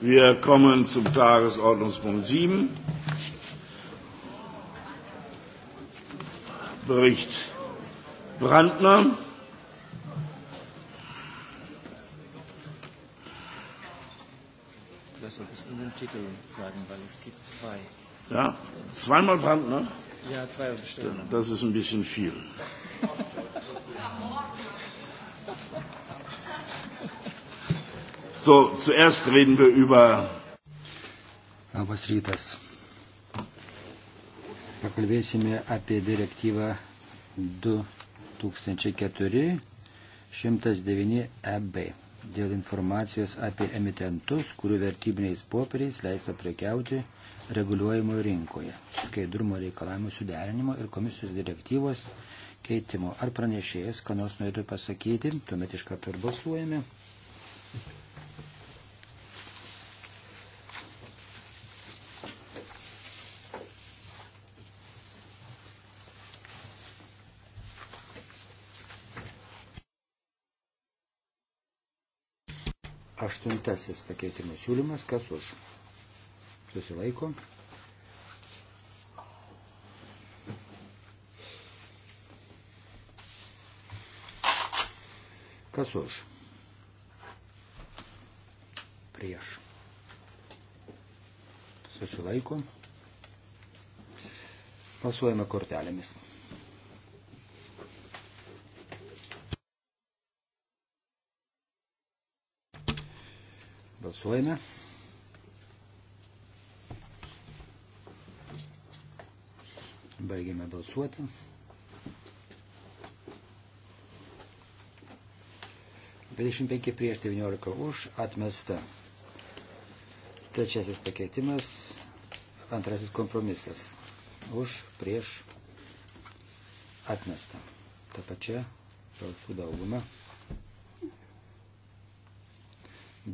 Wir kommen zum Tagesordnungspunkt 7. Bericht Brandner. Das solltest du den Titel sagen, weil es gibt zwei. Ja, zweimal Brandner? Ja, zwei Bestellungen. Das ist ein bisschen viel. So, zuerst reden wir über. Labas rytas. Pakalbėsime apie direktyvą 2004-109 EB dėl informacijos apie emitentus, kurių vertybiniais popieriais leista prekiauti reguliuojamoje rinkoje, skaidrumo reikalavimų suderinimo ir komisijos direktyvos keitimo. Ar pranešėjas, ką nors norėtų pasakyti, tuomet iš karto ir balsuojame. Aštuntasis pakeitimo siūlymas, kas už? Susilaiko. Kas už? Prieš. Susilaiko. Pasuojame kortelėmis. Balsuojame. Baigiame balsuoti. Dvidešimt penki prieš devyniolika už atmesta. Trečiasis pakeitimas, antrasis kompromisas. Už prieš atmesta. Ta pačia balsų dauguma.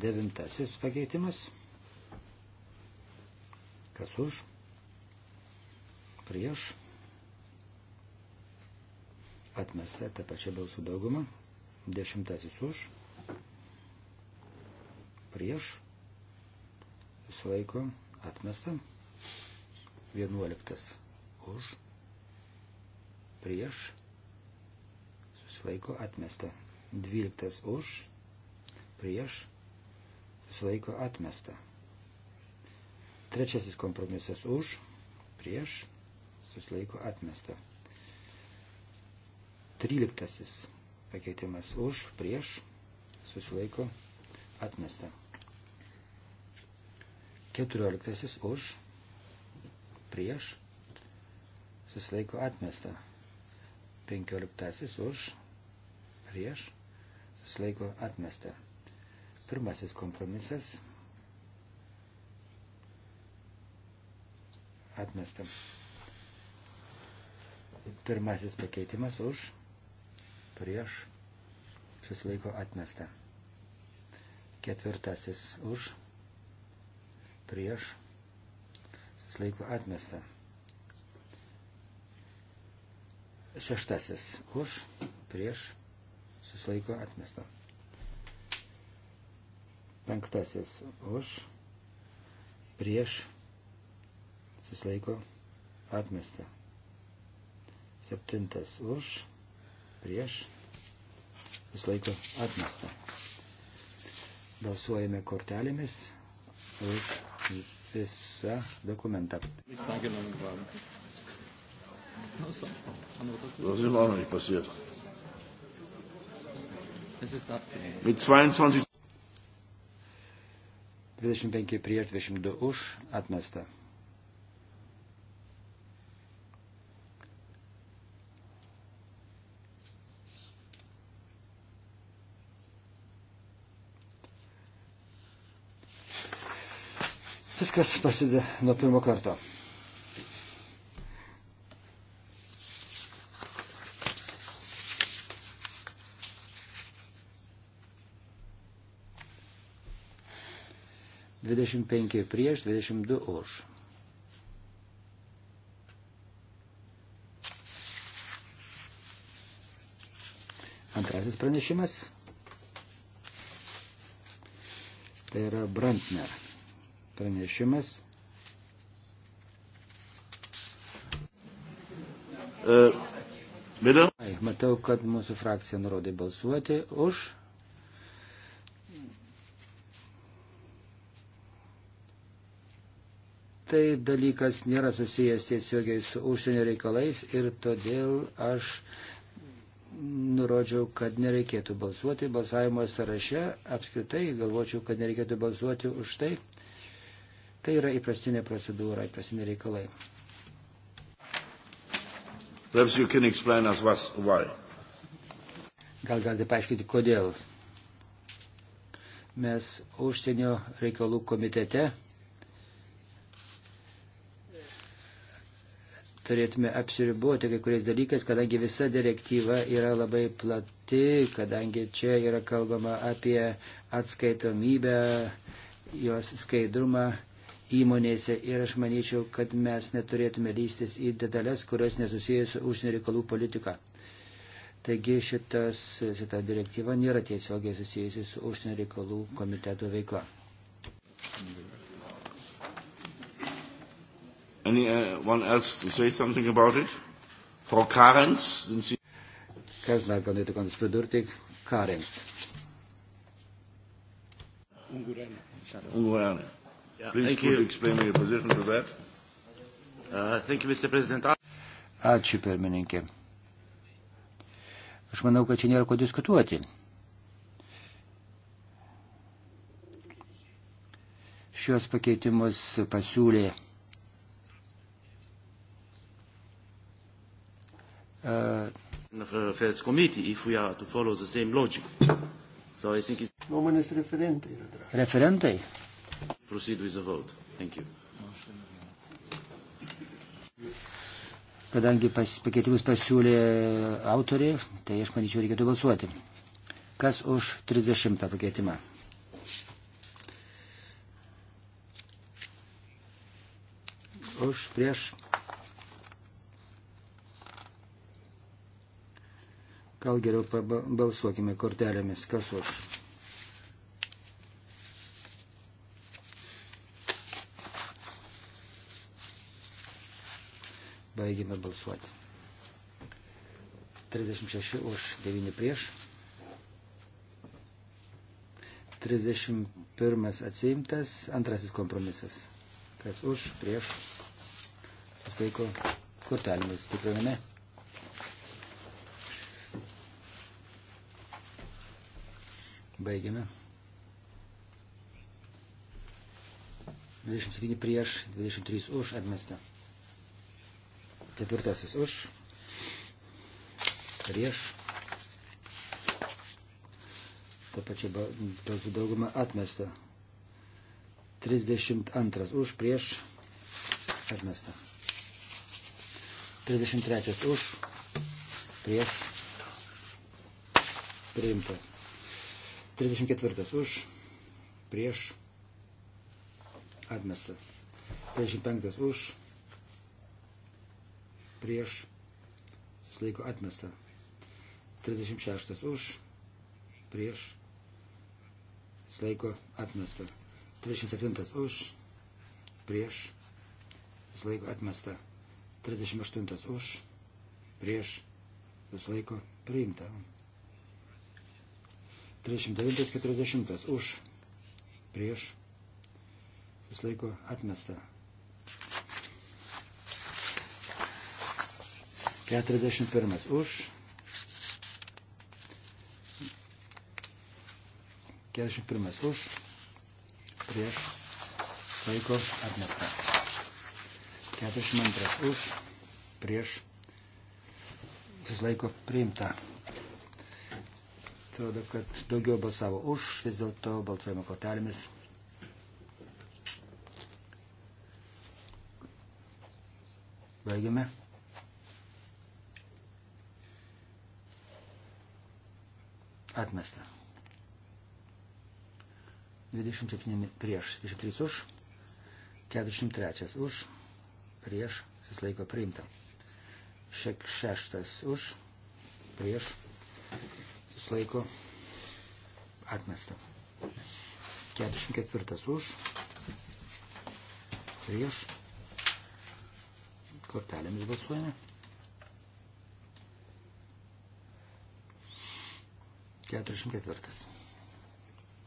devintasis pakeitimas. Kas už? Prieš. Atmesta tą pačią balsų daugumą. Dešimtasis už. Prieš. Visą laiko atmesta. Vienuoliktas už. Prieš. Susilaiko atmesta. Dvyliktas už. Prieš susilaiko atmesta. Trečiasis kompromisas už, prieš, susilaiko atmesta. Tryliktasis pakeitimas už, prieš, susilaiko atmesta. Keturioliktasis už, prieš, susilaiko atmesta. Penkioliktasis už, prieš, susilaiko atmesta. Pirmasis kompromisas. Atmestam. Pirmasis pakeitimas už, prieš, susilaiko atmesta. Ketvirtasis už, prieš, susilaiko atmesta. Šeštasis už, prieš, susilaiko atmesta. Penktasis už, prieš, susilaiko, atmesta. Septintas už, prieš, susilaiko, atmesta. Balsuojame kortelėmis už visą dokumentą. Das ist auch noch nicht passiert. Mit 22. 25 prieš 22 už atmesta. Viskas prasideda nuo pirmo karto. 25 prieš, 22 už. Antrasis pranešimas. Tai yra Brantner pranešimas. E, Ai, matau, kad mūsų frakcija nurodė balsuoti už. tai dalykas nėra susijęs tiesiogiai su užsienio reikalais ir todėl aš nurodžiau, kad nereikėtų balsuoti balsavimo sąraše. Apskritai galvočiau, kad nereikėtų balsuoti už tai. Tai yra įprastinė procedūra, įprastinė reikalai. Gal galite paaiškinti, kodėl mes užsienio reikalų komitete turėtume apsiriboti kai kuriais dalykais, kadangi visa direktyva yra labai plati, kadangi čia yra kalbama apie atskaitomybę, jos skaidrumą įmonėse ir aš manyčiau, kad mes neturėtume lystis į detalės, kurios nesusijęs su užsienio reikalų politika. Taigi šitas, šita direktyva nėra tiesiogiai susijusi su užsienio reikalų komiteto veikla. Anyone uh, else to say something about it? Frau Karens, sind Sie? Kas dar galėtų ką nors pridurti? Karens. Ungurane. Ungurane. Yeah, Please could you explain your position to that? Uh, thank you, Mr. President. Ačiū, pirmininkė. Aš manau, kad čia nėra ko diskutuoti. Šios pakeitimus pasiūlė Uh, so Nuomonės referentai yra drąsiai. Referentai. Proceed with the vote. Thank you. Kadangi pas, pakeitimus pasiūlė autoriai, tai aš manyčiau reikėtų balsuoti. Kas už 30 pakeitimą? Už prieš Gal geriau balsuokime kortelėmis, kas už. Baigime balsuoti. 36 už 9 prieš. 31 atsiimtas, antrasis kompromisas. Kas už, prieš, sustaiko kortelėmis, tikrai ne. Baigiame. 27 prieš, 23 už atmestą. Ketvirtasis už, prieš. Ta pačia balsų dauguma atmesta. 32 už, prieš atmesta. 33 už, prieš priimtas. 34 už, prieš, atmesta. 35 už, prieš, susilaiko atmesta. 36 už, prieš, susilaiko atmesta. 37 už, prieš, susilaiko atmesta. 38 už, prieš, susilaiko priimta. 39.40 už prieš susilaiko atmesta. 41 už 41 už prieš laiko atmesta. 42 už prieš susilaiko priimta. Atrodo, kad daugiau balsavo už, vis dėlto balsuojama kortelėmis. Baigiame. Atmesta. 27 prieš, 23 už, 43 už, prieš, susilaiko priimta. Šek šeštas už, prieš, susilaiko atmesta. 44 už, prieš, kortelėmis balsuojame. Keturiasdešimt ketvirtas.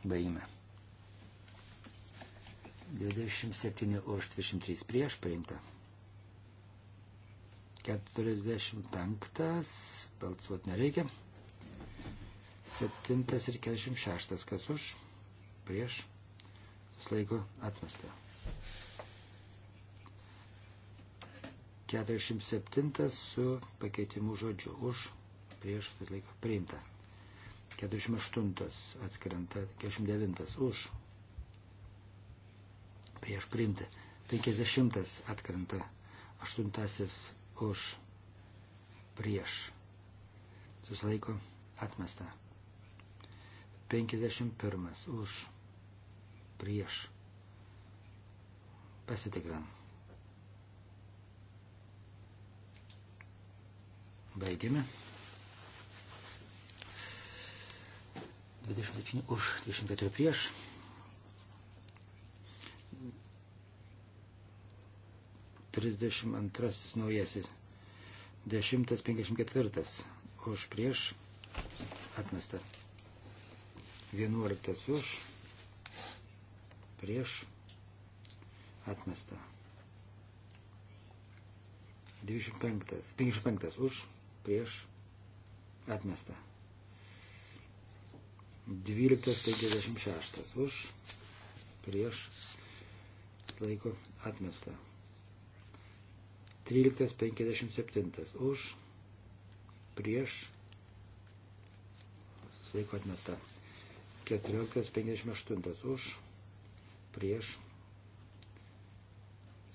Baigime. 27 už 23 prieš paimta. 45 balsuoti nereikia. 7 ir 46. Kas už? Prieš. Susilaiko atmesta. 47 su pakeitimu žodžiu. Už. Prieš. Susilaiko priimta. 48 atskrenta. 49 už. Prieš priimta. 50 atkrenta. 8 už. Prieš. Susilaiko atmesta. 51 už prieš. Pasitikrinam. Baigime. 27 už, 24 prieš. Trisdešimt antrasis naujasis. Dešimtas penkiasdešimt ketvirtas už prieš atmestą. 11 už, prieš, atmesta. 25, 55 už, prieš, atmesta. 12.56 už, prieš, laiko, atmesta. 13.57 už, prieš, laiko atmesta. 14.58 už, prieš,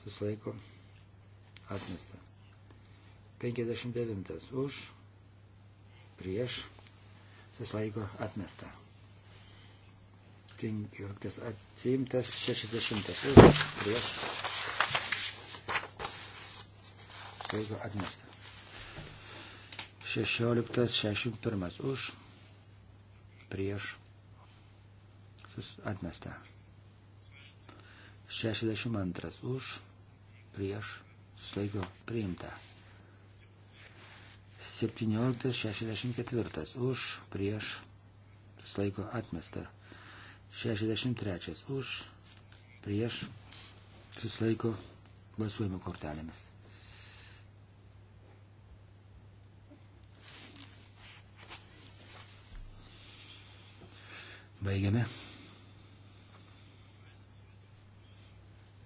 susilaiko, atmesta. 59 už, prieš, susilaiko, atmesta. 15 atsiimtas, 60 už, prieš, susilaiko, atmesta. 16, 61 už, prieš, atmesta. 62 už, prieš, susilaiko priimta. 17.64 už, prieš, susilaiko atmesta. 63 už, prieš, susilaiko balsuojimo kortelėmis. Baigiame.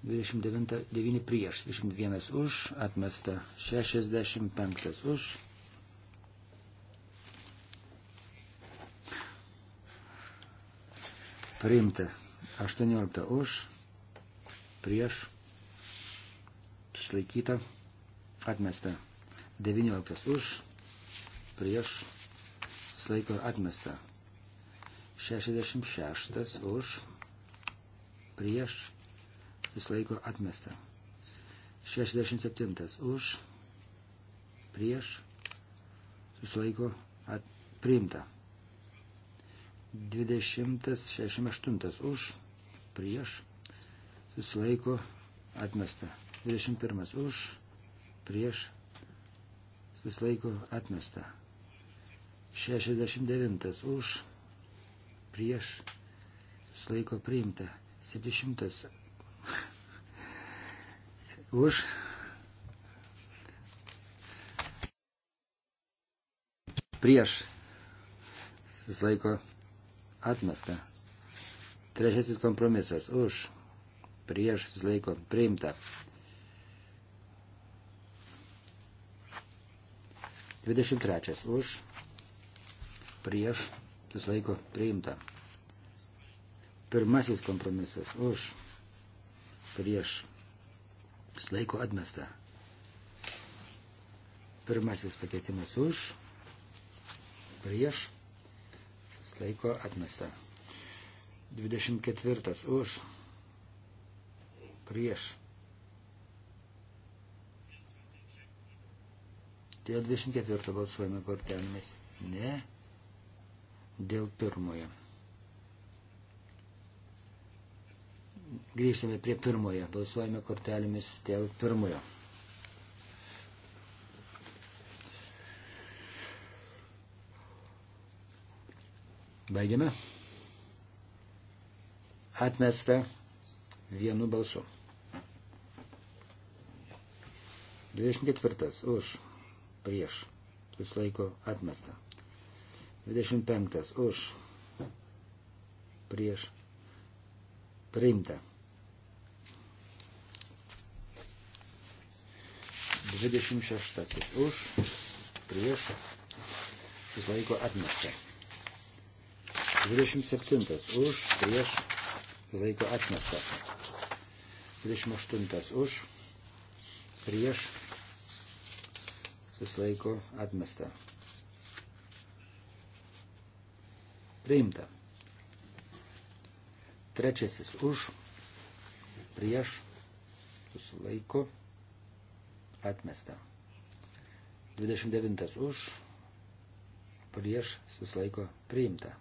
29 prieš, 21 už, atmesta 65 už. Priimta 18 už, prieš, išlaikyta, atmesta 19 už, prieš, slaiko atmesta 66 už, prieš, susilaiko atmesta. 67 už, prieš, susilaiko at, priimta. 2068 už, prieš, susilaiko atmesta. 21 už, prieš, susilaiko atmesta. 69 už, prieš, susilaiko priimta. 70 už prieš laiko atmestą. Trečiasis kompromisas už prieš laiko priimta. 23 už prieš laiko priimta. Pirmasis kompromisas už prieš laiko atmesta. Pirmasis pakeitimas už, prieš laiko atmesta. 24 už, prieš. Dėl 24 balsuojame kortelėmis. Ne. Dėl pirmojo. Grįžtame prie pirmojo. Balsuojame kortelėmis dėl pirmojo. Baigiame. Atmesta vienu balsu. 24. Už. Prieš. Susilaiko atmesta. 25. Už. Prieš priimta. 26 už, prieš, susilaiko atmesta. 27 už, prieš, susilaiko atmesta. 28 už, prieš, susilaiko atmesta. Priimta. Trečiasis už, prieš, susilaiko, atmesta. 29 už, prieš, susilaiko, priimta.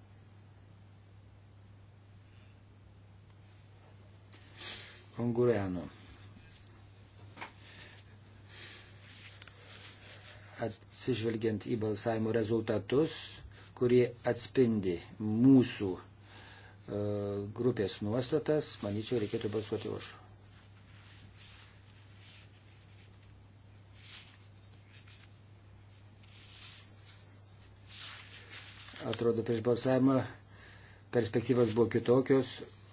Kongureanu. Atsižvelgiant į balsavimo rezultatus, kurie atspindi mūsų E, grupės nuostatas, manyčiau, reikėtų balsuoti už. Atrodo, prieš balsavimą perspektyvas buvo kitokios,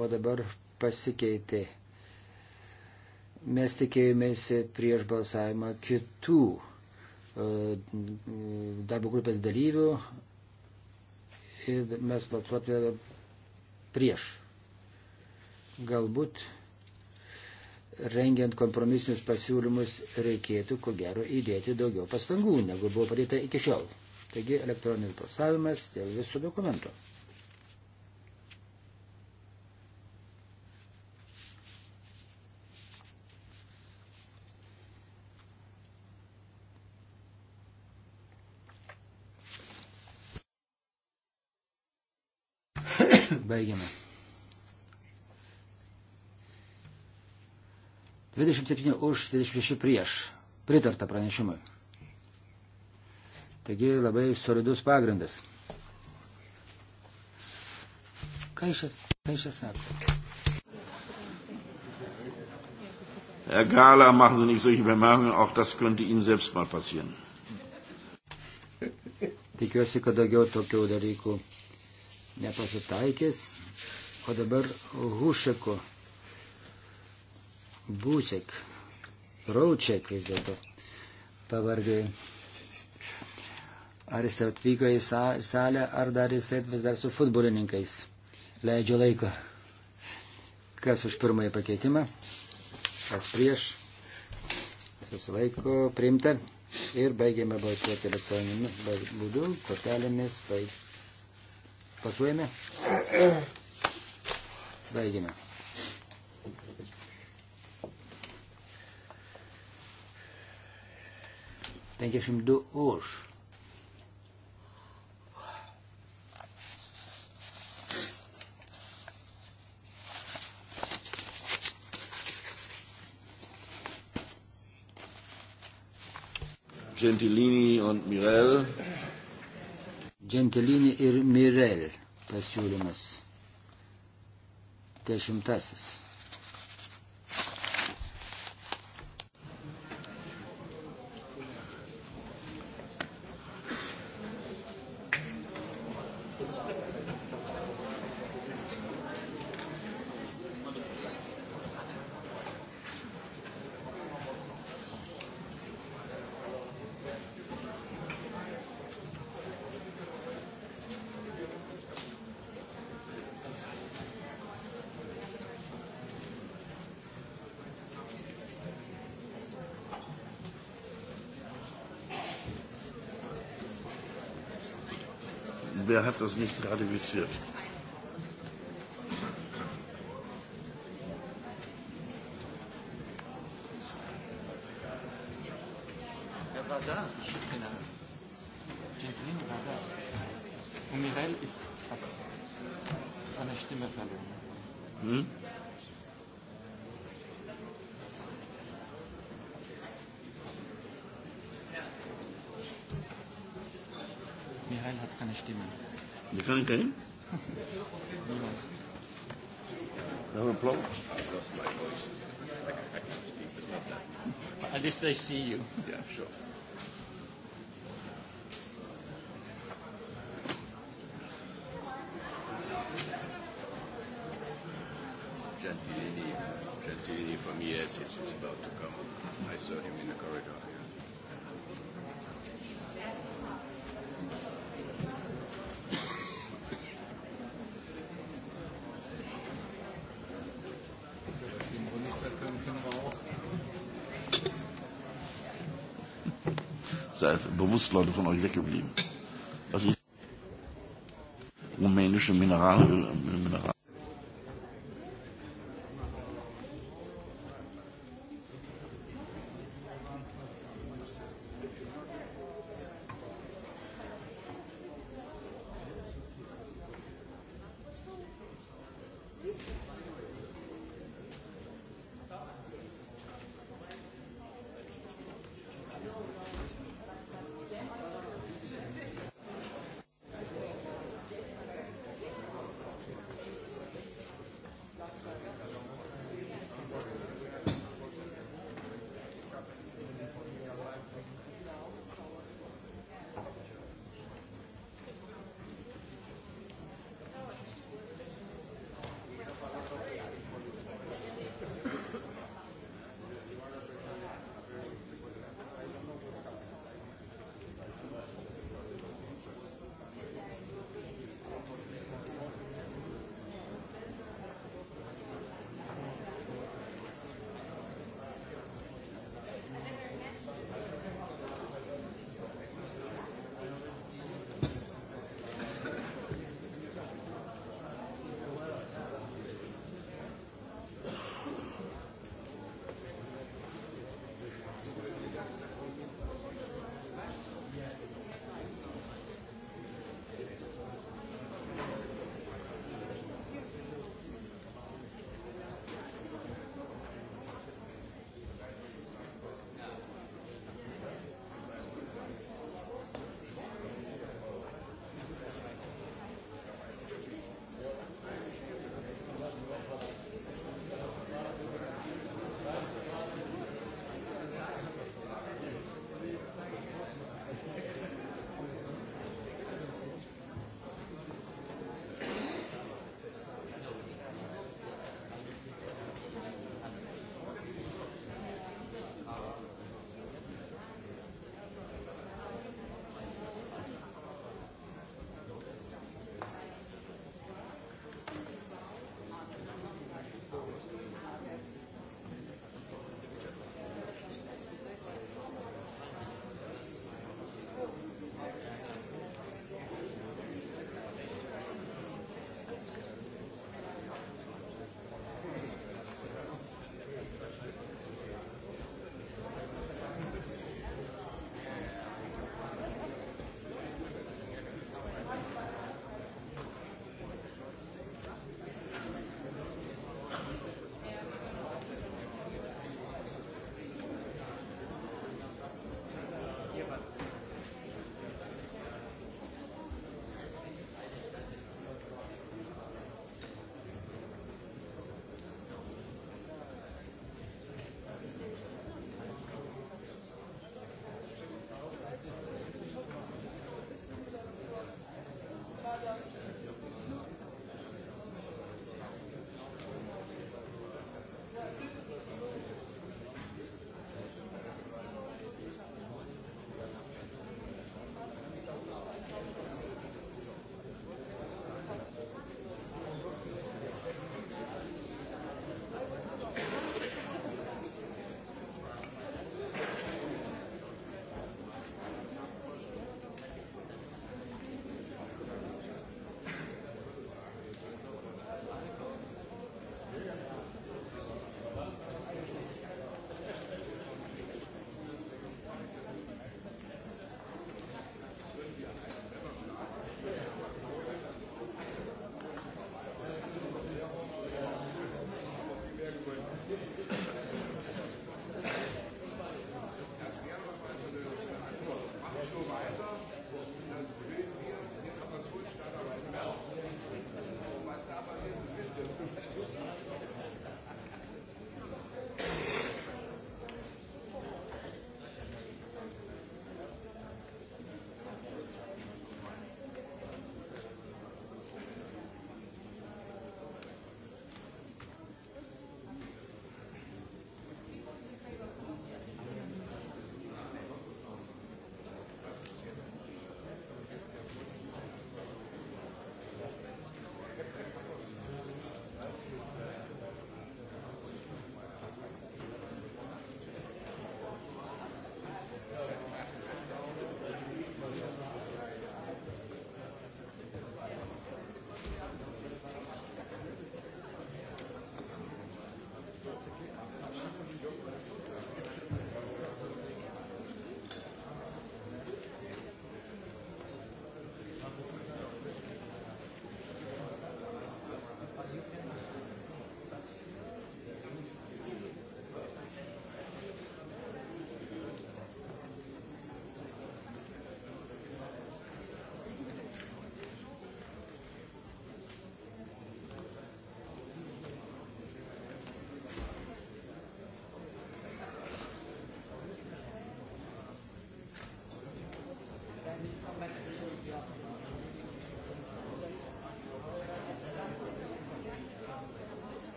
o dabar pasikeitė. Mes tikėjomės prieš balsavimą kitų e, darbo grupės dalyvių ir mes balsuotume prieš. Galbūt rengiant kompromisinius pasiūlymus reikėtų, ko gero, įdėti daugiau pastangų, negu buvo padėta iki šiol. Taigi elektroninis balsavimas dėl visų dokumentų. Baigiame. 27 už, 26 prieš. Pritarta pranešimui. Taigi labai solidus pagrindas. Ką iš čia sako? Herr Gala, machen Sie nicht solche Bemerkungen, auch das könnte Ihnen selbst mal passieren. Tikiuosi, kad daugiau tokių dalykų nepasitaikęs, o dabar Hušeko, Būsek, Rauček vis dėlto pavardė. Ar jis atvyko į salę, ar dar jisai vis dar su futbolininkais leidžia laiką. Kas už pirmąjį pakeitimą, kas prieš, susilaiko priimta ir baigėme balsuoti elektroniniu būdu, kortelėmis, baigti. Pasuojame. Baigime. Penkiasdešimt du už. Gentilini und Mirel. Džentelinį ir Mirel pasiūlymas. Dešimtasis. hat das nicht ratifiziert. going, going? No applause? I've lost my voice. I, I can speak, but not that much. At least they see you. Yeah, sure. Gentilini, Gentilini from ES is about to come. I saw him in the corridor. seid bewusst Leute von euch weggeblieben. Was ich rumänische Mineralöl, äh, Mineral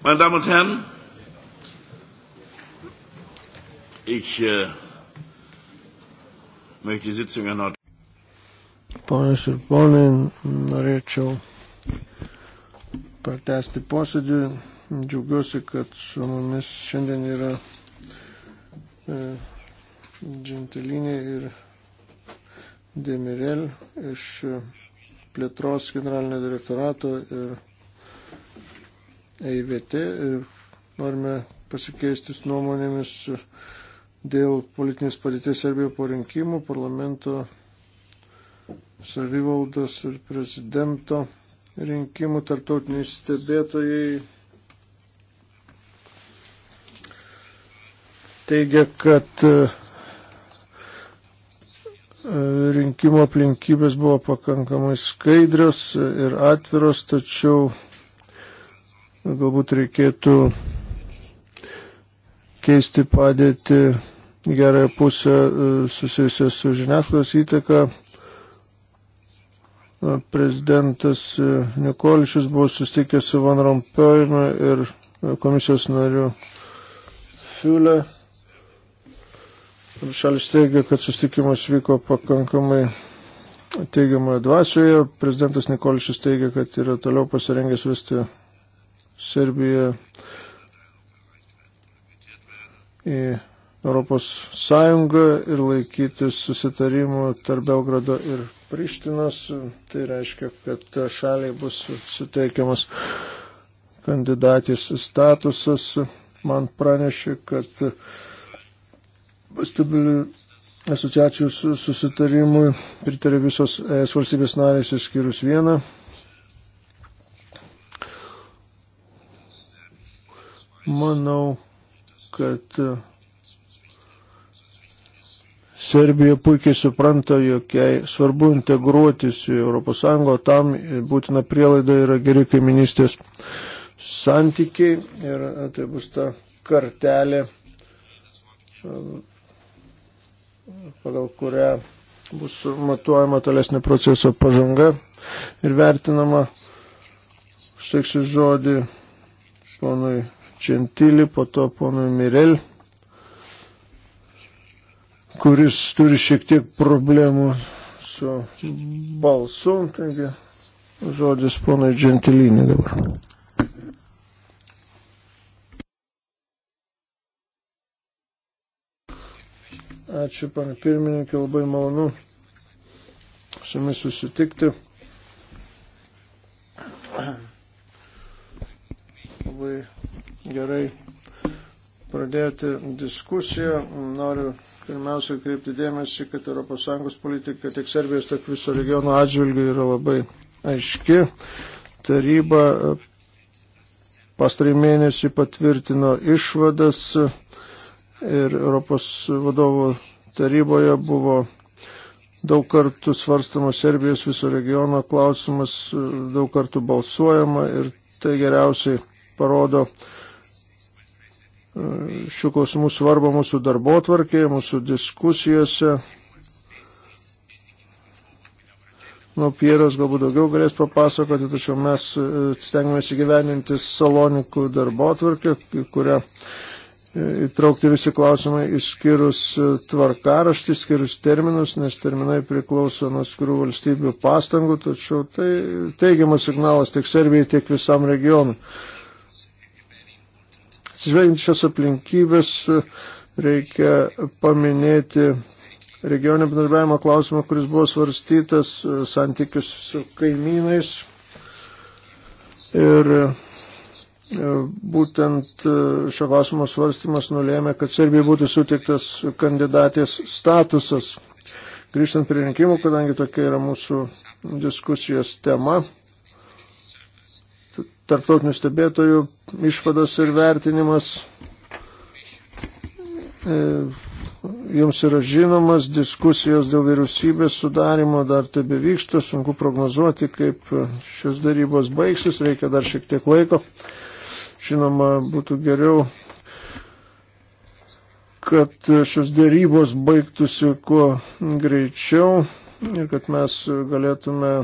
Meine Damen und Herren, ich äh, möchte die Sitzung erneut. Ponas ir ponai, norėčiau pratesti posėdį. Džiaugiuosi, kad su mumis šiandien yra e, džentelinė ir Demirel iš e, plėtros generalinio direktorato ir EIVT ir norime pasikeistis nuomonėmis dėl politinės padėties Serbijoje po rinkimų, parlamento savivaldos ir prezidento rinkimų tarptautiniai stebėtojai teigia, kad e, rinkimo aplinkybės buvo pakankamai skaidrios ir atviros, tačiau Galbūt reikėtų keisti padėti gerąją pusę e, susijusią su žiniasklaidos įtaka. E, prezidentas e, Nikoličius buvo susitikęs su Van Rompojumi ir komisijos nariu Fiule. Šalis teigia, kad susitikimas vyko pakankamai teigiamoje dvasioje. Prezidentas Nikoličius teigia, kad yra toliau pasirengęs vesti Serbija į Europos Sąjungą ir laikytis susitarimų tarp Belgrado ir Prištinos. Tai reiškia, kad šaliai bus suteikiamas kandidatės statusas. Man pranešė, kad stabilių asociacijų susitarimui pritarė visos ES valstybės narės išskyrus vieną Manau, kad e, Serbija puikiai supranta, jog jai svarbu integruotis į ES, tam būtina prielaida yra geri kaiminystės santykiai ir e, tai bus ta kartelė, e, pagal kurią bus matuojama tolesnė proceso pažanga ir vertinama. Užteiksiu žodį ponui Čentilį, po to ponui Mirel, kuris turi šiek tiek problemų su balsu, taigi žodis ponui Džentilinį dabar. Ačiū, pane pirmininkė, labai malonu su jumis susitikti. Labai gerai pradėti diskusiją. Noriu pirmiausia kreipti dėmesį, kad ES politika tiek Serbijos, tiek viso regiono atžvilgių yra labai aiški. Taryba e, pastarį mėnesį patvirtino išvadas ir Europos vadovų taryboje buvo daug kartų svarstamas Serbijos viso regiono klausimas, e, daug kartų balsuojama ir tai geriausiai parodo, šių klausimų svarbą mūsų darbo tvarkėje, mūsų diskusijose. Nu, Pieras galbūt daugiau galės papasakoti, tačiau mes e, stengiamės įgyveninti salonikų darbo tvarkę, kurią e, įtraukti visi klausimai išskyrus e, tvarkaraštį, išskyrus terminus, nes terminai priklauso nuo skirų valstybių pastangų, tačiau tai teigiamas signalas tiek Serbijai, tiek visam regionui. Atsižvelgiančios aplinkybės reikia paminėti regioninio bendarbiavimo klausimą, kuris buvo svarstytas santykius su kaimynais. Ir e, būtent e, šio klausimo svarstymas nulėmė, kad Serbijai būtų sutiktas kandidatės statusas. Grįžtant prie rinkimų, kadangi tokia yra mūsų diskusijos tema, tarptautinių stebėtojų išvados ir vertinimas e, jums yra žinomas, diskusijos dėl vyriausybės sudarimo dar tebe vyksta, sunku prognozuoti, kaip šios darybos baigsis, reikia dar šiek tiek laiko. Žinoma, būtų geriau, kad šios darybos baigtųsi kuo greičiau ir kad mes galėtume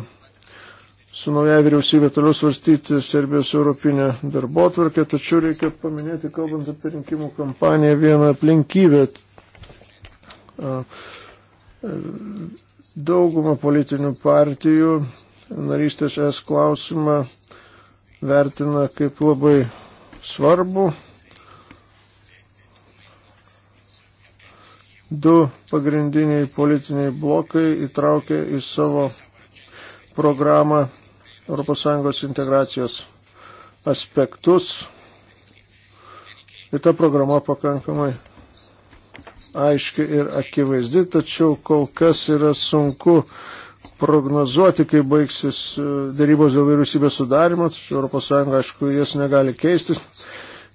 su nauja vyriausybė toliau svarstyti Serbijos europinę darbo atvarkę, tačiau reikia paminėti, kalbant apie rinkimų kampaniją, vieną aplinkybę. Dauguma politinių partijų narystės es klausimą vertina kaip labai svarbu. Du pagrindiniai politiniai blokai įtraukia į savo programą ES integracijos aspektus. Ir ta programa pakankamai aiški ir akivaizdi, tačiau kol kas yra sunku prognozuoti, kai baigsis e, darybos dėl vyriausybės sudarimo, ES aišku, jas negali keistis.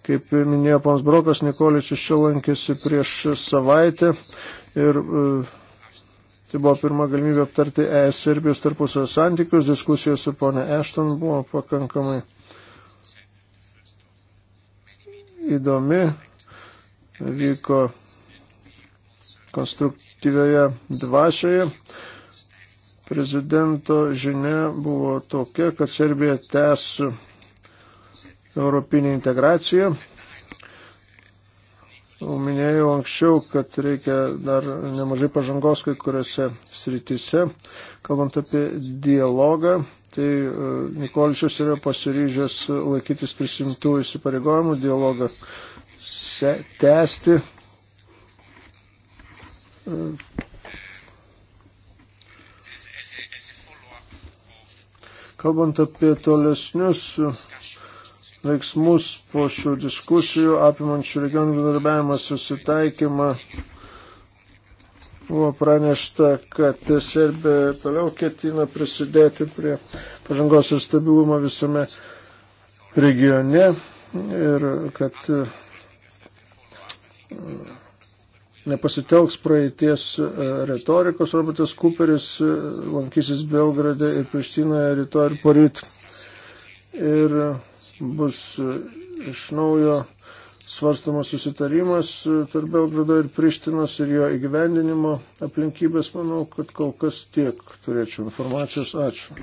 Kaip minėjo Pons Brokas, Nikoličius čia lankėsi prieš savaitę ir uh, Tai buvo pirma galimybė aptarti ES Serbijos tarpusio santykius, diskusijos su ponė Ešton buvo pakankamai įdomi, vyko konstruktyvioje dvasioje. Prezidento žinia buvo tokia, kad Serbija tęs europinį integraciją Minėjau anksčiau, kad reikia dar nemažai pažangos kai kuriuose srityse. Kalbant apie dialogą, tai e, Nikoličius yra pasiryžęs laikytis prisimtų įsipareigojimų dialogą tęsti. E, kalbant apie tolesnius veiksmus po šių diskusijų apimančių regionų bendarbiavimą susitaikymą. Buvo pranešta, kad Serbija toliau ketina prisidėti prie pažangos ir stabilumo visame regione ir kad e, nepasitelks praeities e, retorikos. Robertas Cooperis e, lankysis Belgrade ir Prištinoje rytoj ir poryt ir bus iš naujo svarstamas susitarimas tarp Belgrado ir Prištinos ir jo įgyvendinimo aplinkybės. Manau, kad kol kas tiek turėčiau informacijos. Ačiū.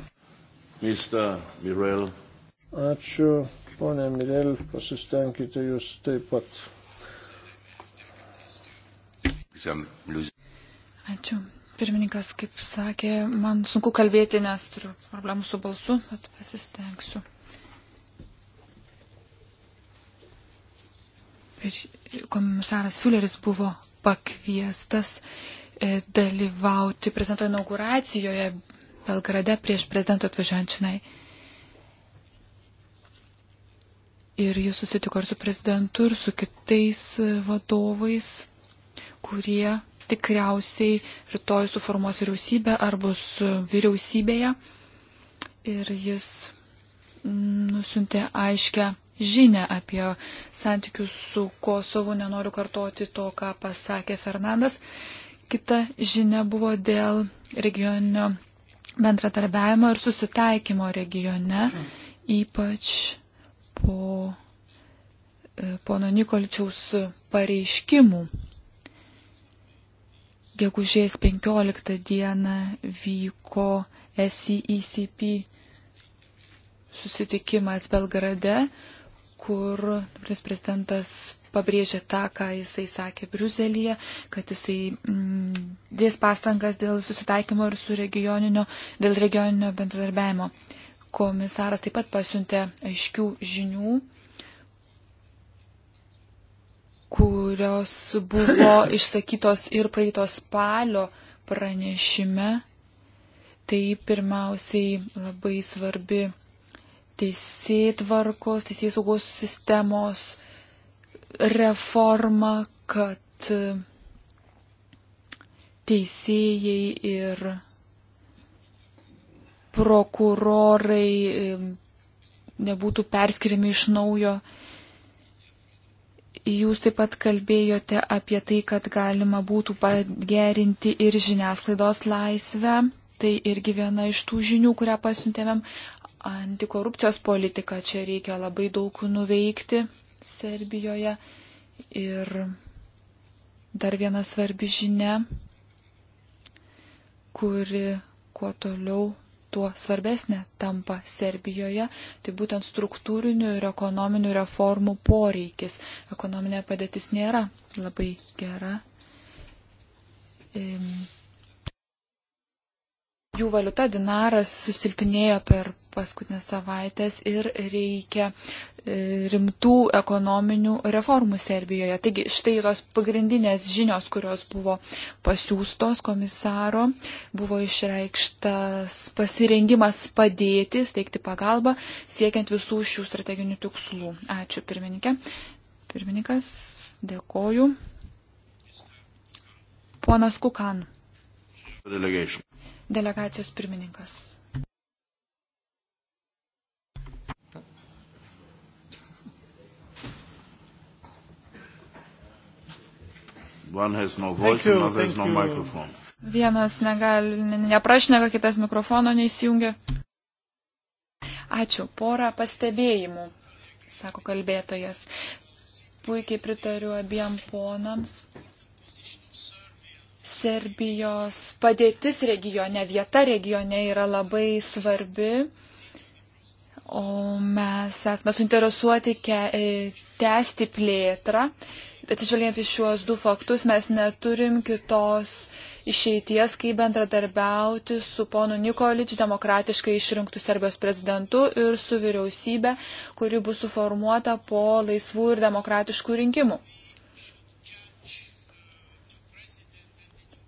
Mr. Mirel. Ačiū, ponė Mirel, pasistengkite jūs taip pat. Ačiū. Pirmininkas, kaip sakė, man sunku kalbėti, nes turiu problemų su balsu, bet pasistengsiu. komisaras Fülleris buvo pakviestas e, dalyvauti prezidento inauguracijoje Belgrade prieš prezidento atvažiuojant čionai. Ir jis susitiko ir su prezidentu, ir su kitais e, vadovais, kurie tikriausiai rytoj suformuos vyriausybę ar bus e, vyriausybėje. Ir jis nusintė aiškę žinę apie santykius su Kosovu, nenoriu kartoti to, ką pasakė Fernandas. Kita žinia buvo dėl regioninio bendratarbiavimo ir susitaikymo regione, ypač po e, pono Nikolčiaus pareiškimų. Gegužės 15 dieną vyko SECP susitikimas Belgrade kur dabartis prezidentas pabrėžė tą, ką jisai sakė Bruselėje, kad jisai mm, dės pastangas dėl susitaikymo ir su regioninio, dėl regioninio bendradarbiavimo. Komisaras taip pat pasiuntė aiškių žinių, kurios buvo išsakytos ir praeitos spalio pranešime. Tai pirmiausiai labai svarbi teisėjai tvarkos, teisėjai saugos sistemos reforma, kad e, teisėjai ir prokurorai e, nebūtų perskiriami iš naujo. Jūs taip pat kalbėjote apie tai, kad galima būtų pagerinti ir žiniasklaidos laisvę. Tai irgi viena iš tų žinių, kurią pasiuntėmėm antikorupcijos politiką. Čia reikia labai daug nuveikti Serbijoje. Ir dar viena svarbi žinia, kuri kuo toliau tuo svarbesnė tampa Serbijoje, tai būtent struktūrinių ir ekonominių reformų poreikis. Ekonominė padėtis nėra labai gera. Ehm jų valiuta dinaras susilpnėjo per paskutinės savaitės ir reikia e, rimtų ekonominių reformų Serbijoje. Taigi štai tos pagrindinės žinios, kurios buvo pasiūstos komisaro, buvo išreikštas pasirengimas padėti, steigti pagalbą, siekiant visų šių strateginių tikslų. Ačiū pirmininkė. Pirmininkas, dėkoju. Ponas Kukan. Delegation delegacijos pirmininkas. One has no voice, thank you, another has no you. microphone. Vienas negali, neprašneka, kitas mikrofono neįsijungia. Ačiū. Porą pastebėjimų, sako kalbėtojas. Puikiai pritariu abiem ponams. Serbijos padėtis regione, vieta regione yra labai svarbi, o mes esame suinteresuoti ke, e, tęsti plėtrą. Atsižvelgiant į šiuos du faktus, mes neturim kitos išeities, kaip bendradarbiauti su ponu Nikolič, demokratiškai išrinktų Serbijos prezidentu ir su vyriausybė, kuri bus suformuota po laisvų ir demokratiškų rinkimų.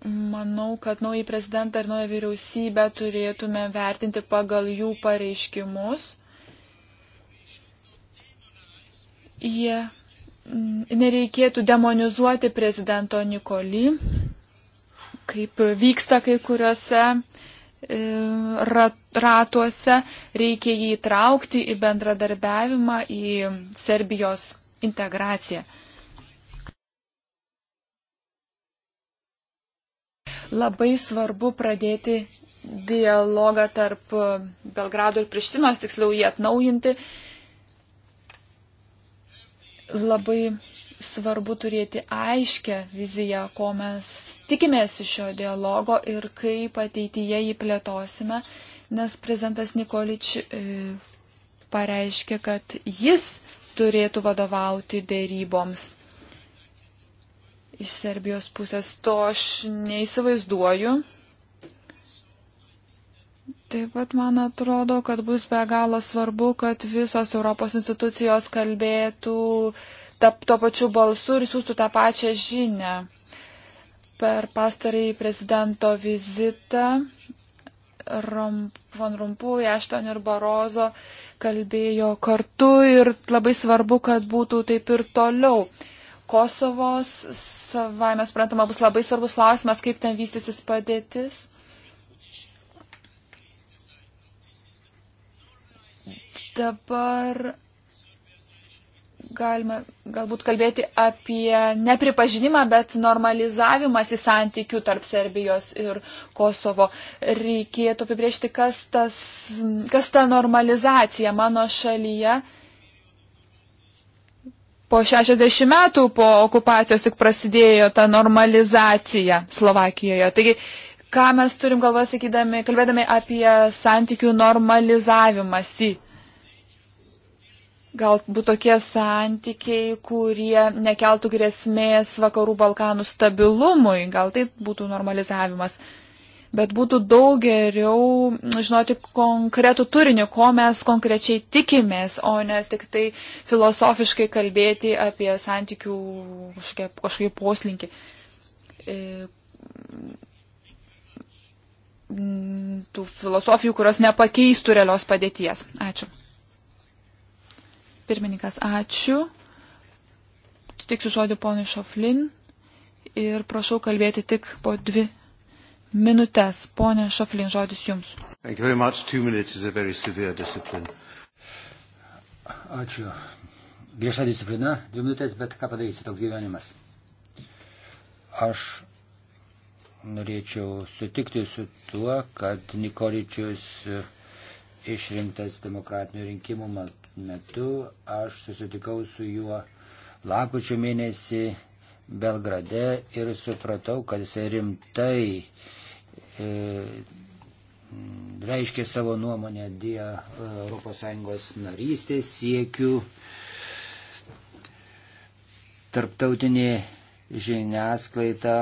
Manau, kad naują prezidentą ir naują vyriausybę turėtume vertinti pagal jų pareiškimus. Jie mm, nereikėtų demonizuoti prezidento Nikoli, kaip vyksta kai kuriuose e, ratuose, reikia jį įtraukti į bendradarbiavimą, į Serbijos integraciją. Labai svarbu pradėti dialogą tarp e, Belgrado ir Prištinos, tiksliau jį atnaujinti. Labai svarbu turėti aiškę viziją, ko mes tikimės iš šio dialogo ir kaip ateityje jį plėtosime, nes prezidentas Nikolič e, pareiškė, kad jis turėtų vadovauti dėryboms iš Serbijos pusės. To aš neįsivaizduoju. Taip pat man atrodo, kad bus be galo svarbu, kad visos Europos institucijos kalbėtų ta, to pačiu balsu ir siūstų tą pačią žinę. Per pastarąjį prezidento vizitą Romp, von Rumpui, Ešton ir Barozo kalbėjo kartu ir labai svarbu, kad būtų taip ir toliau. Kosovos, savai mes suprantama, bus labai svarbus klausimas, kaip ten vystysis padėtis. Dabar galima galbūt kalbėti apie nepripažinimą, bet normalizavimas į santykių tarp Serbijos ir Kosovo. Reikėtų apibriežti, kas, tas, kas ta normalizacija mano šalyje Po 60 metų po okupacijos tik prasidėjo ta normalizacija Slovakijoje. Taigi, ką mes turim galvoje sakydami, kalbėdami apie santykių normalizavimąsi? Galbūt tokie santykiai, kurie nekeltų grėsmės Vakarų Balkanų stabilumui, gal tai būtų normalizavimas. Bet būtų daug geriau žinoti konkretų turinį, ko mes konkrečiai tikimės, o ne tik tai filosofiškai kalbėti apie santykių kažkokį poslinkį. E, tų filosofijų, kurios nepakeistų realios padėties. Ačiū. Pirmininkas, ačiū. Tiksiu žodį ponui Šoflin ir prašau kalbėti tik po dvi minutės. Pone Šoflin, žodis Jums. Ačiū. Griežta disciplina, dvi minutės, bet ką padarysi, toks gyvenimas. Aš norėčiau sutikti su tuo, kad Nikoličius išrinktas demokratinių rinkimų metu, aš susitikau su juo lakučio mėnesį Belgrade ir supratau, kad jis rimtai e, reiškia savo nuomonę dėl ES narystės siekių. Tarptautinė žiniasklaida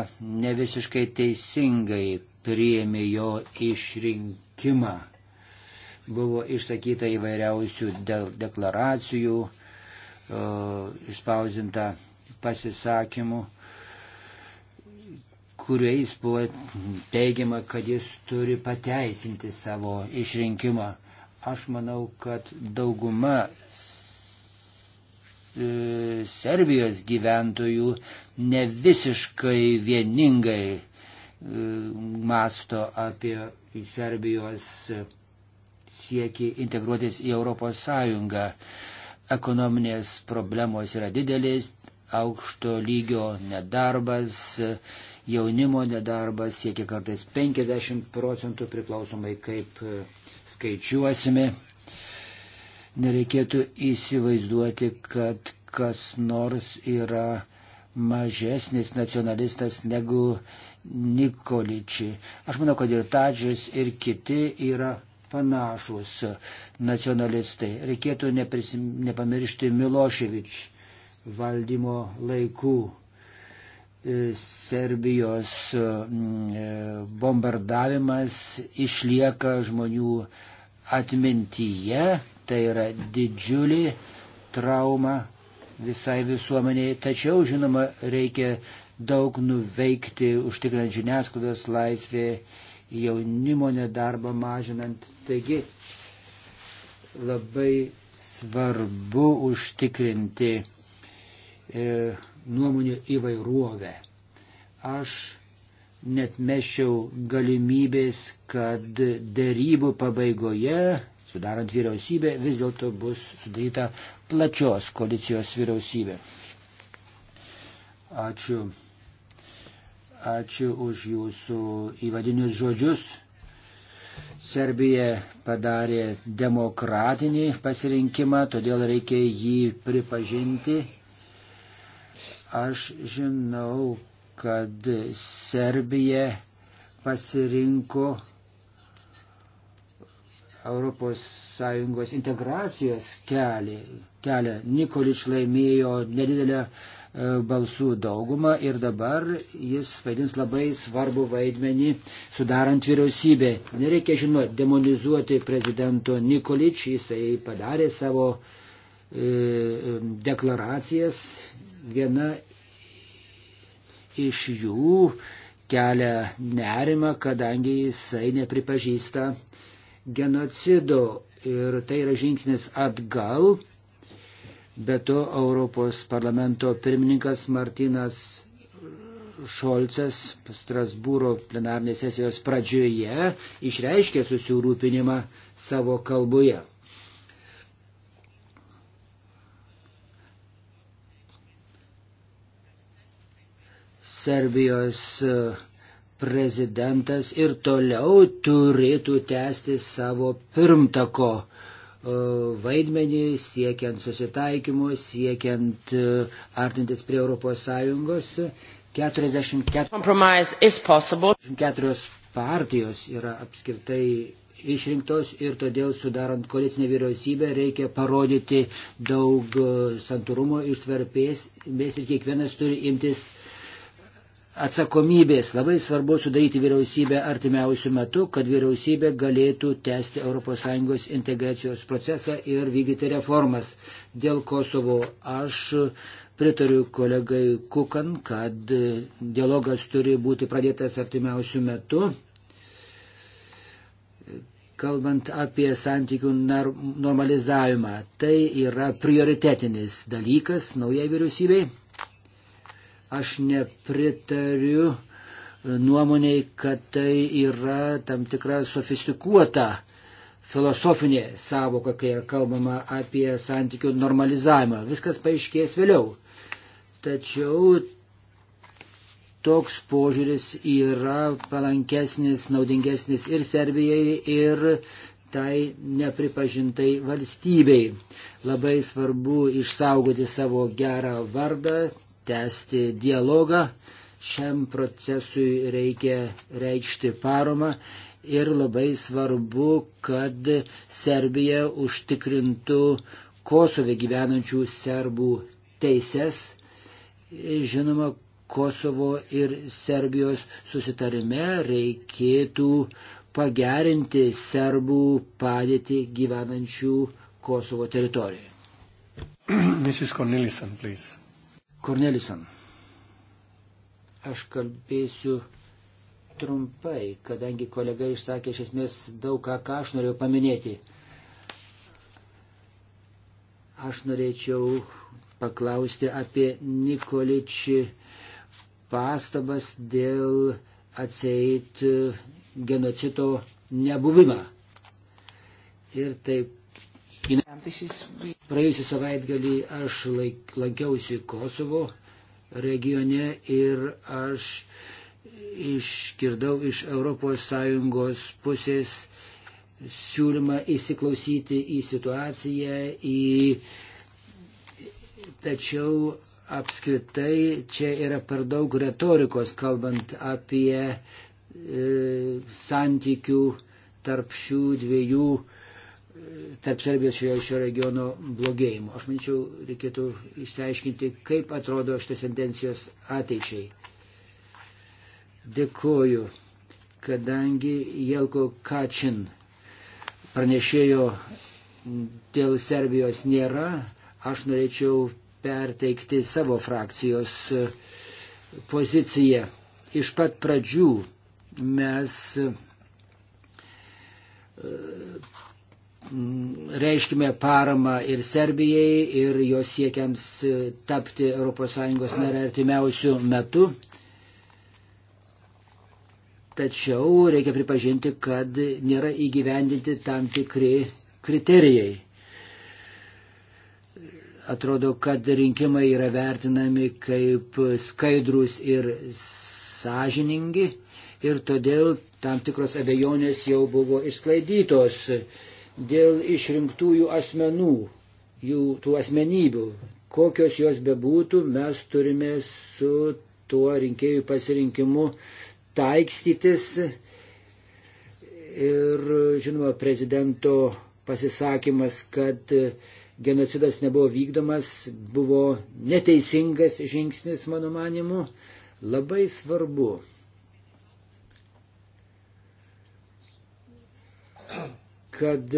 ne visiškai teisingai priėmė jo išrinkimą. Buvo išsakyta įvairiausių de deklaracijų, e, išspausinta pasisakymų, kuriais buvo teigiama, kad jis turi pateisinti savo išrinkimą. Aš manau, kad dauguma e, Serbijos gyventojų ne visiškai vieningai e, masto apie Serbijos siekį integruotis į Europos Sąjungą. Ekonominės problemos yra didelis, aukšto lygio nedarbas, jaunimo nedarbas siekia kartais 50 procentų priklausomai kaip e, skaičiuosime. Nereikėtų įsivaizduoti, kad kas nors yra mažesnis nacionalistas negu Nikoličiai. Aš manau, kad ir Tadžis, ir kiti yra panašus nacionalistai. Reikėtų neprisim, nepamiršti Miloševičių valdymo laikų. E, Serbijos e, e, bombardavimas išlieka žmonių atmintyje, tai yra didžiulį traumą visai visuomeniai. Tačiau, žinoma, reikia daug nuveikti, užtikrinant žiniasklaidos laisvę, jaunimo nedarbą mažinant. Taigi, labai svarbu užtikrinti E, nuomonių įvairovę. Aš net mešiau galimybės, kad dėrybų pabaigoje, sudarant vyriausybę, vis dėlto bus sudaryta plačios koalicijos vyriausybė. Ačiū. Ačiū už jūsų įvadinius žodžius. Serbija padarė demokratinį pasirinkimą, todėl reikia jį pripažinti Aš žinau, kad Serbija pasirinko ES integracijos kelią. kelią. Nikolič laimėjo nedidelę e, balsų daugumą ir dabar jis vaidins labai svarbu vaidmenį sudarant vyriausybę. Nereikia, žinot, demonizuoti prezidento Nikolič, jisai padarė savo e, e deklaracijas Viena iš jų kelia nerima, kadangi jisai nepripažįsta genocido ir tai yra žingsnis atgal. Be to Europos parlamento pirmininkas Martinas Šolcas Strasbūro plenarnės sesijos pradžioje išreiškė susirūpinimą savo kalboje. Serbijos e, prezidentas ir toliau turėtų tęsti savo pirmtako e, vaidmenį, siekiant susitaikymo, siekiant e, artintis prie ES. 44 partijos yra apskritai išrinktos ir todėl sudarant koalicinę vyriausybę reikia parodyti daug santūrumo ištverpės, mes ir kiekvienas turi imtis uh, atsakomybės. Labai svarbu sudaryti vyriausybę artimiausių metų, kad vyriausybė galėtų tęsti ES integracijos procesą ir vykdyti reformas. Dėl Kosovo aš pritariu kolegai Kukan, kad dialogas turi būti pradėtas artimiausių metų. Kalbant apie santykių normalizavimą, tai yra prioritetinis dalykas naujai vyriausybei Aš nepritariu nuomoniai, kad tai yra tam tikra sofistikuota filosofinė savoka, kai kalbama apie santykių normalizavimą. Viskas paaiškės vėliau. Tačiau toks požiūris yra palankesnis, naudingesnis ir Serbijai, ir tai nepripažintai valstybei. Labai svarbu išsaugoti savo gerą vardą, tęsti dialogą. Šiam procesui reikia reikšti paromą ir labai svarbu, kad Serbija užtikrintų Kosove gyvenančių serbų teises. Žinoma, Kosovo ir Serbijos susitarime reikėtų pagerinti serbų padėtį gyvenančių Kosovo teritorijoje. Mrs. Cornelison, please. Kornelison. Aš kalbėsiu trumpai, kadangi kolega išsakė iš esmės daug ką, ką aš norėjau paminėti. Aš norėčiau paklausti apie Nikoličį pastabas dėl atseit genocito nebuvimą. Ir taip Praėjusią savaitgalį aš laik, lankiausi Kosovo regione ir aš išgirdau iš ES pusės siūlymą įsiklausyti į situaciją, į... tačiau apskritai čia yra per daug retorikos, kalbant apie e, santykių tarp šių dviejų tarp Serbijos šio, šio regiono blogėjimo. Aš manyčiau, reikėtų išsiaiškinti, kaip atrodo šitas tendencijos ateičiai. Dėkuoju, kadangi Jelko Kačin pranešėjo dėl Serbijos nėra, aš norėčiau perteikti savo frakcijos e, poziciją. Iš pat pradžių mes e, Mm, reiškime paramą ir Serbijai, ir jos siekiams e, tapti ES nare artimiausių metų. Tačiau reikia pripažinti, kad nėra įgyvendinti tam tikri kriterijai. Atrodo, kad rinkimai yra vertinami kaip skaidrus ir sąžiningi ir todėl tam tikros abejonės jau buvo išsklaidytos dėl išrinktųjų asmenų, jų tų asmenybių, kokios jos bebūtų, mes turime su tuo rinkėjų pasirinkimu taikstytis. Ir, žinoma, prezidento pasisakymas, kad genocidas nebuvo vykdomas, buvo neteisingas žingsnis, mano manimu, labai svarbu kad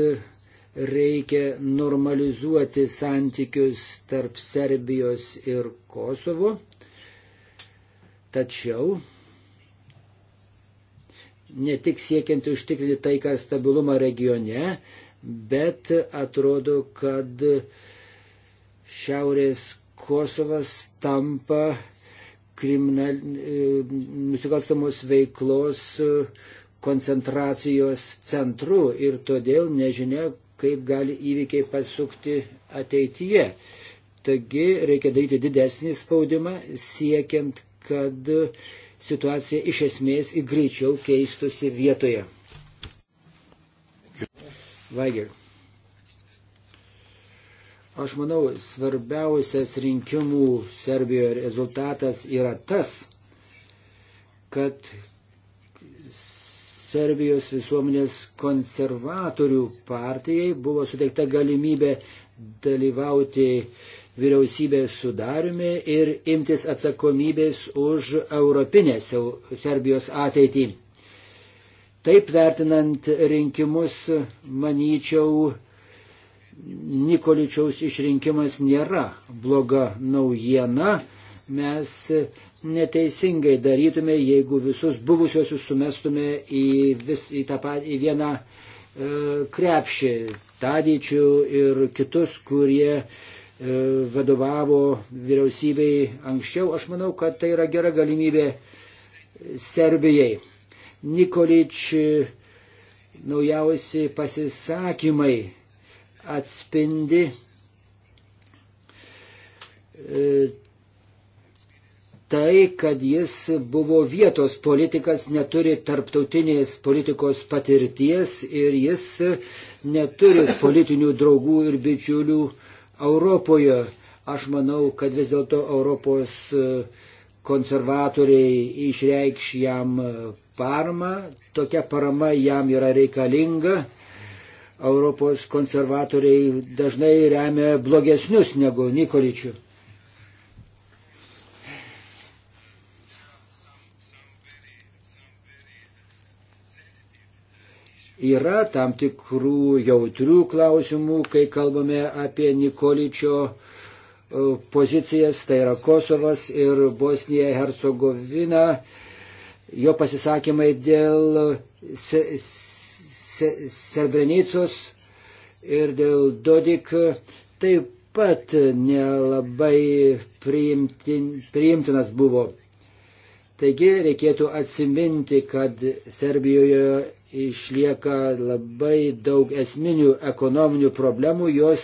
reikia normalizuoti santykius tarp Serbijos ir Kosovo. Tačiau ne tik siekiant užtikrinti taiką stabilumą regione, bet atrodo, kad Šiaurės Kosovas tampa kriminal, e, nusikalstamos veiklos koncentracijos centru ir todėl nežinia, kaip gali įvykiai pasukti ateityje. Taigi reikia daryti didesnį spaudimą, siekiant, kad situacija iš esmės į greičiau keistusi vietoje. Vaigel. Aš manau, svarbiausias rinkimų Serbijoje rezultatas yra tas, kad Serbijos visuomenės konservatorių partijai buvo suteikta galimybė dalyvauti vyriausybės sudariumi ir imtis atsakomybės už europinę Serbijos ateitį. Taip vertinant rinkimus, manyčiau, Nikoličiaus išrinkimas nėra bloga naujiena. Mes neteisingai darytume, jeigu visus buvusiosius sumestume į, vis, į, tą, patį, į vieną e, krepšį, tadyčių ir kitus, kurie e, vadovavo vyriausybei anksčiau. Aš manau, kad tai yra gera galimybė Serbijai. Nikolič e, naujausi pasisakymai atspindi e, tai, kad jis buvo vietos politikas, neturi tarptautinės politikos patirties ir jis neturi politinių draugų ir bičiulių Europoje. Aš manau, kad vis dėlto Europos e, konservatoriai išreikš jam e, paramą, tokia parama jam yra reikalinga. Europos konservatoriai dažnai remia blogesnius negu Nikoličių. Yra tam tikrų jautrių klausimų, kai kalbame apie Nikoličio e, pozicijas, tai yra Kosovas ir Bosnija Hercegovina. Jo pasisakymai dėl se, se, Srebrenicos ir dėl Dodik taip pat nelabai priimtin, priimtinas buvo. Taigi reikėtų atsiminti, kad Serbijoje išlieka labai daug esminių ekonominių problemų, jos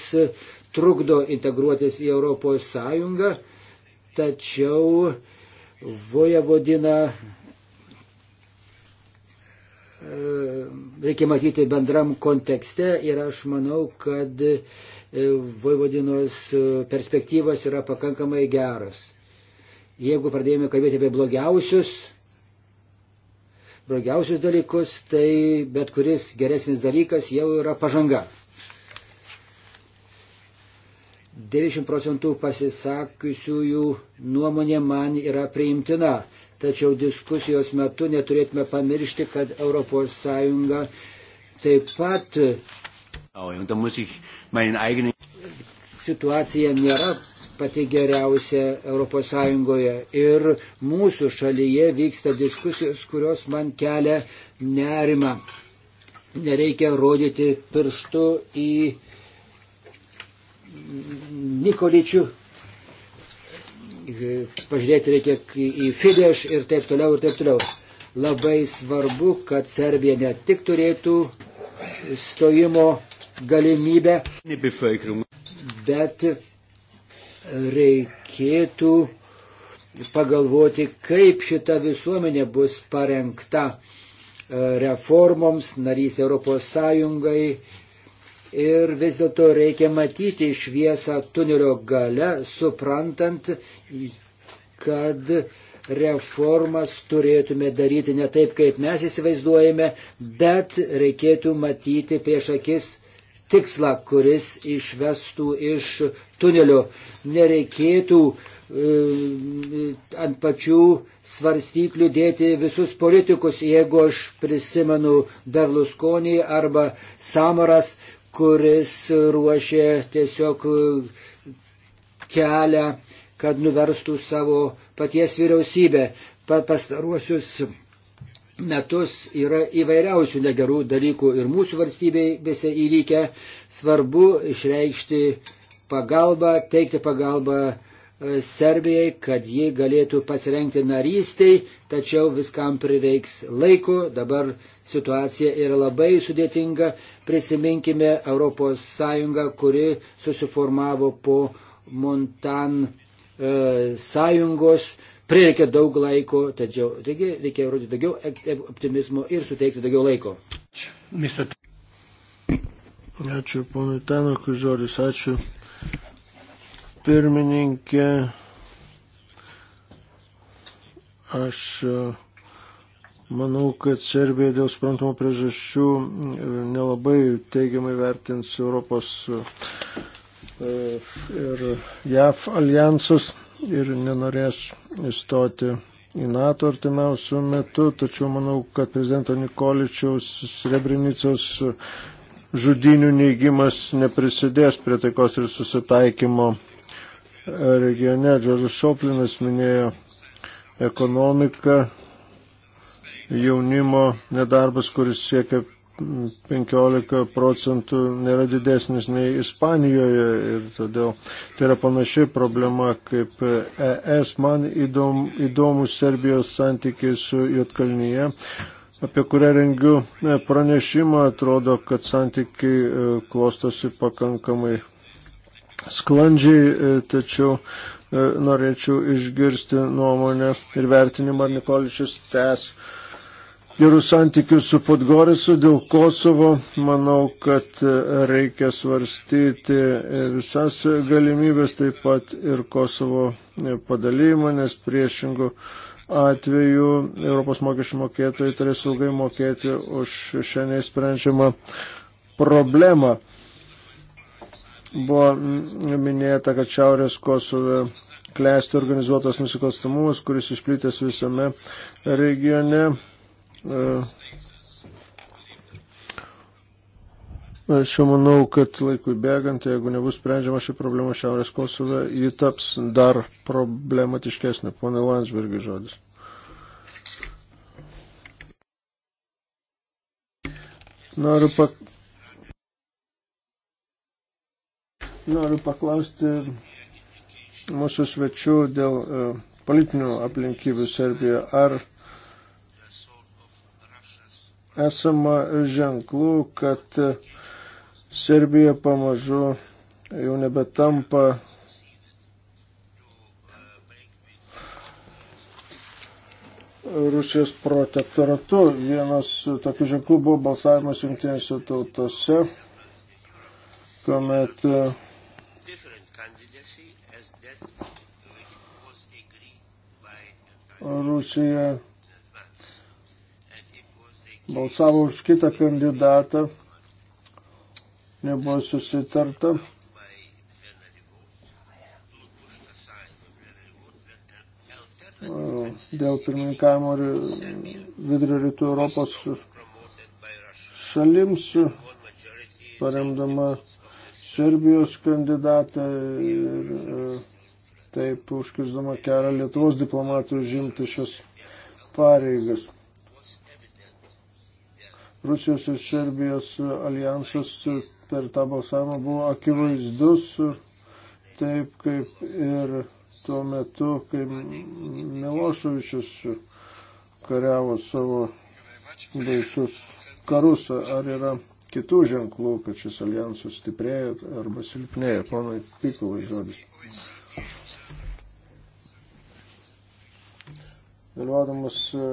trukdo integruotis į Europos Sąjungą, tačiau Vojavodina e, reikia matyti bendram kontekste ir aš manau, kad e, Vojvodinos e, perspektyvos yra pakankamai geros. Jeigu pradėjome kalbėti apie blogiausius blogiausius dalykus, tai bet kuris geresnis dalykas jau yra pažanga. 90 procentų pasisakiusiųjų nuomonė man yra priimtina, tačiau diskusijos metu neturėtume pamiršti, kad ES taip pat oh, situacija nėra pati geriausia ES. Ir mūsų šalyje vyksta diskusijos, kurios man kelia nerimą. Nereikia rodyti pirštų į Nikoličių. Pažiūrėti reikia į Fidesz ir taip toliau ir taip toliau. Labai svarbu, kad Serbija ne tik turėtų stojimo galimybę, bet reikėtų pagalvoti, kaip šita visuomenė bus parengta e, reformoms, narys Europos Sąjungai. Ir vis dėlto reikia matyti šviesą tunelio gale, suprantant, kad reformas turėtume daryti ne taip, kaip mes įsivaizduojame, bet reikėtų matyti prieš akis tikslą, kuris išvestų iš tunelio nereikėtų e, ant pačių svarstyklių dėti visus politikus, jeigu aš prisimenu Berlusconį arba Samaras, kuris ruošė tiesiog e, kelią, kad nuverstų savo paties vyriausybę. Pastaruosius metus yra įvairiausių negerų dalykų ir mūsų valstybėse įvykę. Svarbu išreikšti pagalbą, teikti pagalbą e, Serbijai, kad ji galėtų pasirengti narystiai, tačiau viskam prireiks laiko. Dabar situacija yra labai sudėtinga. Prisiminkime ES, kuri susiformavo po Montan e, sąjungos. Prireikė daug laiko, tačiau taigi, reikia rodyti daugiau e, optimizmo ir suteikti daugiau laiko. Ačiū, ponui Tanokui, žodis, ačiū pirmininkė. Aš e, manau, kad Serbija dėl sprantamo priežasčių e, nelabai teigiamai vertins Europos e, ir JAF alijansus ir nenorės įstoti į NATO artimiausių metų, tačiau manau, kad prezidento Nikoličiaus Srebrenicos žudinių neigimas neprisidės prie taikos ir susitaikymo regione. Džordžas Šoplinas minėjo ekonomiką, jaunimo nedarbas, kuris siekia 15 procentų nėra didesnis nei Ispanijoje ir todėl tai yra panaši problema kaip ES. Man įdom, įdomus Serbijos santykiai su Jotkalnyje, apie kurią rengiu pranešimą. Atrodo, kad santykiai e, klostosi pakankamai sklandžiai, e, tačiau e, norėčiau išgirsti nuomonę ir vertinimą, ar Nikoličius tęs gerus santykius su Podgorisu dėl Kosovo. Manau, kad e, reikia svarstyti visas galimybės, taip pat ir Kosovo padalymą, nes priešingų atveju Europos mokesčių mokėtojai turės ilgai mokėti už šiandien sprendžiamą problemą. Buvo minėta, kad Šiaurės Kosove klesti organizuotas nusikalstamumas, kuris išplitęs visame regione. E, aš jau manau, kad laikui bėgant, jeigu nebus sprendžiama ši problema Šiaurės Kosove, ji taps dar problematiškesnė. Pone Landsbergi žodis. Noriu Noriu paklausti mūsų svečių dėl e, politinių aplinkybių Serbijoje. Ar esama ženklų, kad e, Serbija pamažu jau nebetampa Rusijos protektoratu. Vienas tokių ženklų buvo balsavimas jungtinėse tautose, kuomet uh, Rusija balsavo už kitą kandidatą, nebuvo susitarta. Dėl pirmininkavimo vidurio rytų Europos šalims, paremdama Serbijos kandidatą ir uh, taip užkirzdama kelią Lietuvos diplomatų žimti šias pareigas. Rusijos ir Serbijos alijansas per tą balsavimą buvo akivaizdus, taip kaip ir tuo metu, kai Miloševičius kariavo savo baisius karus. Ar yra kitų ženklų, kad šis alijansas stiprėja arba silpnėja? Ponai, tikulai žodis. Dalyvaudamas e,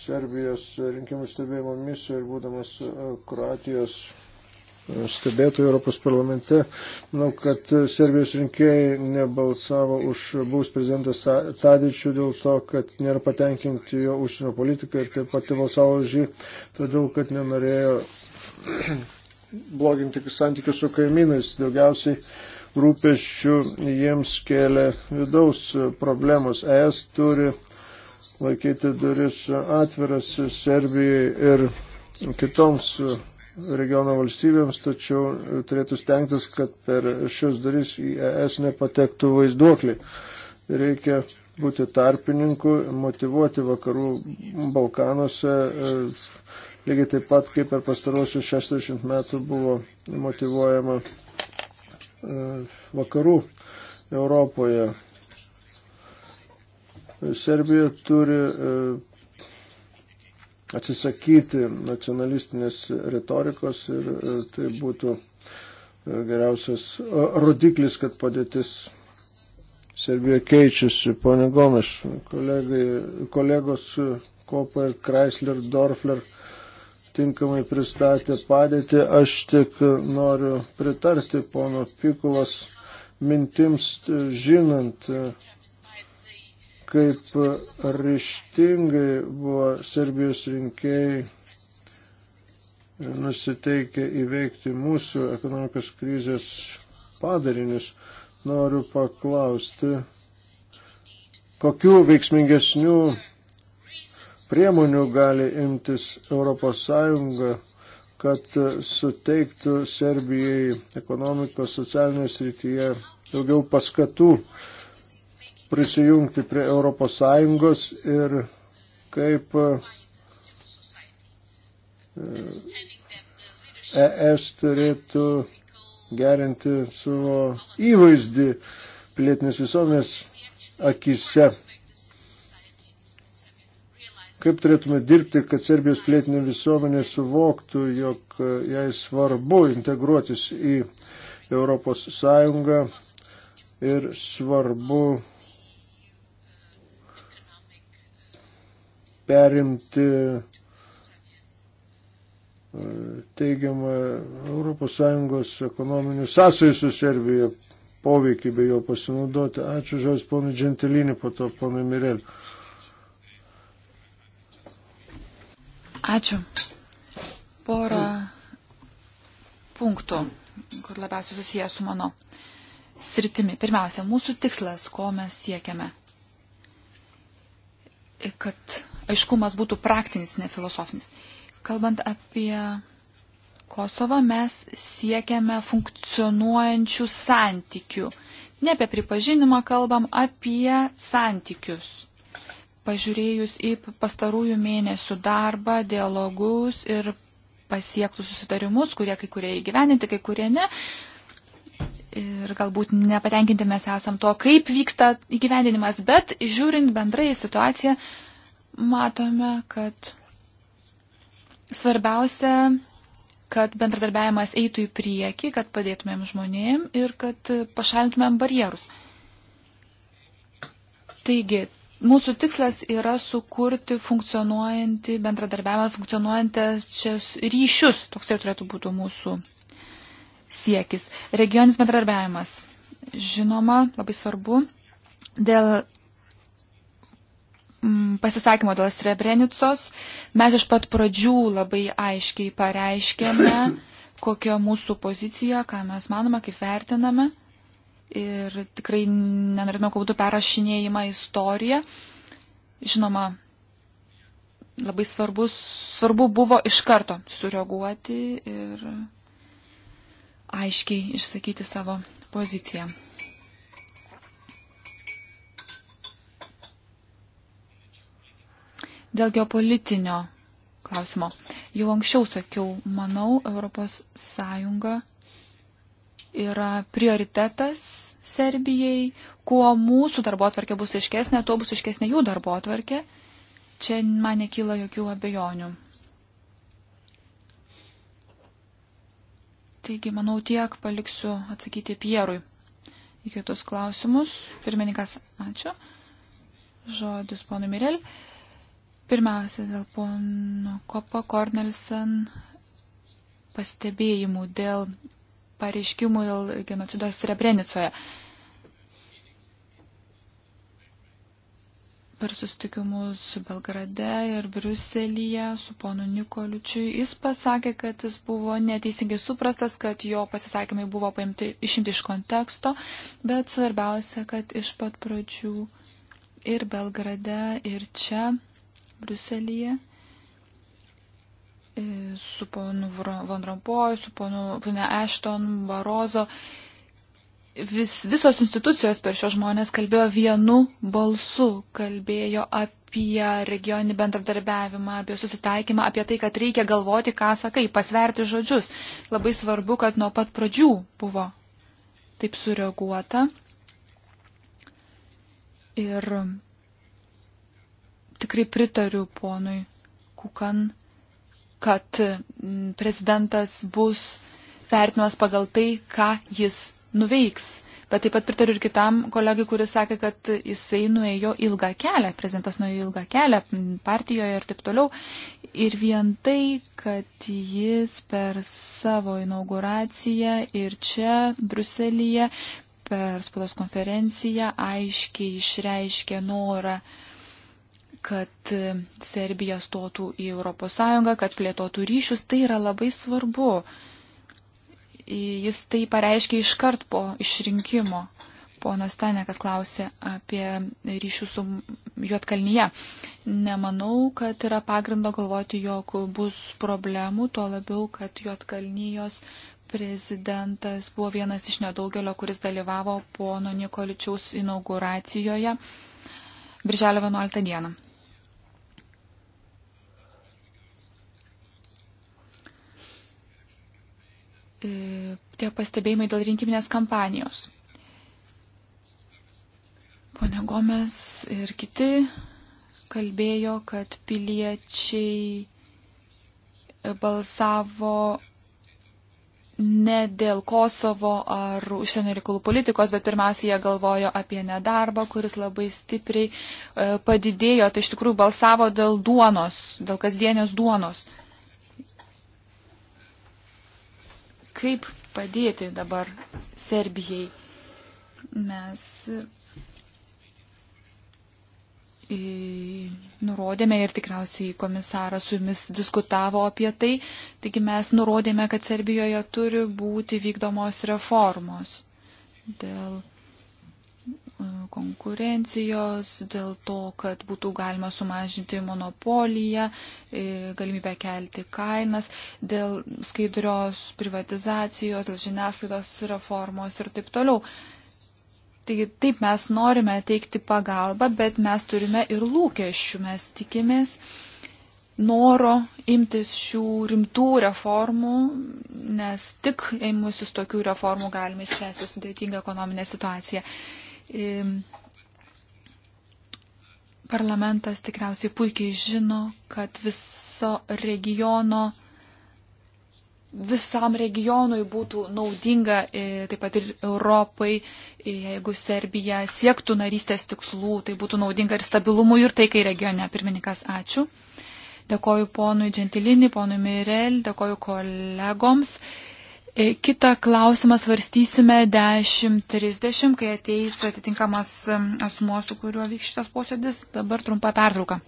Serbijos rinkimų stebėjimo misijoje ir būdamas e, Kroatijos e, stebėtojų Europos parlamente, manau, kad Serbijos rinkėjai nebalsavo už buvus prezidentą Tadičių dėl to, kad nėra patenkinti jo užsienio politiką ir taip pat balsavo už jį, todėl, kad nenorėjo bloginti santykius su kaimynais. Daugiausiai rūpešių jiems kėlė vidaus problemos. ES turi laikyti duris atviras Serbijai ir kitoms regiono valstybėms, tačiau turėtų stengtis, kad per šios duris į ES nepatektų vaizduokliai. Reikia būti tarpininku, motivuoti vakarų Balkanuose, e, lygiai taip pat kaip per pastarosius 60 metų buvo motivuojama E, vakarų Europoje. Serbija turi e, atsisakyti nacionalistinės retorikos ir e, tai būtų geriausias rodiklis, kad padėtis Serbijoje keičiasi. Pone Gomes, kolegai, kolegos Kopa ir Chrysler, Dorfler tinkamai pristatė padėtį. Aš tik noriu pritarti pono Pikulas mintims, žinant, kaip ryštingai buvo Serbijos rinkėjai nusiteikę įveikti mūsų ekonomikos krizės padarinius. Noriu paklausti, kokiu veiksmingesniu priemonių gali imtis ES, kad suteiktų Serbijai ekonomikos socialinės rytyje daugiau paskatų prisijungti prie ES ir kaip ES e turėtų gerinti savo įvaizdį pilietinės visuomenės akise Kaip turėtume dirbti, kad Serbijos plėtinė visuomenė suvoktų, jog e, jai svarbu integruotis į Europos Sąjungą ir svarbu perimti e, teigiamą ES ekonominių sąsajų su Serbija poveikį bei jo pasinaudoti. Ačiū žodis ponui Džentilinį, po to ponui Mireliu. Ačiū. Porą punktų, kur labiausiai susijęs su mano sritimi. Pirmiausia, mūsų tikslas, ko mes siekiame. Kad aiškumas būtų praktinis, ne filosofinis. Kalbant apie Kosovą, mes siekiame funkcionuojančių santykių. Ne apie pripažinimą kalbam, apie santykius pažiūrėjus į pastarųjų mėnesių darbą, dialogus ir pasiektus susitarimus, kurie kai kurie įgyveninti, kai kurie ne. Ir galbūt nepatenkinti mes esam to, kaip vyksta įgyvendinimas, bet žiūrint bendrai situaciją, matome, kad svarbiausia, kad bendradarbiavimas eitų į priekį, kad padėtumėm žmonėm ir kad pašalintumėm barjerus. Taigi, Mūsų tikslas yra sukurti funkcionuojantį bendradarbiavimą, funkcionuojantis ryšius. Toks jau turėtų būti mūsų siekis. Regioninis bendradarbiavimas. Žinoma, labai svarbu. Dėl mm, pasisakymo dėl Srebrenicos mes iš pat pradžių labai aiškiai pareiškėme, kokia mūsų pozicija, ką mes manome, kaip vertiname ir tikrai nenorėtume, kad būtų perrašinėjama istorija. Žinoma, labai svarbus, svarbu buvo iš karto sureaguoti ir aiškiai išsakyti savo poziciją. Dėl geopolitinio klausimo. Jau anksčiau sakiau, manau, ES yra prioritetas Serbijai. Kuo mūsų darbo atvarkė bus iškesnė, tuo bus iškesnė jų darbo atvarkė. Čia man nekyla jokių abejonių. Taigi, manau, tiek paliksiu atsakyti Pierui į kitus klausimus. Pirmininkas, ačiū. Žodis ponu Mirel. Pirmiausia, dėl pono Kopo Kornelsen pastebėjimų dėl pareiškimų dėl genocido Srebrenicoje. Per susitikimus Belgrade ir Briuselyje su ponu Nikoliučiu jis pasakė, kad jis buvo neteisingai suprastas, kad jo pasisakymai buvo paimti išimti iš konteksto, bet svarbiausia, kad iš pat pradžių ir Belgrade, ir čia, Briuselyje, E, su ponu Van Rompuoju, su ponu Pune Ešton, Barozo. Vis, visos institucijos per šios žmonės kalbėjo vienu balsu, kalbėjo apie regioninį bendradarbiavimą, apie susitaikymą, apie tai, kad reikia galvoti, ką sakai, pasverti žodžius. Labai svarbu, kad nuo pat pradžių buvo taip sureaguota. Ir tikrai pritariu ponui Kukan kad mm, prezidentas bus vertinamas pagal tai, ką jis nuveiks. Bet taip pat pritariu ir kitam kolegai, kuris sakė, kad jisai nuėjo ilgą kelią, prezidentas nuėjo ilgą kelią partijoje ir taip toliau. Ir vien tai, kad jis per savo inauguraciją ir čia, Bruselėje, per spaudos konferenciją aiškiai išreiškė norą uh, kad Serbija stotų į ES, kad plėtotų ryšius, tai yra labai svarbu. Jis tai pareiškia iškart po išrinkimo. Ponas Tanekas klausė apie ryšių su Juotkalnyje. Nemanau, kad yra pagrindo galvoti, jog bus problemų, tuo labiau, kad Juotkalnyjos prezidentas buvo vienas iš nedaugelio, kuris dalyvavo pono Nikoličiaus inauguracijoje birželio 11 dieną. E, tie pastebėjimai dėl rinkiminės kampanijos. Pone Gomes ir kiti kalbėjo, kad piliečiai balsavo ne dėl Kosovo ar užsienio reikalų politikos, bet pirmiausia, jie galvojo apie nedarbą, kuris labai stipriai e, padidėjo. Tai iš tikrųjų balsavo dėl duonos, dėl kasdienės duonos. kaip padėti dabar Serbijai. Mes e, nurodėme ir tikriausiai komisaras su jumis diskutavo apie tai, taigi mes nurodėme, kad Serbijoje turi būti vykdomos reformos dėl konkurencijos, dėl to, kad būtų galima sumažinti monopoliją, e, galimybę kelti kainas, dėl skaidrios privatizacijos, dėl žiniasklaidos reformos ir taip toliau. Taigi taip mes norime teikti pagalbą, bet mes turime ir lūkesčių, mes tikimės noro imtis šių rimtų reformų, nes tik ėmusis tokių reformų galime išspręsti sudėtingą ekonominę situaciją. Parlamentas tikriausiai puikiai žino, kad viso regiono, visam regionui būtų naudinga, e, taip pat ir Europai, e, jeigu Serbija siektų narystės tikslų, tai būtų naudinga ir stabilumui, ir taikai regione. Pirmininkas, ačiū. Dėkoju ponui Gentilinį, ponui Mirel, dėkoju kolegoms. E, Kita klausimą svarstysime 10.30, kai ateis atitinkamas asmuo, su kuriuo vyks šitas posėdis. Dabar trumpa pertrauka.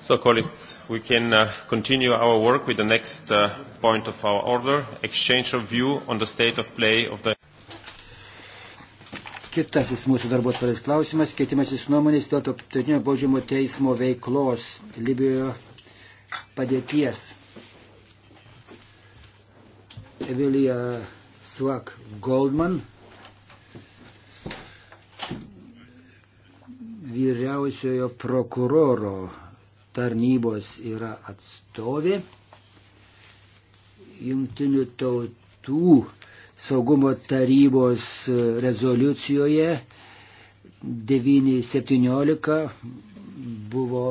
So, colleagues, we can uh, continue our work with the next uh, point of our order, exchange of view on the state of play of the... Kitasis mūsų darbo tvarės klausimas, keitimasis nuomonės dėl tarptautinio baudžiamo teismo veiklos Libijoje padėties. Evelija Svak Goldman, vyriausiojo prokuroro tarnybos yra atstovė jungtinių tautų saugumo tarybos rezoliucijoje 917 buvo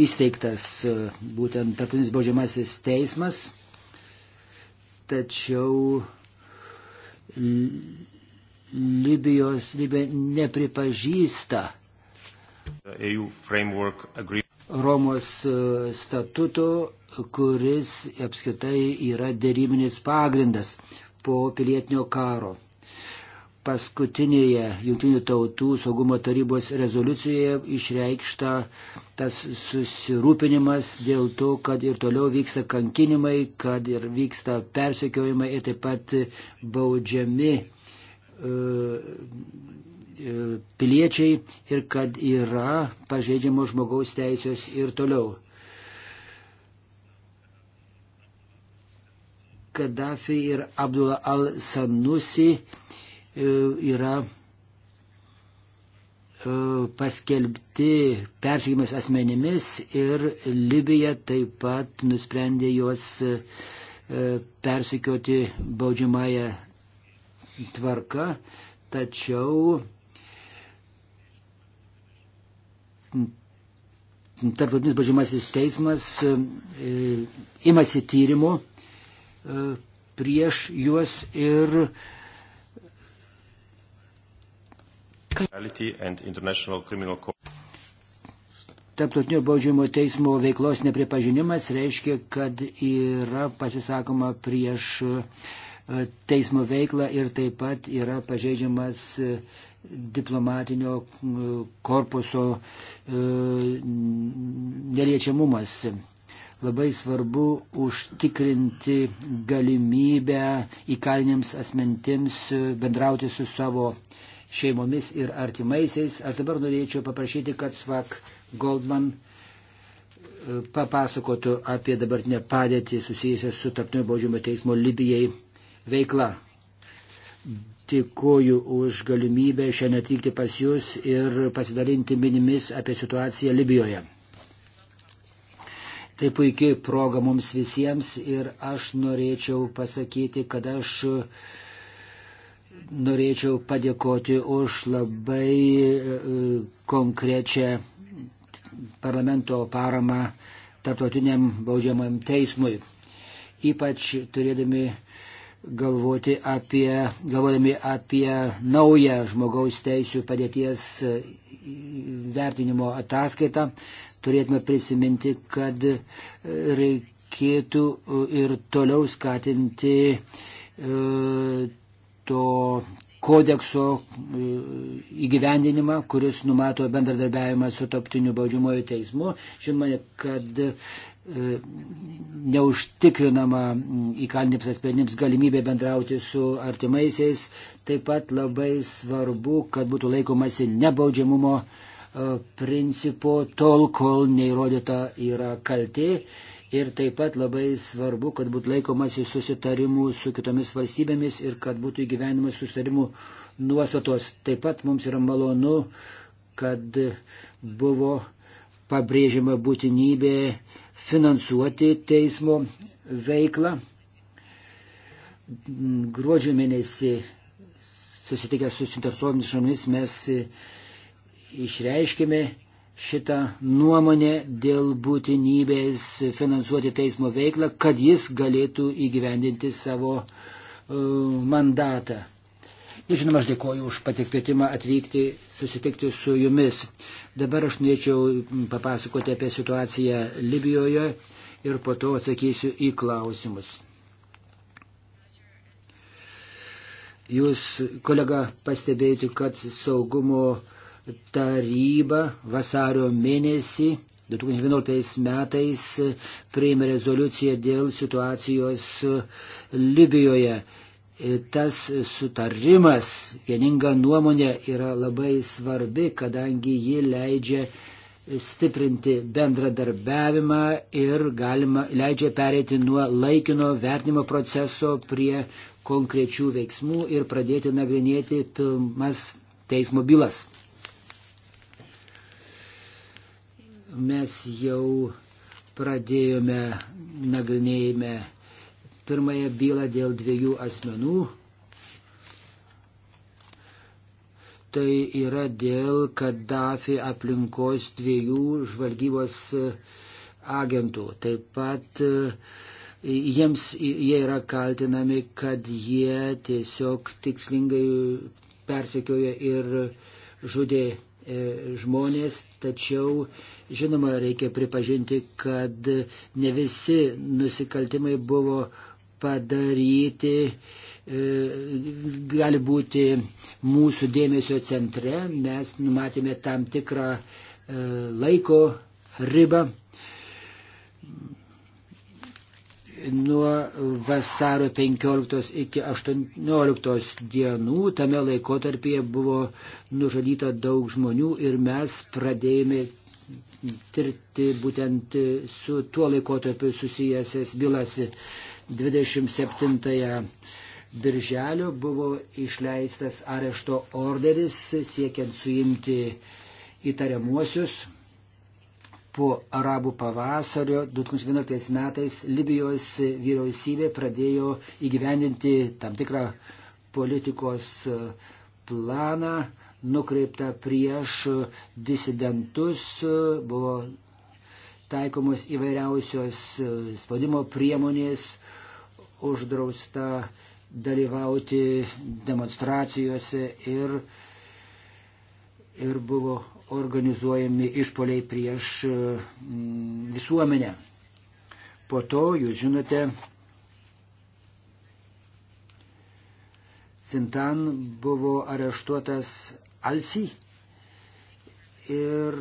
įsteigtas e, būtent tarptautinis baudžiamasis teismas, tačiau Libijos Libija nepripažįsta EU framework agreement. Romos e, statuto, kuris apskritai yra dėrybinis pagrindas po pilietinio karo. Paskutinėje Junktinių tautų saugumo tarybos rezoliucijoje išreikšta tas susirūpinimas dėl to, kad ir toliau vyksta kankinimai, kad ir vyksta persekiojimai ir taip pat baudžiami e, E, piliečiai ir kad yra pažeidžiamos žmogaus teisės ir toliau. Kadafi ir Abdullah al-Sanusi e, yra e, paskelbti persikimais asmenimis ir Libija taip pat nusprendė juos persikioti baudžiamąją tvarką, tačiau Tarptautinis bažymasis teismas e, imasi tyrimo e, prieš juos ir Tarptautinio baudžiamo teismo veiklos nepripažinimas reiškia, kad yra pasisakoma prieš e, teismo veiklą ir taip pat yra pažeidžiamas diplomatinio korpuso e, neliečiamumas. Labai svarbu užtikrinti galimybę įkaliniams asmentims bendrauti su savo šeimomis ir artimaisiais. Aš dabar norėčiau paprašyti, kad Svak Goldman e, papasakotų apie dabartinę padėtį susijusią su tarptautinio baudžiamo teismo Libijai veikla. Tikuoju už galimybę šiandien atvykti pas Jūs ir pasidalinti minimis apie situaciją Libijoje. Tai puikiai proga mums visiems ir aš norėčiau pasakyti, kad aš norėčiau padėkoti už labai e, konkrečią parlamento paramą tarptautiniam baudžiamam teismui. Ypač turėdami uh, galvoti apie, galvodami apie naują žmogaus teisų padėties e, vertinimo ataskaitą, turėtume prisiminti, kad e, reikėtų e, ir toliau skatinti to kodekso įgyvendinimą, kuris numato bendradarbiavimą su taptiniu baudžiamojo teismu. Žinoma, kad E, neužtikrinama įkalinims asmenims galimybė bendrauti su artimaisiais. Taip pat labai svarbu, kad būtų laikomasi nebaudžiamumo e, principo tol, kol neįrodyta yra kalti. Ir taip pat labai svarbu, kad būtų laikomasi susitarimų su kitomis valstybėmis ir kad būtų įgyvenimas susitarimų nuostatos. Taip pat mums yra malonu, kad buvo pabrėžiama būtinybė finansuoti teismo veiklą. Gruodžio mėnesį susitikę su suinteresuomis žmonėmis mes išreiškėme šitą nuomonę dėl būtinybės finansuoti teismo veiklą, kad jis galėtų įgyvendinti savo uh, mandatą. Ir žinoma, aš dėkoju už patikvietimą atvykti, susitikti su jumis. Dabar aš norėčiau papasakoti apie situaciją Libijoje ir po to atsakysiu į klausimus. Jūs, kolega, pastebėjote, kad saugumo taryba vasario mėnesį 2011 metais priėmė rezoliuciją dėl situacijos Libijoje. E, tas sutarimas, vieninga nuomonė yra labai svarbi, kadangi ji leidžia stiprinti bendradarbiavimą ir galima, leidžia pereiti nuo laikino vertinimo proceso prie konkrečių veiksmų ir pradėti nagrinėti pilnas teismo bylas. Mes jau pradėjome nagrinėjime pirmąją bylą dėl dviejų asmenų. Tai yra dėl Kaddafi aplinkos dviejų žvalgybos e, agentų. Taip pat e, jiems jie yra kaltinami, kad jie tiesiog tikslingai persekioja ir žudė e, žmonės, tačiau žinoma reikia pripažinti, kad ne visi nusikaltimai buvo padaryti, e, gali būti mūsų dėmesio centre. Mes numatėme tam tikrą e, laiko ribą. Nuo vasario 15 iki 18 dienų tame laikotarpyje buvo nužudyta daug žmonių ir mes pradėjome tirti būtent su tuo laikotarpiu susijęsias bylas. 27 birželio buvo išleistas arešto orderis siekiant suimti įtariamuosius po arabų pavasario 2011 metais Libijos vyriausybė pradėjo įgyvendinti tam tikrą politikos planą nukreiptą prieš disidentus, buvo taikomos įvairiausios spaudimo priemonės, uždrausta dalyvauti demonstracijose ir, ir buvo organizuojami išpoliai prieš mm, visuomenę. Po to, jūs žinote, Sintan buvo areštuotas Alsi ir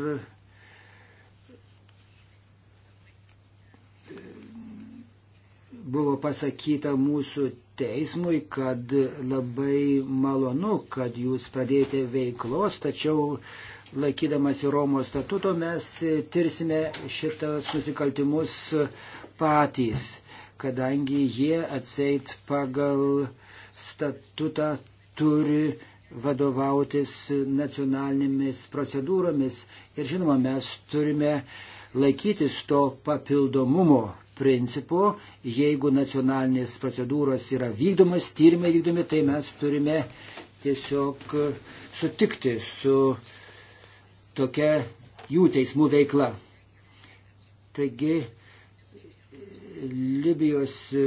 buvo pasakyta mūsų teismui, kad labai malonu, kad jūs pradėjote veiklos, tačiau laikydamas į Romos statuto mes tirsime šitas nusikaltimus patys, kadangi jie atseit pagal statutą turi vadovautis nacionalinėmis procedūromis ir žinoma, mes turime laikytis to papildomumo principu, jeigu nacionalinės procedūros yra vykdomas, tyrimai vykdomi, tai mes turime tiesiog e, sutikti su tokia jų teismų veikla. Taigi Libijos e,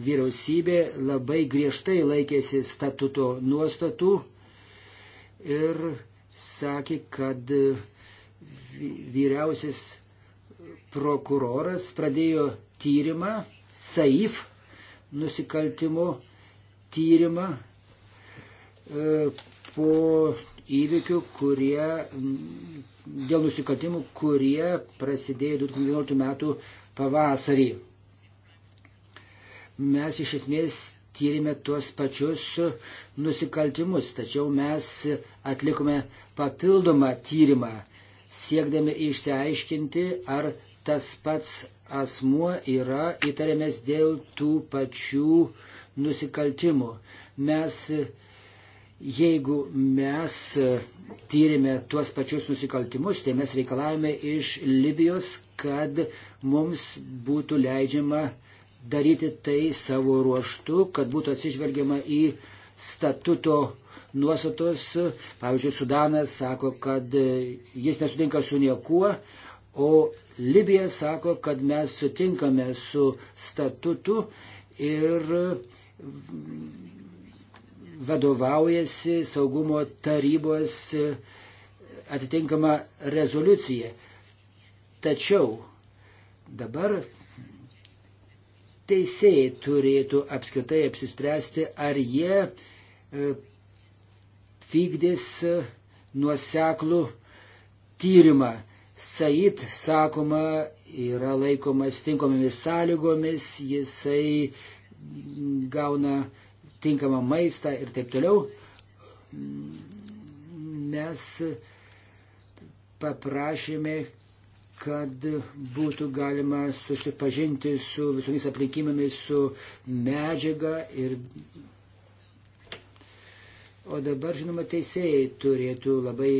vyriausybė labai griežtai laikėsi statuto nuostatų ir sakė, kad e, vyriausias prokuroras pradėjo tyrimą, SAIF nusikaltimo tyrimą e, po įvykių, kurie, dėl nusikaltimų, kurie prasidėjo 2011 metų pavasarį. Mes iš esmės tyrime tuos pačius nusikaltimus, tačiau mes atlikome papildomą tyrimą, siekdami išsiaiškinti, ar tas pats asmuo yra įtariamas dėl tų pačių nusikaltimų. Mes, jeigu mes tyrime tuos pačius nusikaltimus, tai mes reikalavome iš Libijos, kad mums būtų leidžiama daryti tai savo ruoštų, kad būtų atsižvelgiama į statuto nuostatos. Pavyzdžiui, Sudanas sako, kad jis nesutinka su niekuo, O Libija sako, kad mes sutinkame su statutu ir vadovaujasi saugumo tarybos atitinkama rezoliucija. Tačiau dabar teisėjai turėtų apskritai apsispręsti, ar jie e, vykdys nuoseklų tyrimą Said, sakoma, yra laikomas tinkomomis sąlygomis, jisai gauna tinkamą maistą ir taip toliau. Mes paprašėme, kad būtų galima susipažinti su visomis aplinkybėmis, su medžiaga ir O dabar, žinoma, teisėjai turėtų labai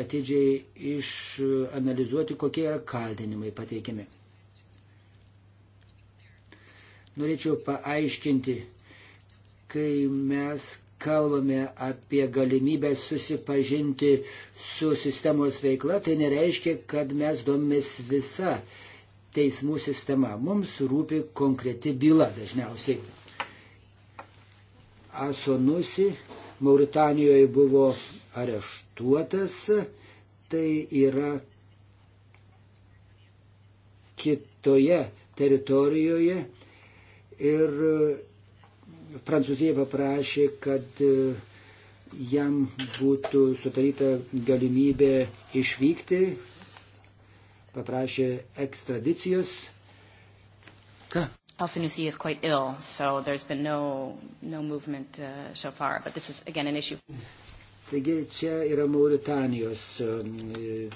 atidžiai išanalizuoti, kokie yra kaltinimai pateikiami. Norėčiau paaiškinti, kai mes kalbame apie galimybę susipažinti su sistemos veikla, tai nereiškia, kad mes domės visa teismų sistema. Mums rūpi konkreti byla dažniausiai. Asonusi Mauritanijoje buvo areštuotas, tai yra kitoje teritorijoje ir e, Prancūzija paprašė, kad e, jam būtų sudaryta galimybė išvykti, paprašė ekstradicijos Al-Sanusi is quite ill, so there's been no, no movement uh, so far, but this is again an issue. Taigi čia yra Mauritanijos um,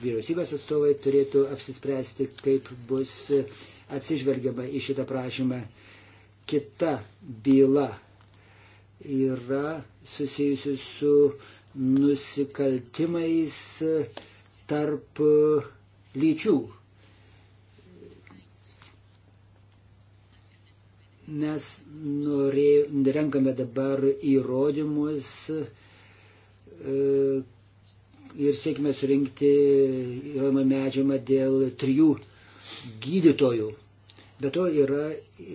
vyriausybės atstovai turėtų apsispręsti, kaip bus atsižvelgiama į šitą prašymą. Kita byla yra susijusi su nusikaltimais tarp lyčių Mes norė, renkame dabar įrodymus e, ir siekime surinkti įrodymą medžiamą dėl trijų gydytojų. Be to yra,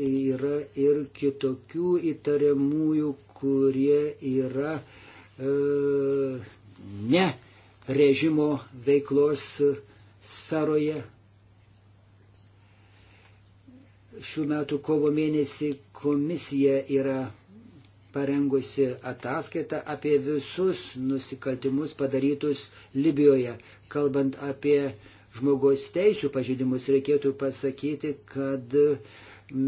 yra ir kitokių įtariamųjų, kurie yra e, ne režimo veiklos sferoje šių metų kovo mėnesį komisija yra parengusi ataskaitą apie visus nusikaltimus padarytus Libijoje. Kalbant apie žmogaus teisų pažeidimus, reikėtų pasakyti, kad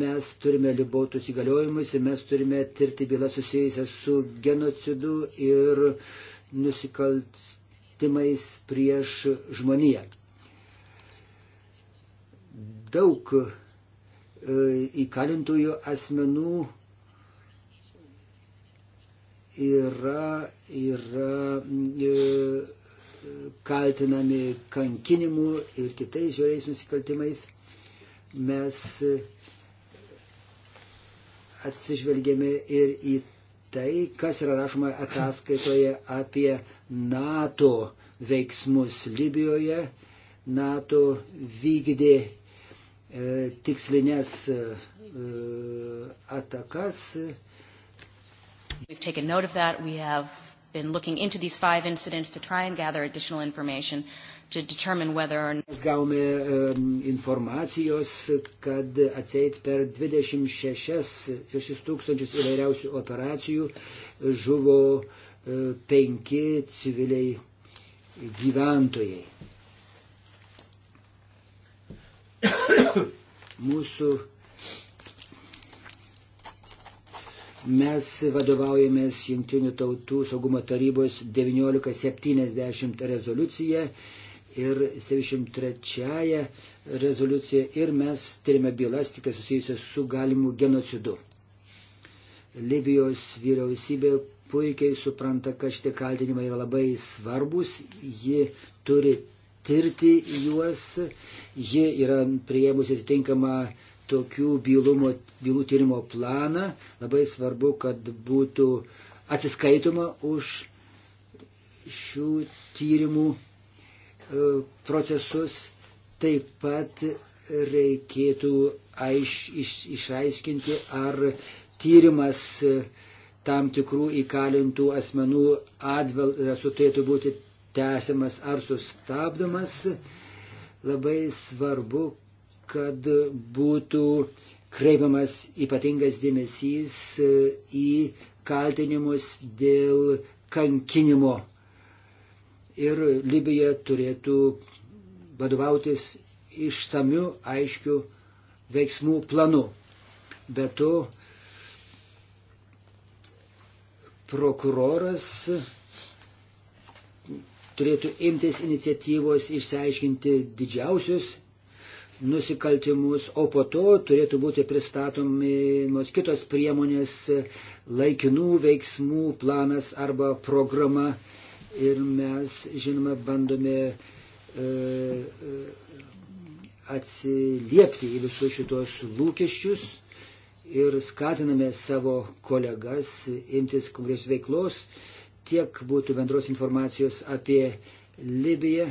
mes turime libotus įgaliojimus ir mes turime tirti bylą susijusią su genocidu ir nusikaltimais prieš žmoniją. Daug E, įkalintųjų asmenų yra, yra e, kaltinami kankinimu ir kitais žiauriais nusikaltimais. Mes atsižvelgėme ir į tai, kas yra rašoma ataskaitoje apie NATO veiksmus Libijoje. NATO vykdė E, tikslinės e, e, atakas. We've taken note of that. We have been looking into these five incidents to try and gather additional information to determine whether or not. Mes gavome um, informacijos, kad atseit per 26 tūkstančius įvairiausių operacijų žuvo uh, penki civiliai gyventojai. Mūsų mes vadovaujamės Junktinių tautų saugumo tarybos 1970 rezoliucija ir 73 rezoliucija ir mes tyrėme bylas tik tai susijusios su galimu genocidu. Libijos vyriausybė puikiai supranta, kad šitie kaltinimai yra labai svarbus, ji turi tirti juos Ji yra prieimusi atitinkamą tokių bylumo, bylų tyrimo planą. Labai svarbu, kad būtų atsiskaitoma už šių tyrimų e, procesus. Taip pat reikėtų aiš, iš, išaiškinti, ar tyrimas e, tam tikrų įkalintų asmenų atvel turėtų būti tęsiamas ar sustabdomas. Labai svarbu, kad būtų kreipiamas ypatingas dėmesys e, į kaltinimus dėl kankinimo. Ir Libija turėtų vadovautis išsamių, aiškių veiksmų planu. Be to, prokuroras turėtų imtis iniciatyvos išsiaiškinti didžiausius nusikaltimus, o po to turėtų būti pristatomos kitos priemonės, laikinų veiksmų planas arba programa. Ir mes, žinoma, bandome e, e, atsiliepti į visus šitos lūkesčius ir skatiname savo kolegas imtis konkrečios veiklos tiek būtų bendros informacijos apie Libiją.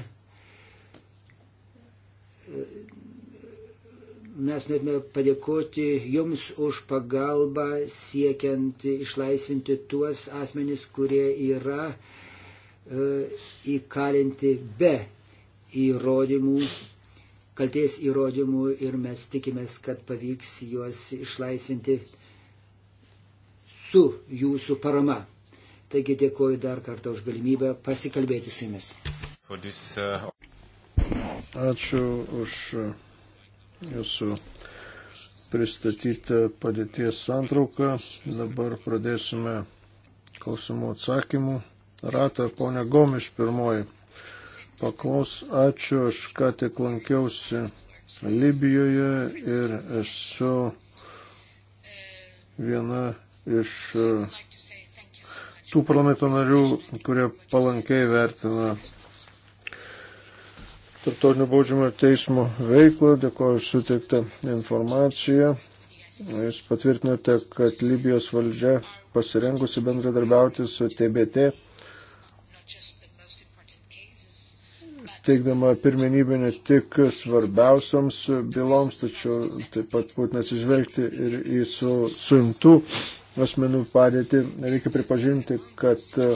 Mes norėtume padėkoti Jums už pagalbą siekiant išlaisvinti tuos asmenys, kurie yra e, įkalinti be įrodymų, kalties įrodymų ir mes tikimės, kad pavyks juos išlaisvinti su jūsų parama. Taigi dėkuoju dar kartą už galimybę pasikalbėti su jumis. Uh, ačiū už uh, jūsų pristatytą padėties santrauką. Dabar pradėsime klausimų atsakymų ratą. Pone Gomiš pirmoji. Paklaus, ačiū, aš ką tik lankiausi Libijoje ir esu viena iš uh, tų parlamento narių, kurie palankiai vertina Tartautinio baudžiamo teismo veiklą. Dėkoju už suteiktą informaciją. Jūs patvirtinote, kad Libijos valdžia pasirengusi bendradarbiauti su TBT, teikdama pirmenybę ne tik svarbiausiams byloms, tačiau taip pat būtinas įžvelgti ir į su, suimtų asmenų padėtį. Reikia pripažinti, kad e,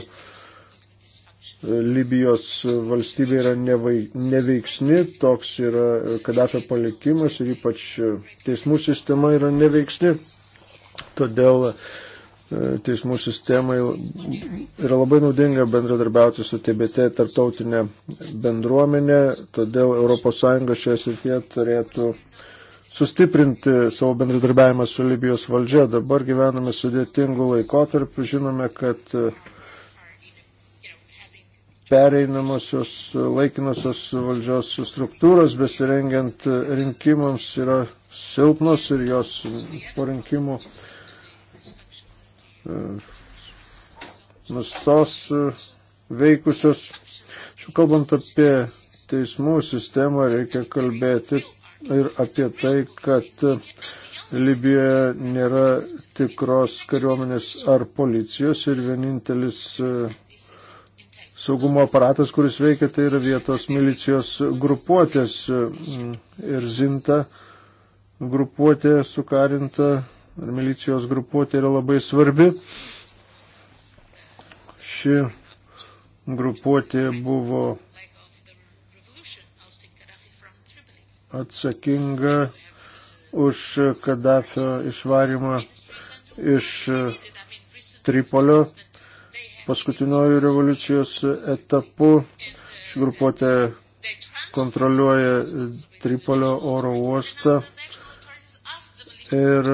Libijos valstybė yra nevai, neveiksni, toks yra Kadafio palikimas ir ypač e, teismų sistema yra neveiksni. Todėl e, teismų sistemai yra labai naudinga bendradarbiauti su TBT tarptautinė bendruomenė, todėl ES šioje srityje turėtų sustiprinti savo bendradarbiavimą su Libijos valdžia. Dabar gyvename sudėtingų laikotarpių, žinome, kad e, pereinamosios laikinosios valdžios struktūros besirengiant rinkimams yra silpnos ir jos po rinkimų e, nustos e, veikusios. Šiuo kalbant apie teismų sistemą, reikia kalbėti ir apie tai, kad Libijoje nėra tikros kariuomenės ar policijos ir vienintelis e, saugumo aparatas, kuris veikia, tai yra vietos milicijos grupuotės ir zinta grupuotė sukarinta ar milicijos grupuotė yra labai svarbi. Ši grupuotė buvo atsakinga už Kadafio išvarimą iš Tripolio paskutiniojų revoliucijos etapu. Ši grupuotė kontroliuoja Tripolio oro uostą ir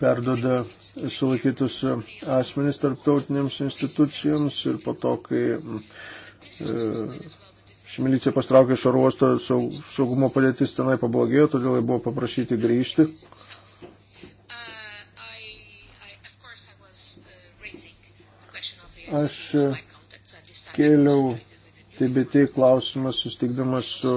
perdoda sulaikytus asmenys tarptautinėms institucijoms ir po to, kai e, Ši milicija pastraukė iš oro uosto, saugumo padėtis tenai pablogėjo, todėl jie buvo paprašyti grįžti. Aš uh, kėliau TBT klausimą sustikdamas su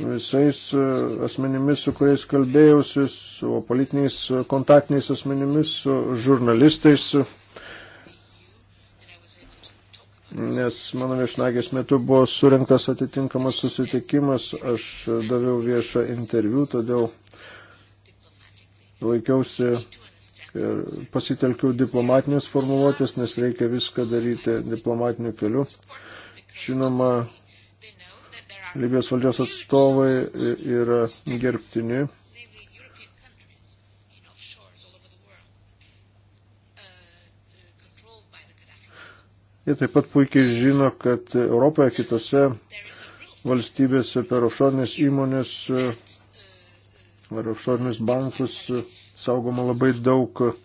visais uh, asmenimis, su kuriais kalbėjausi, su politiniais uh, kontaktiniais asmenimis, su žurnalistais, nes mano viešnagės metu buvo surinktas atitinkamas susitikimas, aš daviau viešą interviu, todėl laikiausi ir pasitelkiau diplomatinės formuluotės, nes reikia viską daryti diplomatiniu keliu. Žinoma, Libijos valdžios atstovai yra gerbtini Jie taip pat puikiai žino, kad Europoje kitose valstybėse per offshore'nės įmonės ar offshore'nės bankus saugoma labai daug e,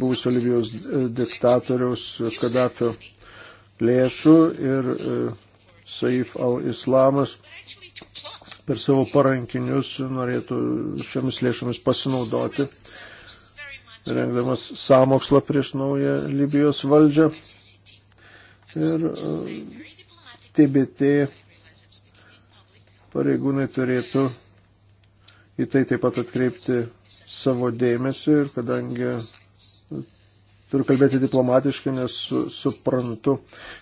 buvusio Libijos diktatoriaus Kadafio lėšų ir e, Saif al-Islamas per savo parankinius norėtų šiomis lėšomis pasinaudoti rengdamas samokslą prieš naują Libijos valdžią. Ir TBT e, pareigūnai turėtų į tai taip pat atkreipti savo dėmesį ir kadangi turiu kalbėti diplomatiškai, nes suprantu,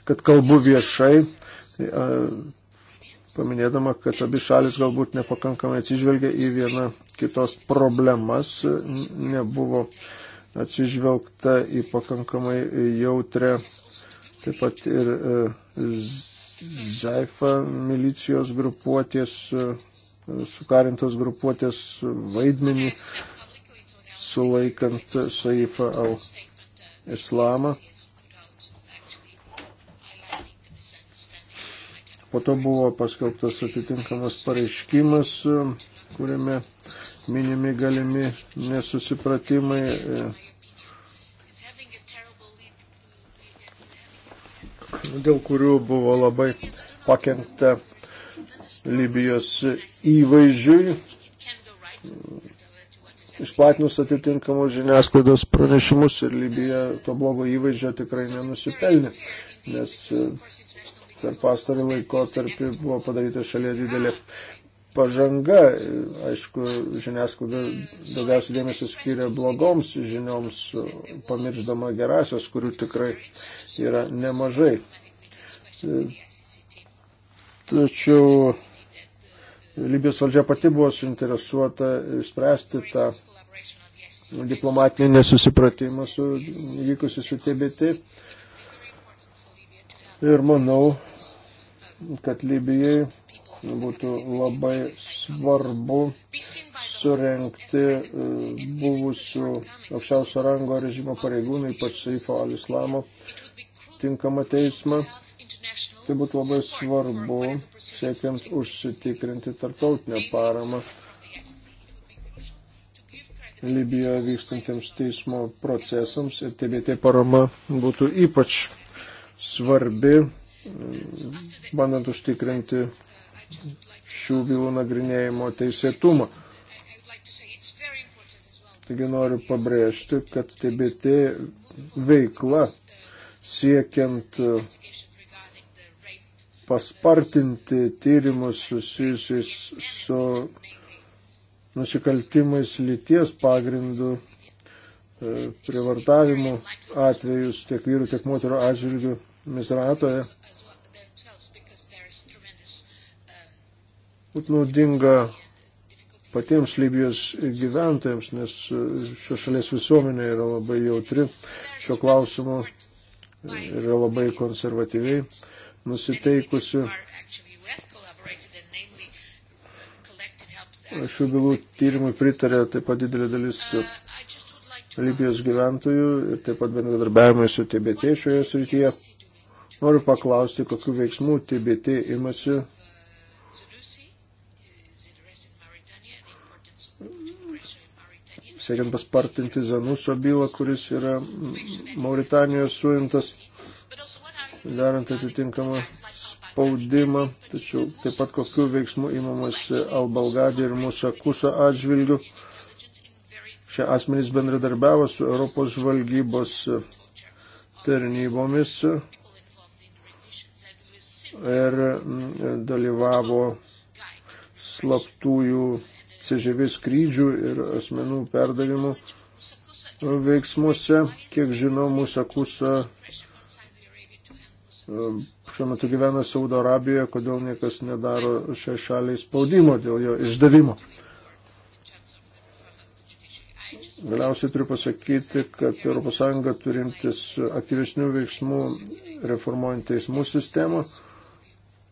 kad kalbu viešai, e, paminėdama, kad abi šalis galbūt nepakankamai atsižvelgia į vieną kitos problemas, nebuvo atsižvelgta į pakankamai jautrę taip pat ir e, Zaifa milicijos grupuotės, e, sukarintos grupuotės vaidmenį sulaikant Saifą al-Islamą. Po to buvo paskelbtas atitinkamas pareiškimas, kuriame minimi galimi nesusipratimai. E, dėl kurių buvo labai pakengta Libijos įvaizdžiui, išplatinus atitinkamus žiniasklaidos pranešimus ir Libija to blogo įvaizdžio tikrai nenusipelnė, nes per pastarį laikotarpį buvo padaryta šalia didelė pažanga. Aišku, žiniasklaida daugiausiai dėmesio skiria blogoms žinioms, pamiršdama gerasios, kurių tikrai yra nemažai. Tačiau Libijos valdžia pati buvo suinteresuota spręsti tą diplomatinį nesusipratimą su vykusiu su TBT. Ir manau, kad Libijai būtų labai svarbu surenkti e, buvusių aukščiausio rango režimo pareigūnų, ypač Saifo al-Islamo, tinkamą teismą. Tai būtų labai svarbu, siekiant užsitikrinti tarptautinę paramą Libijoje vykstantiems teismo procesams ir TBT parama būtų ypač svarbi, bandant užtikrinti šių bylų nagrinėjimo teisėtumą. Taigi noriu pabrėžti, kad TBT veikla siekiant paspartinti tyrimus susijusius su nusikaltimais lyties pagrindų e, privartavimų atvejus tiek vyrų, tiek moterų atžvilgių Mizratoje. Būtų naudinga patiems Libijos gyventojams, nes šios šalies visuomenė yra labai jautri šio klausimu ir yra labai konservatyviai nusiteikusi. Šių bylų tyrimui pritarė taip pat didelė dalis Libijos gyventojų ir taip pat bendradarbiavimai su tibetiečių šioje srityje. Noriu paklausti, kokiu veiksmu TBT imasi siekiant paspartinti Zanuso bylą, kuris yra Mauritanijos suimtas, darant atitinkamą spaudimą, tačiau taip pat kokiu veiksmu įmamas Albalgadė ir Musakuso atžvilgių. Šie asmenys bendradarbiavo su Europos žvalgybos tarnybomis ir mm, dalyvavo slaptųjų CŽV skrydžių ir asmenų perdavimų veiksmuose. Kiek žinau, mūsų akusa e, šiuo metu gyvena Saudo Arabijoje, kodėl niekas nedaro šiai šaliai spaudimo dėl jo išdavimo. Galiausiai turiu pasakyti, kad ES turi imtis aktyvesnių veiksmų reformuojant teismų sistemą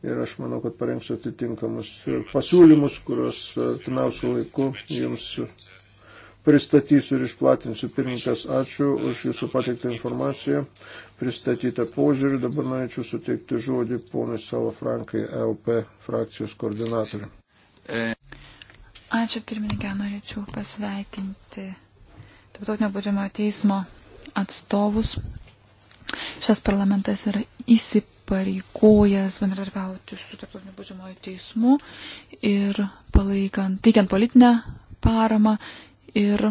ir aš manau, kad parengsiu atitinkamus pasiūlymus, kuriuos artimiausių laikų jums pristatysiu ir išplatinsiu. Pirmininkas, ačiū už jūsų pateiktą informaciją, pristatytą požiūrį. Dabar norėčiau suteikti žodį ponui savo Frankai LP frakcijos koordinatoriui. Ačiū pirmininkė, norėčiau pasveikinti Tarptautinio baudžiamojo teismo atstovus. Šis parlamentas yra įsipirkęs įpareigojęs bendradarbiauti su tarptautiniu baudžiamoju teismu ir palaikant, teikiant politinę paramą ir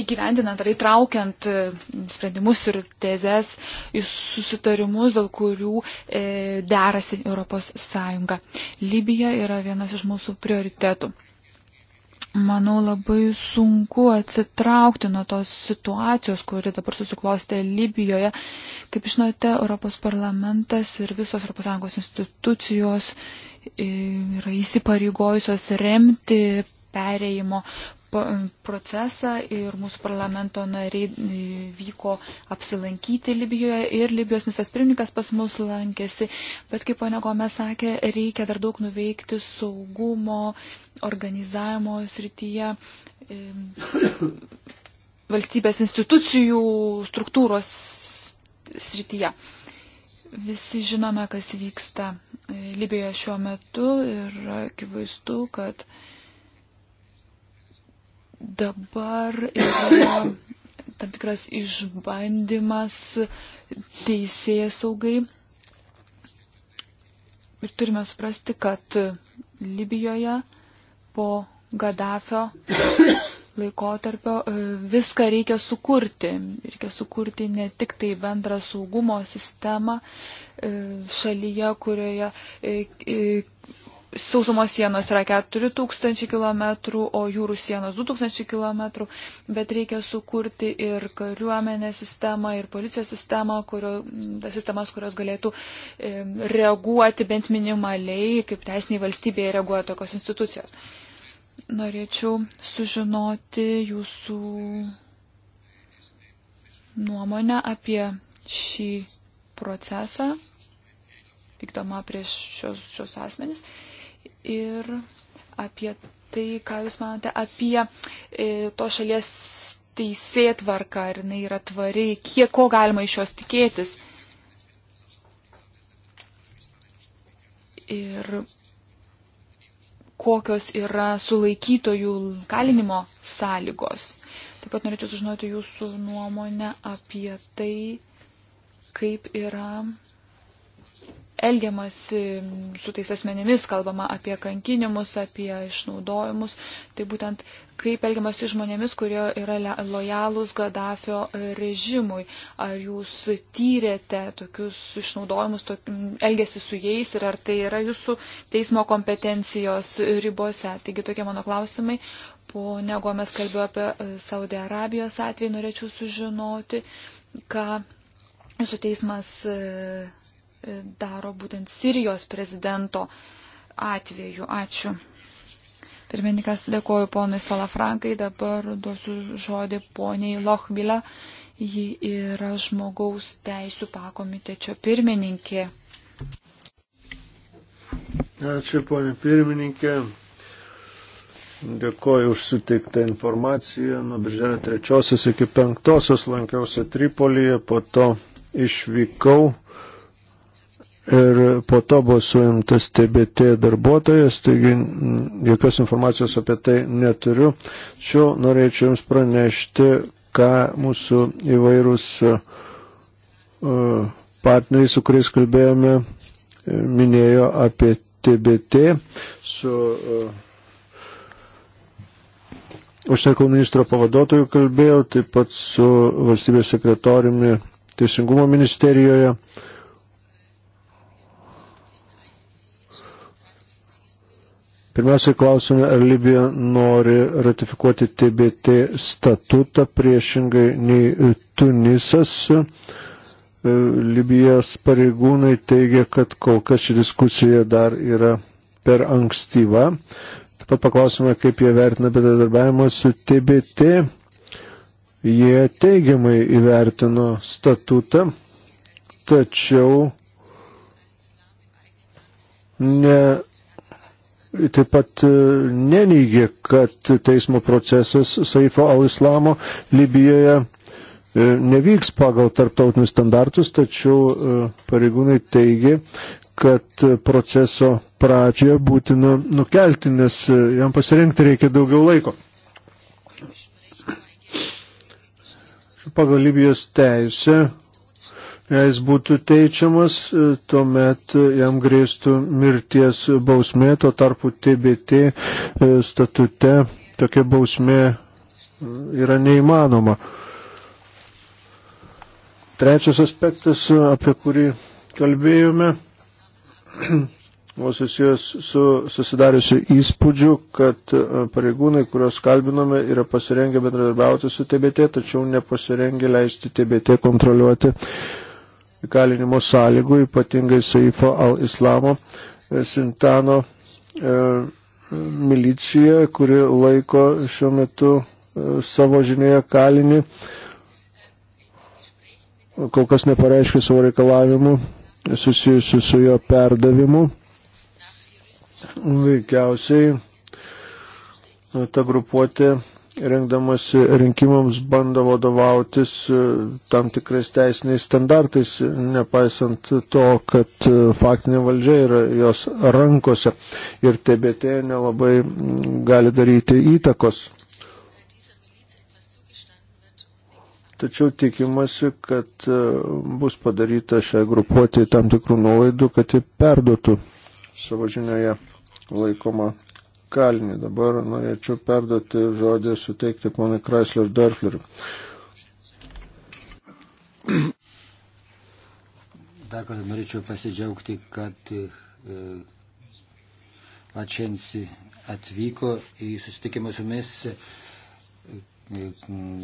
įgyvendinant ar įtraukiant e, sprendimus ir tezes į susitarimus, dėl kurių e, derasi ES. Libija yra vienas iš mūsų prioritetų. Manau, labai sunku atsitraukti nuo tos situacijos, kuri dabar susiklostė Libijoje. Kaip žinote, Europos parlamentas ir visos ES institucijos e, yra įsipareigojusios remti pereimo procesą ir mūsų parlamento nariai e, vyko apsilankyti Libijoje ir Libijos misas pirmininkas pas mus lankėsi. Bet kaip ponia Gome sakė, reikia dar daug nuveikti saugumo, organizavimo srityje, e, valstybės institucijų struktūros srityje. Visi žinome, kas vyksta e, Libijoje šiuo metu ir akivaizdu, kad uh, dabar yra tam tikras išbandymas teisėjai saugai. Ir turime suprasti, kad Libijoje po Gaddafio laikotarpio e, viską reikia sukurti. Reikia sukurti ne tik tai bendrą saugumo sistemą e, šalyje, kurioje e, sausumos sienos yra 4000 km, o jūrų sienos 2000 km, bet reikia sukurti ir kariuomenės sistemą, ir policijos sistemą, kurio, sistemas, kurios galėtų e, reaguoti bent minimaliai, kaip teisiniai valstybėje reaguoja tokios institucijos. Norėčiau sužinoti jūsų nuomonę apie šį procesą vykdoma prieš šios, šios asmenys ir apie tai, ką Jūs manote apie e, to šalies teisėtvarką, ar jinai yra tvari, kiek ko galima iš jos tikėtis. Ir kokios yra sulaikytojų kalinimo sąlygos. Taip pat norėčiau sužinoti jūsų nuomonę apie tai, kaip yra elgiamasi su tais asmenimis, kalbama apie kankinimus, apie išnaudojimus. Tai būtent kaip elgiamasi žmonėmis, kurie yra lojalūs Gaddafio režimui. Ar jūs tyrėte tokius išnaudojimus, tok, elgesi su jais ir ar tai yra jūsų teismo kompetencijos ribose. Taigi tokie mano klausimai. Po nego mes kalbėjome apie e, Saudį Arabijos atvejį, norėčiau sužinoti, ką jūsų teismas e, daro būtent Sirijos prezidento atveju. Ačiū. Pirmininkas dėkoju ponui Salafrankai, dabar duosiu žodį poniai Lochbila. Ji yra žmogaus teisų pakomitečio pirmininkė. Ačiū, ponė pirmininkė. Dėkoju už suteiktą informaciją. Nuo birželio 3 iki 5 lankiausi Tripolyje, po to išvykau ir po to buvo suimtas TBT darbuotojas, taigi mm, jokios informacijos apie tai neturiu. Šiuo norėčiau Jums pranešti, ką mūsų įvairūs e, partneriai, su kuriais kalbėjome, e, minėjo apie TBT su e, užsienio ministro pavaduotoju kalbėjau, taip pat su valstybės sekretoriumi Teisingumo ministerijoje. Uh, Pirmiausiai klausime, ar Libija nori ratifikuoti TBT statutą priešingai nei Tunisas. E, Libijos pareigūnai teigia, kad kol kas ši diskusija dar yra per ankstyva. Taip pat paklausime, kaip jie vertina bedarbiavimą su TBT. Jie teigiamai įvertino statutą, tačiau ne taip pat e, neneigė, kad teismo procesas Saifo al-Islamo Libijoje e, nevyks pagal tarptautinius standartus, tačiau e, pareigūnai teigė, kad proceso pradžią būtina nukelti, nes jam pasirengti reikia daugiau laiko. Pagal Libijos teisę Jei jis būtų teičiamas, e, tuomet jam grėstų mirties bausmė, tuo tarpu TBT e, statute tokia bausmė mm, yra neįmanoma. Trečias aspektas, apie kurį kalbėjome, buvo susijęs su susidariusiu įspūdžiu, kad e, pareigūnai, kuriuos kalbinome, yra pasirengę bendradarbiauti su TBT, tačiau nepasirengę leisti TBT kontroliuoti uh, įkalinimo sąlygų, ypatingai Saifo al-Islamo e, Sintano e, milicija, kuri laiko šiuo metu e, savo žinioje kalinį, kol kas nepareiškia savo reikalavimų susijusių su jo perdavimu. Veikiausiai ta grupuotė rengdamasi rinkimams bando vadovautis e, tam tikrais teisiniais standartais, nepaisant to, kad e, faktinė valdžia yra jos rankose ir TBT nelabai gali daryti įtakos. Tačiau tikimasi, kad e, bus padaryta šiai grupuotė tam tikrų nuolaidų, kad ji perduotų savo žinioje laikomą kalinį. Dabar norėčiau perduoti žodį suteikti ponui Chrysler Dörfleriu. Dar kartą norėčiau pasidžiaugti, kad e, Lačensi atvyko į susitikimą su mumis e,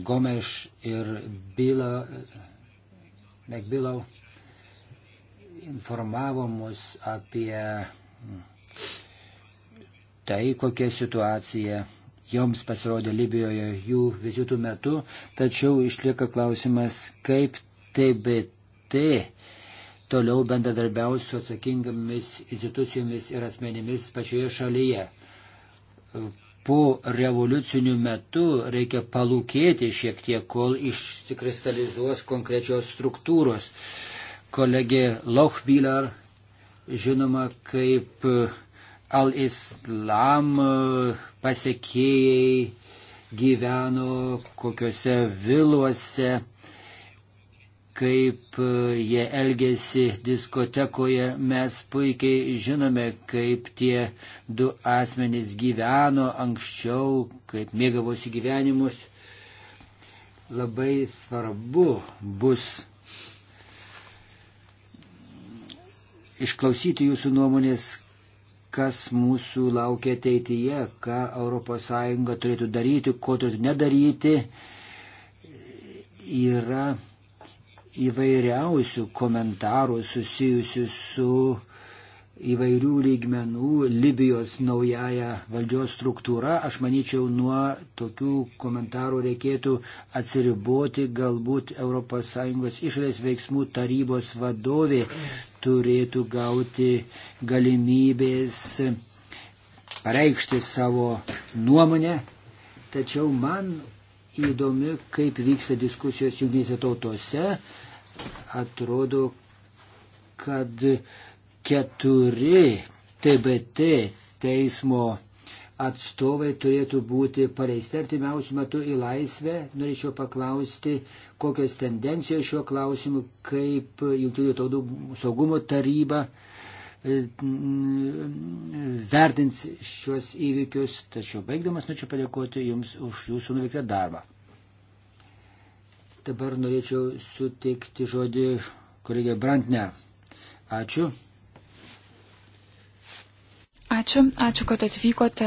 Gomeš ir Bila, Mekbilau informavo mus apie tai, kokia situacija joms pasirodė Libijoje jų vizitų metu, tačiau išlieka klausimas, kaip TBT toliau bendradarbiaus su atsakingomis institucijomis ir asmenimis pačioje šalyje. Po revoliucinių metų reikia palūkėti šiek tiek, kol išsikristalizuos konkrečios struktūros. Kolegė Lochbilar, žinoma, kaip al-Islam e, pasiekėjai gyveno kokiuose viluose, kaip e, jie elgėsi diskotekoje. Mes puikiai žinome, kaip tie du asmenys gyveno anksčiau, kaip mėgavosi gyvenimus. Labai svarbu bus išklausyti jūsų nuomonės, kas mūsų laukia ateityje, ką ES turėtų daryti, ko turėtų nedaryti, yra įvairiausių komentarų susijusių su įvairių lygmenų Libijos naująją valdžios struktūrą. Aš manyčiau, nuo tokių komentarų reikėtų atsiriboti. Galbūt ES išorės veiksmų tarybos vadovė turėtų gauti galimybės pareikšti savo nuomonę, tačiau man įdomi, kaip vyksta diskusijos jungtinėse tautose. Atrodo, kad keturi TBT teismo atstovai turėtų būti paleisti artimiausių metų į laisvę. Norėčiau paklausti, kokios tendencijos šiuo klausimu, kaip Junktinių tautų saugumo taryba e, vertins šiuos įvykius. Tačiau baigdamas norėčiau padėkoti Jums už Jūsų nuveiktą darbą. Dabar norėčiau suteikti žodį kolegė Brantner. Ačiū. Ačiū, ačiū, kad atvykote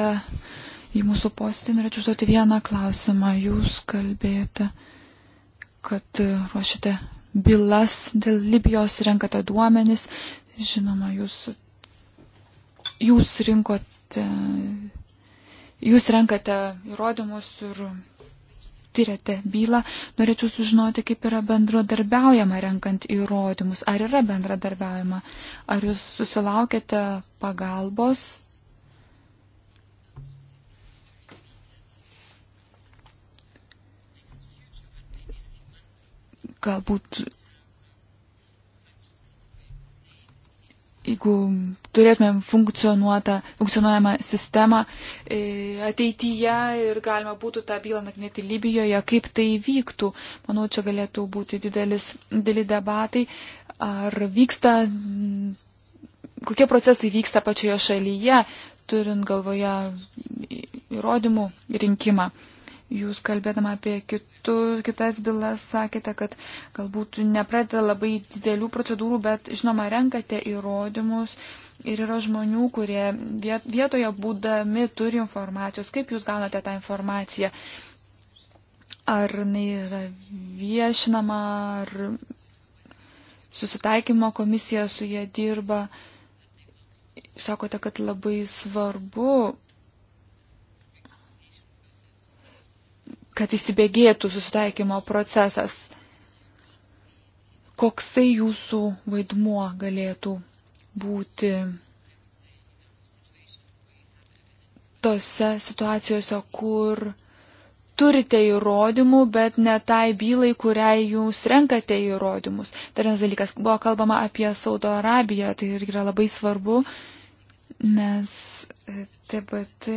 į mūsų posėdį. Norėčiau užduoti vieną klausimą. Jūs kalbėjote, kad ruošite bylas dėl Libijos, renkate duomenis. Žinoma, jūs, jūs rinkote, jūs renkate įrodymus ir tyrėte bylą, norėčiau sužinoti, kaip yra bendradarbiaujama renkant įrodymus. Ar yra bendradarbiaujama? Ar jūs susilaukėte pagalbos? Galbūt jeigu turėtumėm funkcionuojamą sistemą e, ateityje ir galima būtų tą bylą nagrinėti Libijoje, kaip tai vyktų. Manau, čia galėtų būti didelis, dideli debatai. Ar vyksta, kokie procesai vyksta pačioje šalyje, turint galvoje įrodymų rinkimą. Jūs kalbėdama apie kitu, kitas bylas sakėte, kad galbūt nepradeda labai didelių procedūrų, bet žinoma, renkate įrodymus. Ir yra žmonių, kurie vietoje būdami turi informacijos. Kaip jūs gaunate tą informaciją? Ar jinai yra viešinama, ar susitaikymo komisija su jie dirba? Sakote, kad labai svarbu kad įsibėgėtų susitaikymo procesas. Koksai jūsų vaidmuo galėtų būti tose situacijose, kur turite įrodymų, bet ne tai bylai, kuriai jūs renkate įrodymus. Dar vienas dalykas, buvo kalbama apie Saudo Arabiją, tai irgi yra labai svarbu, nes TBT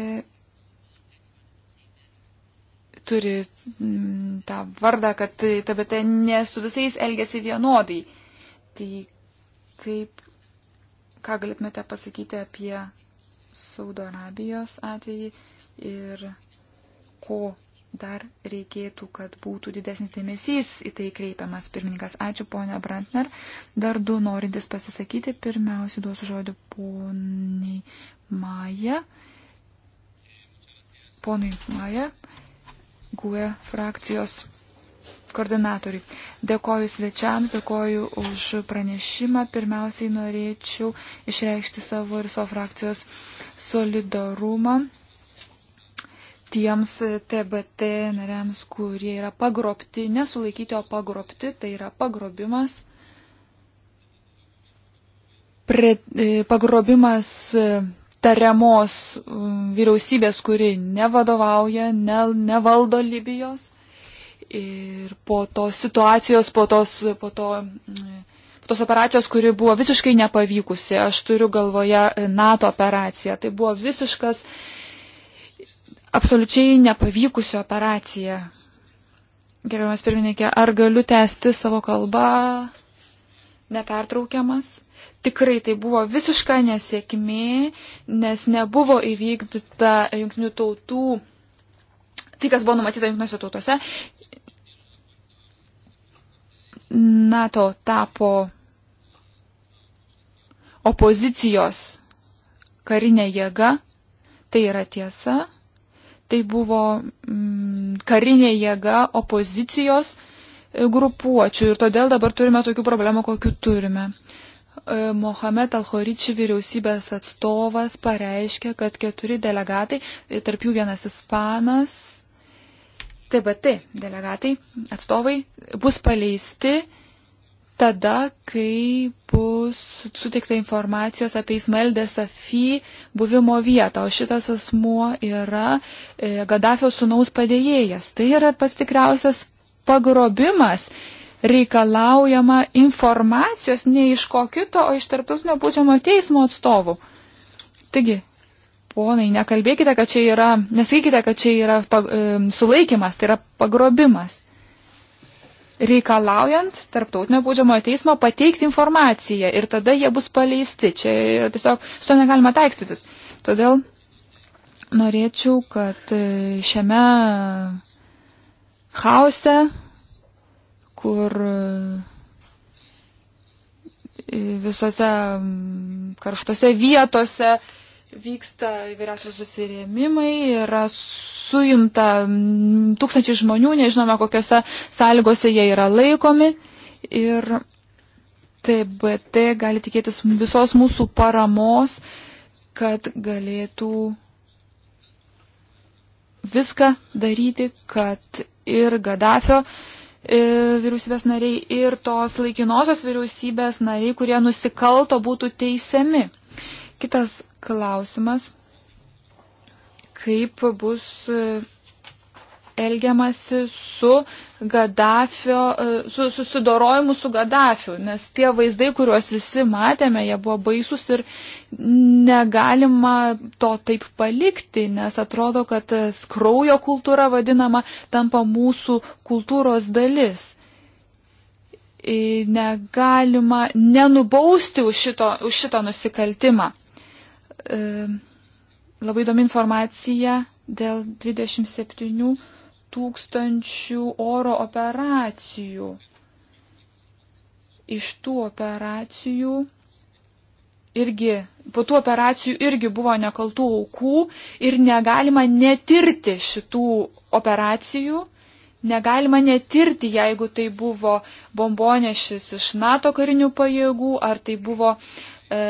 turi mm, tą vardą, kad TBT ne su visais elgesi vienodai. Tai kaip, ką galėtumėte pasakyti apie Saudo Arabijos atvejį ir ko dar reikėtų, kad būtų didesnis dėmesys į tai kreipiamas pirmininkas. Ačiū, ponia Brantner. Dar du norintis pasisakyti. Pirmiausia, duosiu žodį poniai Maja. Ponui Maja. GUE frakcijos koordinatoriui. Dėkoju svečiams, dėkoju už pranešimą. Pirmiausiai norėčiau išreikšti savo ir savo frakcijos solidarumą tiems TBT nariams, kurie yra pagrobti, nesulaikyti, o pagrobti, tai yra pagrobimas. Pre, e, pagrobimas tariamos mm, vyriausybės, kuri nevadovauja, ne, nevaldo Libijos. Ir po tos situacijos, po tos, po to, mm, po tos operacijos, kuri buvo visiškai nepavykusi, aš turiu galvoje e, NATO operaciją, tai buvo visiškas, absoliučiai nepavykusi operacija. Gerbiamas pirmininkė, ar galiu tęsti savo kalbą nepertraukiamas? tikrai tai buvo visiška nesėkmė, nes nebuvo įvykdyta jungtinių tautų, tai kas buvo numatyta jungtinėse tautose. NATO tapo opozicijos karinė jėga, tai yra tiesa, tai buvo mm, karinė jėga opozicijos grupuočių ir todėl dabar turime tokių problemų, kokių turime. Uh, E, Mohamed Alhoričių vyriausybės atstovas pareiškė, kad keturi delegatai, e, tarp jų vienas ispanas, TBT delegatai, atstovai, bus paleisti tada, kai bus suteikta informacijos apie Ismaildę Safi buvimo vietą, o šitas asmuo yra e, Gaddafio sunaus padėjėjas. Tai yra pats tikriausias pagrobimas reikalaujama informacijos ne iš ko kito, o iš tarptautinio būdžiamo teismo atstovų. Taigi, ponai, nekalbėkite, kad čia yra, nesakykite, kad čia yra pag, e, sulaikimas, tai yra pagrobimas. Reikalaujant tarptautinio būdžiamojo teismo pateikti informaciją ir tada jie bus paleisti. Čia yra tiesiog, su to negalima taikstytis. Todėl norėčiau, kad e, šiame hause kur e, visose karštose vietose vyksta įvairiausios susirėmimai, yra suimta tūkstančiai žmonių, nežinome, kokiuose sąlygose jie yra laikomi. Ir TBT gali tikėtis visos mūsų paramos, kad galėtų viską daryti, kad ir Gaddafio E, vyriausybės nariai ir tos laikinosios vyriausybės nariai, kurie nusikalto, būtų teisiami. Kitas klausimas, kaip bus elgiamasi su Gaddafio, e, su susidorojimu su Gaddafiu, nes tie vaizdai, kuriuos visi matėme, jie buvo baisus ir negalima to taip palikti, nes atrodo, kad kraujo kultūra vadinama tampa mūsų kultūros dalis. E, negalima nenubausti už šito, už šito nusikaltimą. E, labai įdomi informacija dėl 27 tūkstančių oro operacijų. Iš tų operacijų irgi, po tų operacijų irgi buvo nekaltų aukų ir negalima netirti šitų operacijų. Negalima netirti, jeigu tai buvo bombonešis iš NATO karinių pajėgų, ar tai buvo um, e,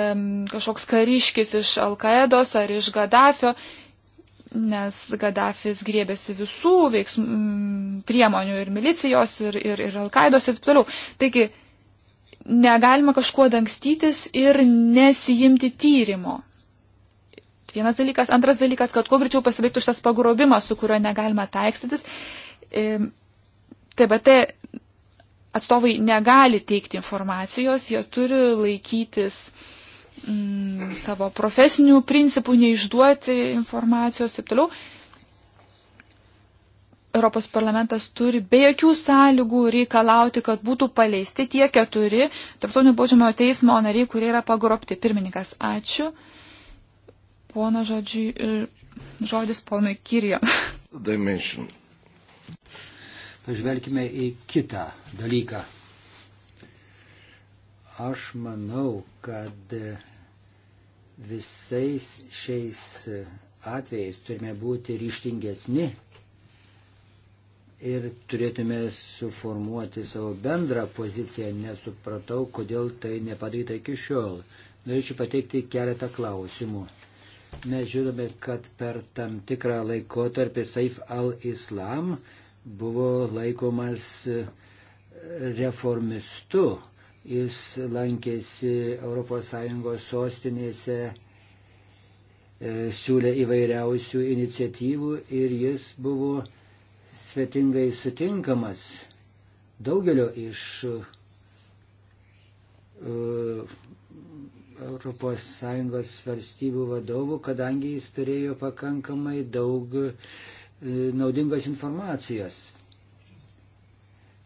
kažkoks kariškis iš Alkaedos ar iš Gaddafio nes Gaddafis griebėsi visų veiksmų, mm, priemonių ir milicijos, ir, ir, ir Alkaidos ir taip toliau. Taigi, negalima kažkuo dangstytis ir nesijimti tyrimo. Vienas dalykas. Antras dalykas, kad kuo greičiau pasibaigtų šitas pagrobimas, su kuriuo negalima taikstytis. TBT atstovai negali teikti informacijos, jie turi laikytis uh, mm, savo profesinių principų, neišduoti informacijos ir taip toliau. Europos parlamentas turi be jokių sąlygų reikalauti, kad būtų paleisti tie keturi tarptautinio baudžiamojo teismo nariai, kurie yra pagrobti. Pirmininkas, ačiū. Pono žodžiu, e, žodis ponui Kirijo. Dimension. Pažvelkime į kitą dalyką. Aš manau, kad visais šiais atvejais turime būti ryštingesni ir turėtume suformuoti savo bendrą poziciją. Nesupratau, kodėl tai nepadaryta iki šiol. Norėčiau pateikti keletą klausimų. Mes žiūrime, kad per tam tikrą laikotarpį Saif al-Islam buvo laikomas reformistu Jis lankėsi ES sostinėse, e, siūlė įvairiausių iniciatyvų ir jis buvo svetingai sutinkamas daugelio iš ES valstybių vadovų, kadangi jis turėjo pakankamai daug e, naudingos informacijos.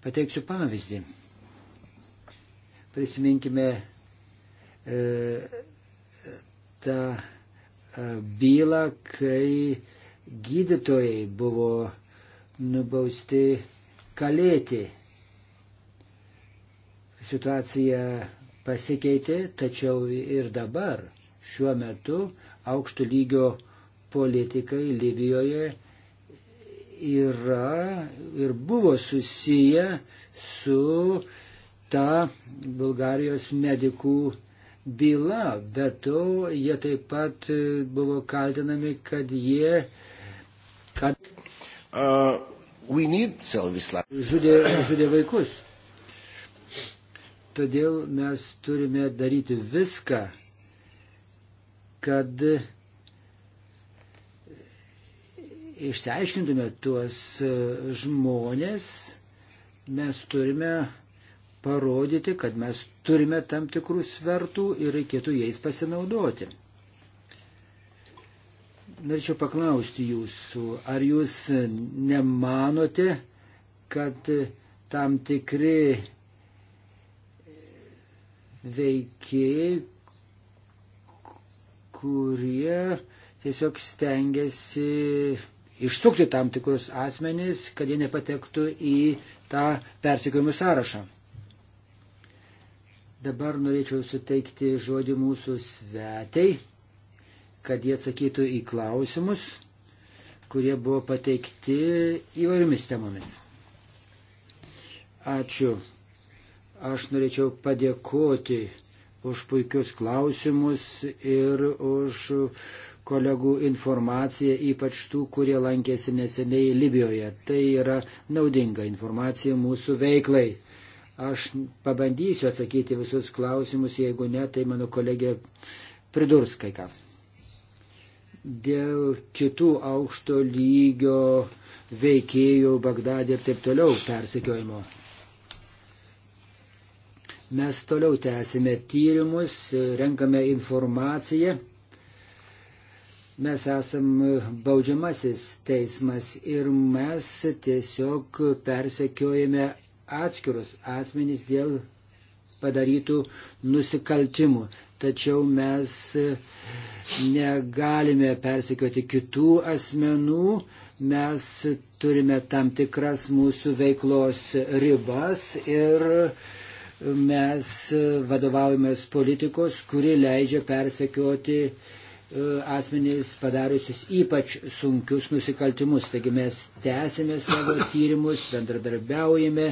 Pateiksiu pavyzdį. Prisiminkime e, tą e, bylą, kai gydytojai buvo nubausti kalėti. Situacija pasikeitė, tačiau ir dabar šiuo metu aukšto lygio politikai Libijoje yra ir buvo susiję su ta Bulgarijos medikų byla, bet to jie taip pat e, buvo kaltinami, kad jie kad uh, žudė, žudė vaikus. Todėl mes turime daryti viską, kad išsiaiškintume tuos e, žmonės, mes turime uh, parodyti, kad mes turime tam tikrų svertų ir reikėtų jais pasinaudoti. Norėčiau paklausti jūsų, ar jūs nemanote, kad tam tikri veikėjai, kurie tiesiog stengiasi išsukti tam tikrus asmenys, kad jie nepatektų į tą persikėjimų sąrašą. Dabar norėčiau suteikti žodį mūsų svetai, kad jie atsakytų į klausimus, kurie buvo pateikti įvairiomis temomis. Ačiū. Aš norėčiau padėkoti už puikius klausimus ir už kolegų informaciją, ypač tų, kurie lankėsi neseniai Libijoje. Tai yra naudinga informacija mūsų veiklai. Aš pabandysiu atsakyti visus klausimus, jeigu ne, tai mano kolegė pridurs kai ką. Dėl kitų aukšto lygio veikėjų Bagdadė ir taip toliau persekiojimo. Mes toliau tęsime tyrimus, renkame informaciją. Mes esam baudžiamasis teismas ir mes tiesiog persekiojame atskirus asmenys dėl padarytų nusikaltimų. Tačiau mes negalime persekioti kitų asmenų, mes turime tam tikras mūsų veiklos ribas ir mes vadovaujamės politikos, kuri leidžia persekioti uh, E, asmenys padariusius ypač sunkius nusikaltimus. Taigi mes tęsime savo tyrimus, bendradarbiaujame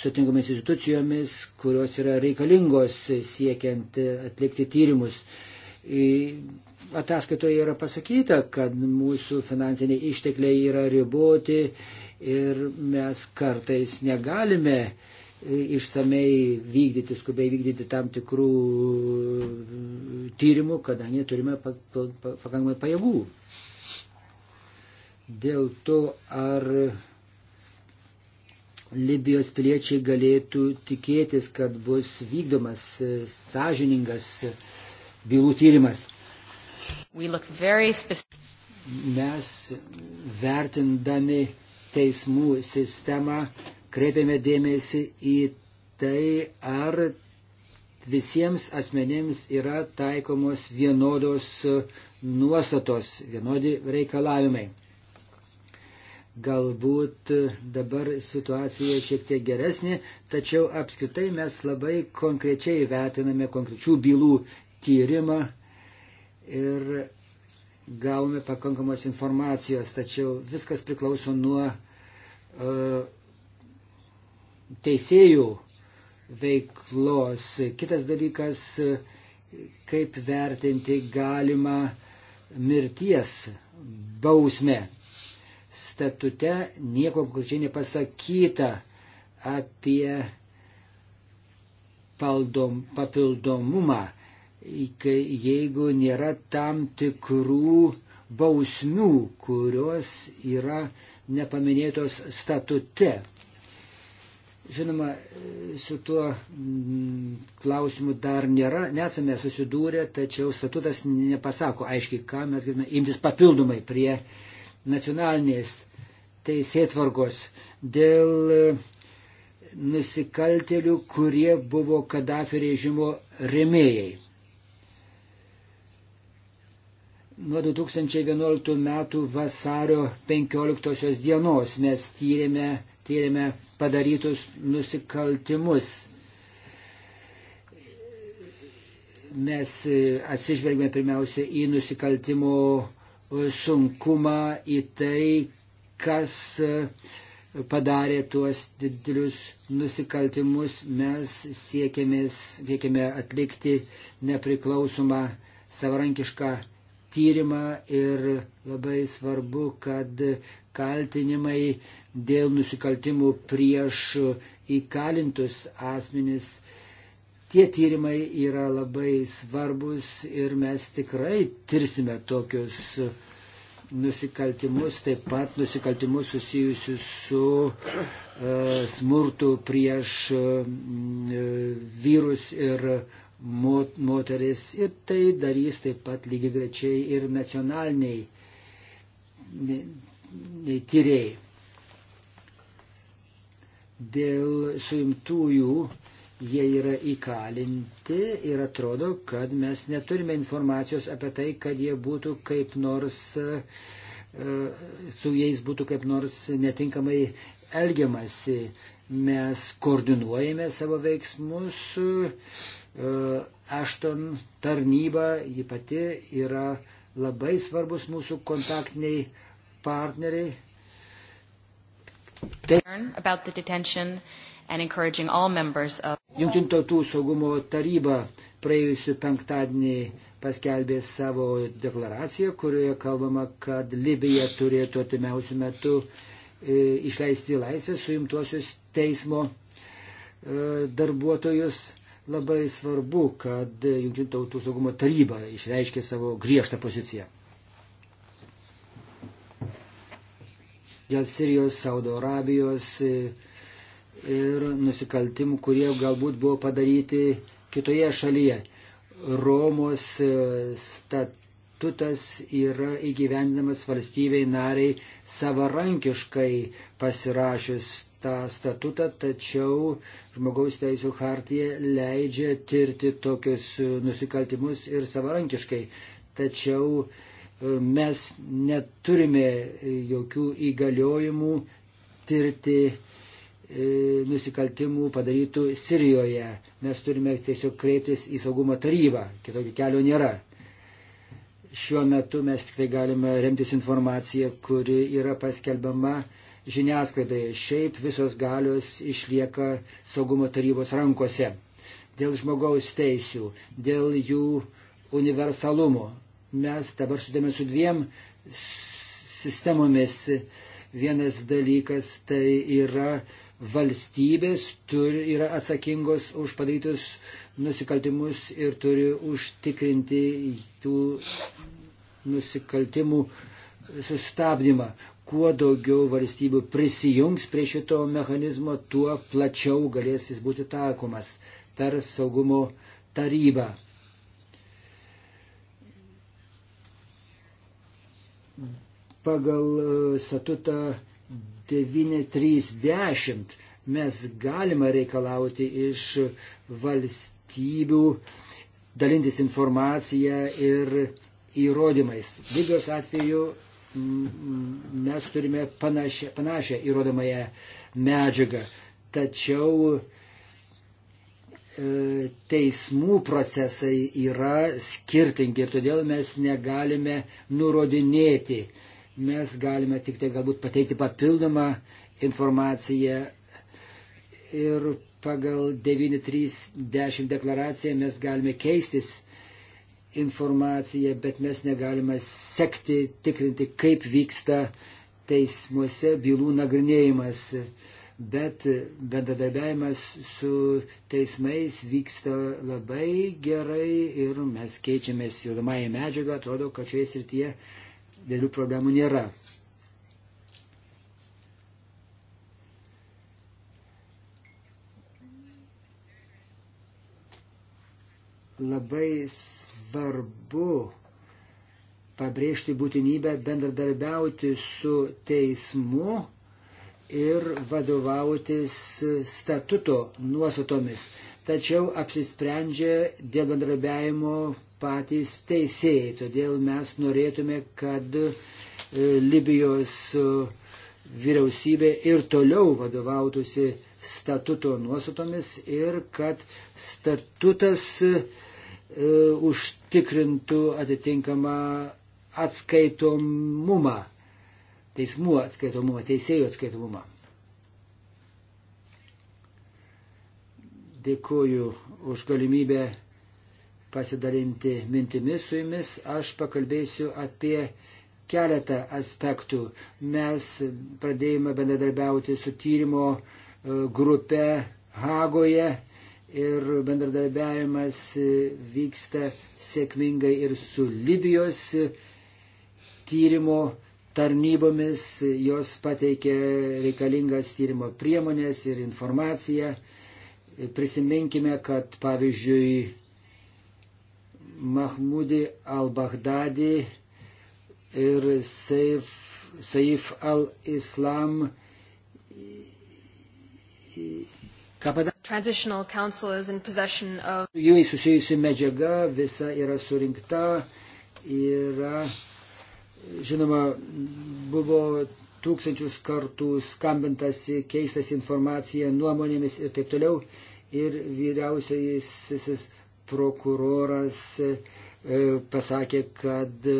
su tinkamomis institucijomis, kurios yra reikalingos siekiant atlikti tyrimus. E, ataskaitoje yra pasakyta, kad mūsų finansiniai ištekliai yra riboti ir mes kartais negalime uh, išsamei vykdyti, skubiai vykdyti tam tikrų e, tyrimų, kadangi turime pakankamai pajėgų. Dėl to, ar Libijos piliečiai galėtų tikėtis, kad bus vykdomas e, sąžiningas e, bylų tyrimas. Mes vertindami teismų sistemą kreipiame dėmesį į tai, ar visiems asmenėms yra taikomos vienodos nuostatos, vienodi reikalavimai. Galbūt dabar situacija šiek tiek geresnė, tačiau apskritai mes labai konkrečiai vertiname konkrečių bylų tyrimą ir gavome pakankamos informacijos, tačiau viskas priklauso nuo uh, teisėjų veiklos. Kitas dalykas, kaip vertinti galimą mirties bausmę. Statute nieko konkrečiai nepasakyta apie paldom, papildomumą, jeigu nėra tam tikrų bausmių, kurios yra nepaminėtos statute. Žinoma, su tuo mm, klausimu dar nėra, nesame susidūrę, tačiau statutas nepasako aiškiai, ką mes galime imtis papildomai prie nacionalinės teisėtvarkos dėl e, nusikaltelių, kurie buvo Kadafi režimo remėjai. Nuo 2011 metų vasario 15 dienos mes tyrėme, tyrėme padarytus nusikaltimus. Mes e, atsižvelgime pirmiausia į nusikaltimo e, sunkumą, į tai, kas e, padarė tuos didelius nusikaltimus, mes siekėme atlikti nepriklausomą savarankišką tyrimą ir labai svarbu, kad kaltinimai dėl nusikaltimų prieš įkalintus asmenis. Tie tyrimai yra labai svarbus ir mes tikrai tirsime tokius nusikaltimus, taip pat nusikaltimus susijusius su uh, smurtu prieš uh, vyrus ir mot, moteris. Ir tai darys taip pat lygiai grečiai ir nacionaliniai tyrėjai dėl suimtųjų jie yra įkalinti ir atrodo, kad mes neturime informacijos apie tai, kad jie būtų kaip nors, e, su jais būtų kaip nors netinkamai elgiamasi. Mes koordinuojame savo veiksmus, e, Ašton tarnyba, ji pati yra labai svarbus mūsų kontaktiniai partneriai, Jungtinių tautų saugumo taryba praėjusiu penktadienį paskelbė savo deklaraciją, kurioje kalbama, kad Libija turėtų atimiausių metų e, išleisti laisvę suimtuosius teismo e, darbuotojus. Labai svarbu, kad Junktinių tautų saugumo taryba išreiškė savo griežtą poziciją. dėl Sirijos, Saudo Arabijos e, ir nusikaltimų, kurie galbūt buvo padaryti kitoje šalyje. Romos e, statutas yra įgyvendinamas valstybei nariai savarankiškai pasirašius tą statutą, tačiau žmogaus teisų hartija leidžia tirti tokius nusikaltimus ir savarankiškai. Tačiau mes neturime jokių įgaliojimų tirti e, nusikaltimų padarytų Sirijoje. Mes turime tiesiog kreiptis į saugumo tarybą, kitokio kelio nėra. Šiuo metu mes tikrai galime remtis informaciją, kuri yra paskelbiama žiniasklaidoje. Šiaip visos galios išlieka saugumo tarybos rankose. Dėl žmogaus teisių, dėl jų universalumo mes dabar sudėmė su dviem sistemomis. Vienas dalykas tai yra valstybės turi, yra atsakingos už padarytus nusikaltimus ir turi užtikrinti tų nusikaltimų sustabdymą. Kuo daugiau valstybių prisijungs prie šito mechanizmo, tuo plačiau galės jis būti taikomas per saugumo tarybą. pagal e, statutą 930 mes galime reikalauti iš valstybių dalintis informaciją ir įrodymais. Libijos atveju mes turime panašią, panašią įrodomąją medžiagą, tačiau e, teismų procesai yra skirtingi ir todėl mes negalime nurodinėti, mes galime tik tai galbūt pateikti papildomą informaciją ir pagal 9.3.10 deklaraciją mes galime keistis informaciją, bet mes negalime sekti, tikrinti, kaip vyksta teismuose bylų nagrinėjimas. Bet bendradarbiavimas su teismais vyksta labai gerai ir mes keičiamės judomąją medžiagą, atrodo, kad šioje srityje dėlių problemų nėra. Labai svarbu pabrėžti būtinybę bendradarbiauti su teismu ir vadovautis statuto nuostatomis. Tačiau apsisprendžia dėl bendradarbiavimo patys teisėjai. Todėl mes norėtume, kad e, Libijos e, vyriausybė ir toliau vadovautųsi statuto nuostatomis ir kad statutas e, užtikrintų atitinkamą atskaitomumą, teismų atskaitomumą, teisėjų atskaitomumą. Dėkuoju už galimybę pasidalinti mintimis su jumis. Aš pakalbėsiu apie keletą aspektų. Mes pradėjome bendradarbiauti su tyrimo e, grupe Hagoje ir bendradarbiavimas e, vyksta sėkmingai ir su Libijos e, tyrimo tarnybomis. Jos pateikė reikalingas tyrimo priemonės ir informaciją. Prisiminkime, kad pavyzdžiui Mahmudį al-Baghdadį ir Seif, Seif al-Islam. Transitional Council is in possession of. Jų susijusi medžiaga visa yra surinkta, yra, žinoma, buvo tūkstančius kartų skambintasi, keistas informacija, nuomonėmis ir taip toliau. Ir vyriausiasis prokuroras e, pasakė, kad e,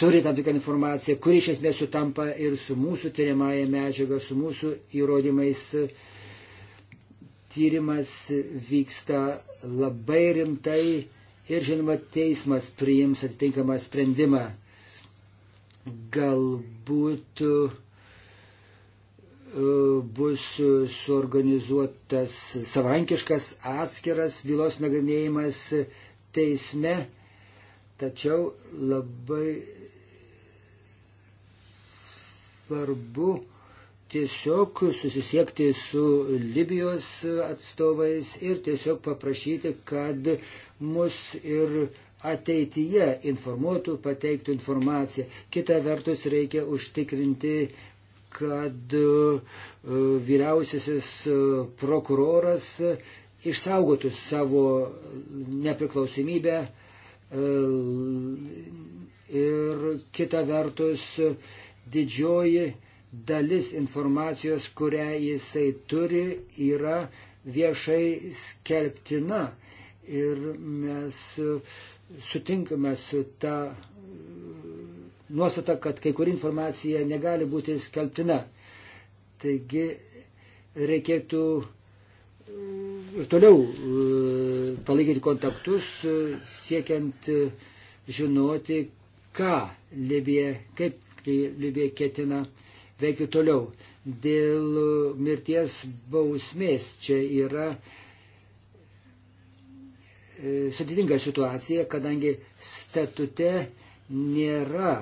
turi tam tikrą informaciją, kuri iš esmės sutampa ir su mūsų tyriamąją medžiagą, su mūsų įrodymais. Tyrimas vyksta labai rimtai ir, žinoma, teismas priims atitinkamą sprendimą. Galbūt uh, bus suorganizuotas savarankiškas atskiras bylos nagrinėjimas teisme, tačiau labai svarbu tiesiog susisiekti su Libijos atstovais ir tiesiog paprašyti, kad mus ir ateityje informuotų, pateiktų informaciją. Kita vertus reikia užtikrinti kad e, vyriausiasis e, prokuroras išsaugotų savo nepriklausomybę e, ir kita vertus didžioji dalis informacijos, kurią jisai turi, yra viešai skelbtina. Ir mes sutinkame su ta nuostata, kad kai kuri informacija negali būti skelbtina. Taigi reikėtų e, ir toliau e, palaikyti kontaktus, e, siekiant žinoti, ką Libija, kaip Libija ketina veikti toliau. Dėl mirties bausmės čia yra sudėtinga situacija, kadangi statute nėra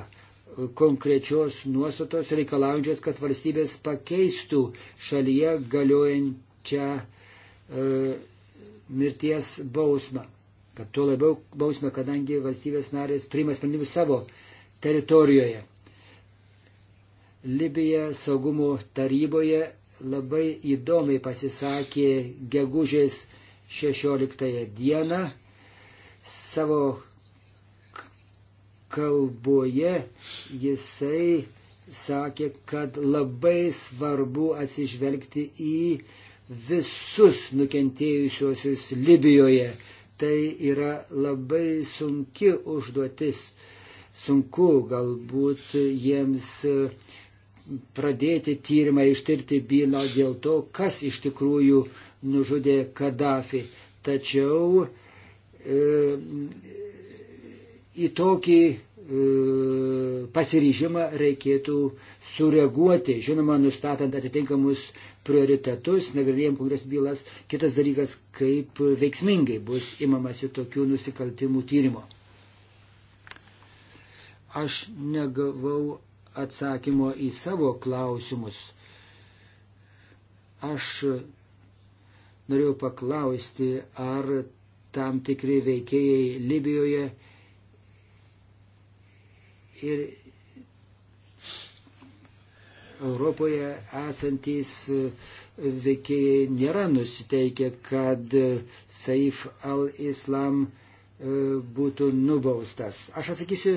konkrečios nuostatos reikalaujančios, kad valstybės pakeistų šalyje galiojančią e, mirties bausmą. Kad tuo labiau bausmę, kadangi valstybės narės priima sprendimus savo teritorijoje. Libija saugumo taryboje labai įdomiai pasisakė gegužės 16 dieną savo kalboje jisai sakė, kad labai svarbu atsižvelgti į visus nukentėjusiosius Libijoje. Tai yra labai sunki užduotis. Sunku galbūt jiems pradėti tyrimą, ištirti bylą dėl to, kas iš tikrųjų nužudė Kadafį. Tačiau e, į tokį e, pasiryžimą reikėtų sureaguoti, žinoma, nustatant atitinkamus prioritetus, nagrinėjom kongres bylas, kitas dalykas, kaip veiksmingai bus imamasi tokių nusikaltimų tyrimo. Aš negavau atsakymo į savo klausimus. Aš norėjau paklausti, ar tam tikri veikėjai Libijoje ir Europoje esantys e, veikėjai nėra nusiteikę, kad e, Saif al-Islam e, būtų nubaustas. Aš atsakysiu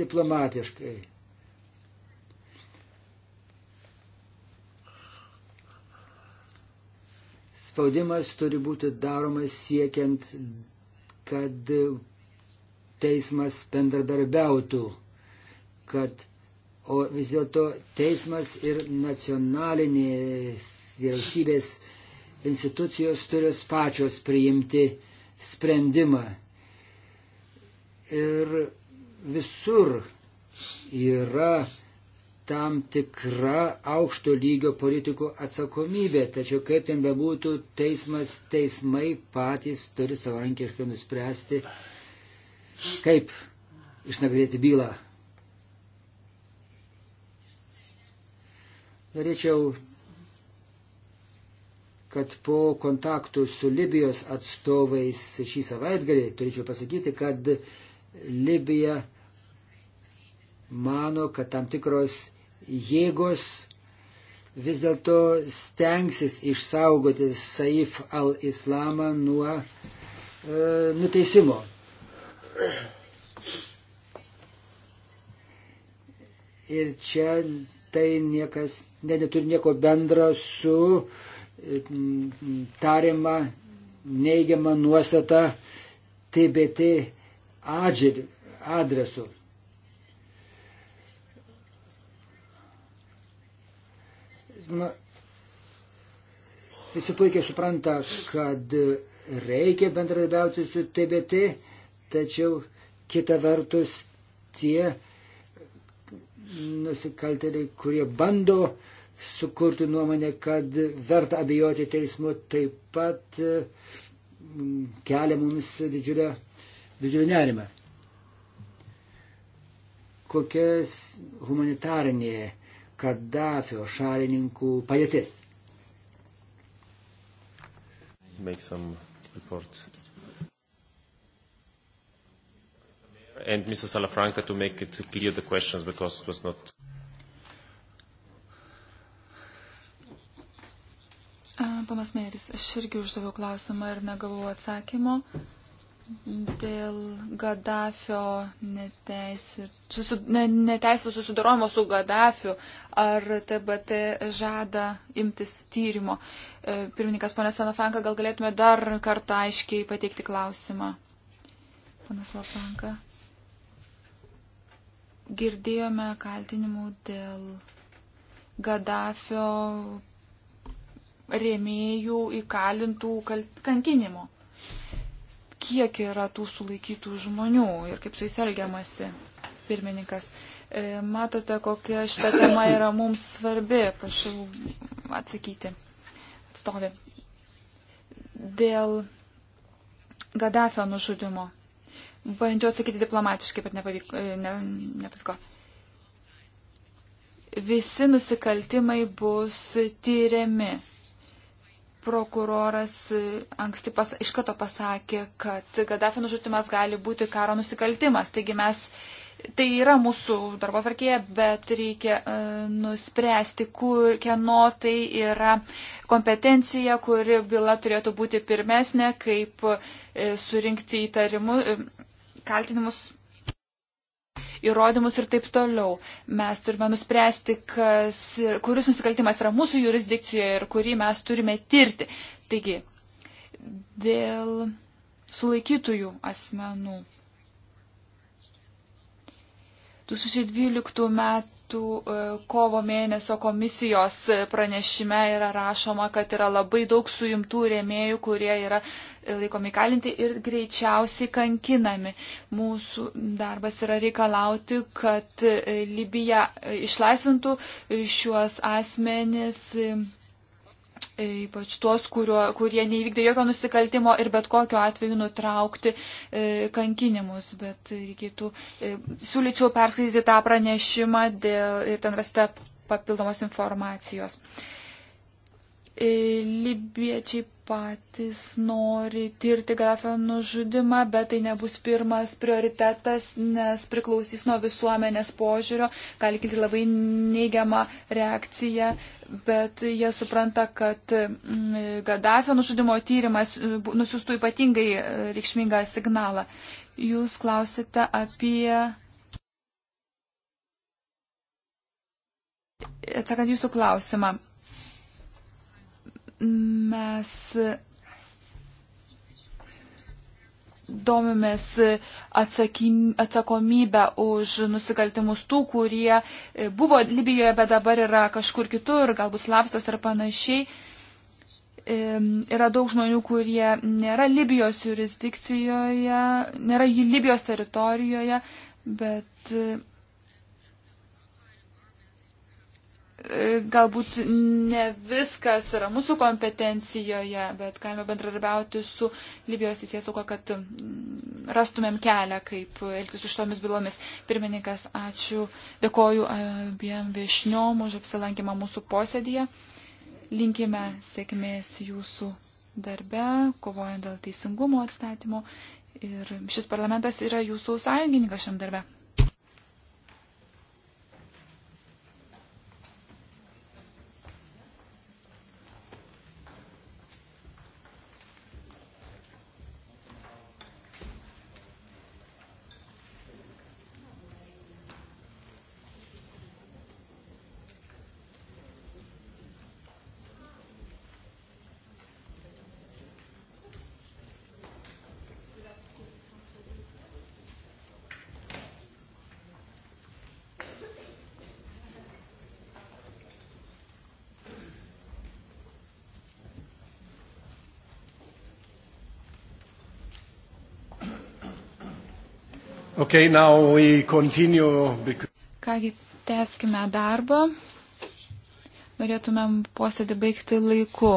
diplomatiškai. Spaudimas turi būti daromas siekiant, kad teismas bendradarbiautų kad o vis dėlto teismas ir nacionalinės vyriausybės institucijos turi pačios priimti sprendimą. Ir visur yra tam tikra aukšto lygio politikų atsakomybė, tačiau kaip ten bebūtų, teismas, teismai patys turi savarankiškai nuspręsti, kaip išnagrinėti bylą Norėčiau, kad po kontaktų su Libijos atstovais šį savaitgalį turėčiau pasakyti, kad Libija mano, kad tam tikros jėgos vis dėlto stengsis išsaugoti Saif al-Islamą nuo e, nuteisimo. Ir čia tai niekas neturi nieko bendra su e, tariama neigiama nuostata TBT adresu. Na, visi puikiai supranta, kad reikia bendradarbiauti su TBT, tačiau kita vertus tie nusikaltėliai, kurie bando sukurtų nuomonę, kad verta abejoti teismu, taip pat e, kelia mums didžiulę, didžiulę nerimą. Kokias humanitarinė Kaddafio šalininkų padėtis? Make some reports. And Mrs. Alafranca to make it clear the questions because it was not Panas Mėris, aš irgi uždaviau klausimą ir negavau atsakymo dėl Gaddafio neteisėto neteisė susidarojimo su Gaddafiu, ar TBT žada imtis tyrimo. E, pirmininkas, ponė Senafanka, gal galėtume dar kartą aiškiai pateikti klausimą. Ponas Lafanka. Girdėjome kaltinimų dėl Gaddafio rėmėjų įkalintų kankinimo. Kiek yra tų sulaikytų žmonių ir kaip su jais elgiamasi, pirmininkas. E, matote, kokia šita tema yra mums svarbi, prašau atsakyti, atstovė. Dėl Gaddafio nužudimo. Bandžiau atsakyti diplomatiškai, bet nepavyko. E, ne, nepavyko. Visi nusikaltimai bus tyriami prokuroras e, anksti pas, iš karto pasakė, kad Gaddafi nužudimas gali būti karo nusikaltimas. Taigi mes, tai yra mūsų darbo tvarkėje, bet reikia uh, nuspręsti, kur, kieno tai yra kompetencija, kuri byla turėtų būti pirmesnė, kaip uh, surinkti įtarimus, uh, kaltinimus įrodymus ir taip toliau. Mes turime nuspręsti, kas, kuris nusikaltimas yra mūsų jurisdikcijoje ir kurį mes turime tirti. Taigi, dėl sulaikytųjų asmenų 2012 metų e, kovo mėnesio komisijos pranešime yra rašoma, kad yra labai daug suimtų rėmėjų, kurie yra e, laikomi kalinti ir greičiausiai kankinami. Mūsų darbas yra reikalauti, kad e, Libija išlaisvintų šiuos asmenis E, ypač tuos, kurio, kurie neįvykdė jokio nusikaltimo ir bet kokiu atveju nutraukti e, kankinimus. Bet reikėtų, e, siūlyčiau perskaityti tą pranešimą dėl, ir ten rasta papildomos informacijos. E, E, libiečiai patys nori tirti Gaddafio nužudimą, bet tai nebus pirmas prioritetas, nes priklausys nuo visuomenės požiūrio, gali kilti labai neigiamą reakciją, bet jie supranta, kad mm, Gaddafio nužudimo tyrimas e, nusiųstų ypatingai e, reikšmingą signalą. Jūs klausite apie atsakant jūsų klausimą, Mes domimės atsakim, atsakomybę už nusikaltimus tų, kurie e, buvo Libijoje, bet dabar yra kažkur kitur, galbūt slapstos ir panašiai. Yra daug žmonių, kurie nėra Libijos jurisdikcijoje, nėra Libijos teritorijoje, bet e, galbūt ne viskas yra mūsų kompetencijoje, bet galime bendradarbiauti su Libijos teisėsauga, kad mm, rastumėm kelią, kaip elgtis už tomis bylomis. Pirmininkas, ačiū, dėkoju abiem viešniom už apsilankymą mūsų posėdėje. Linkime sėkmės jūsų darbe, kovojant dėl teisingumo atstatymo. Ir šis parlamentas yra jūsų sąjungininkas šiam darbe. Okay, now we continue. Kągi, teskime darbą. Norėtumėm posėdį baigti laiku.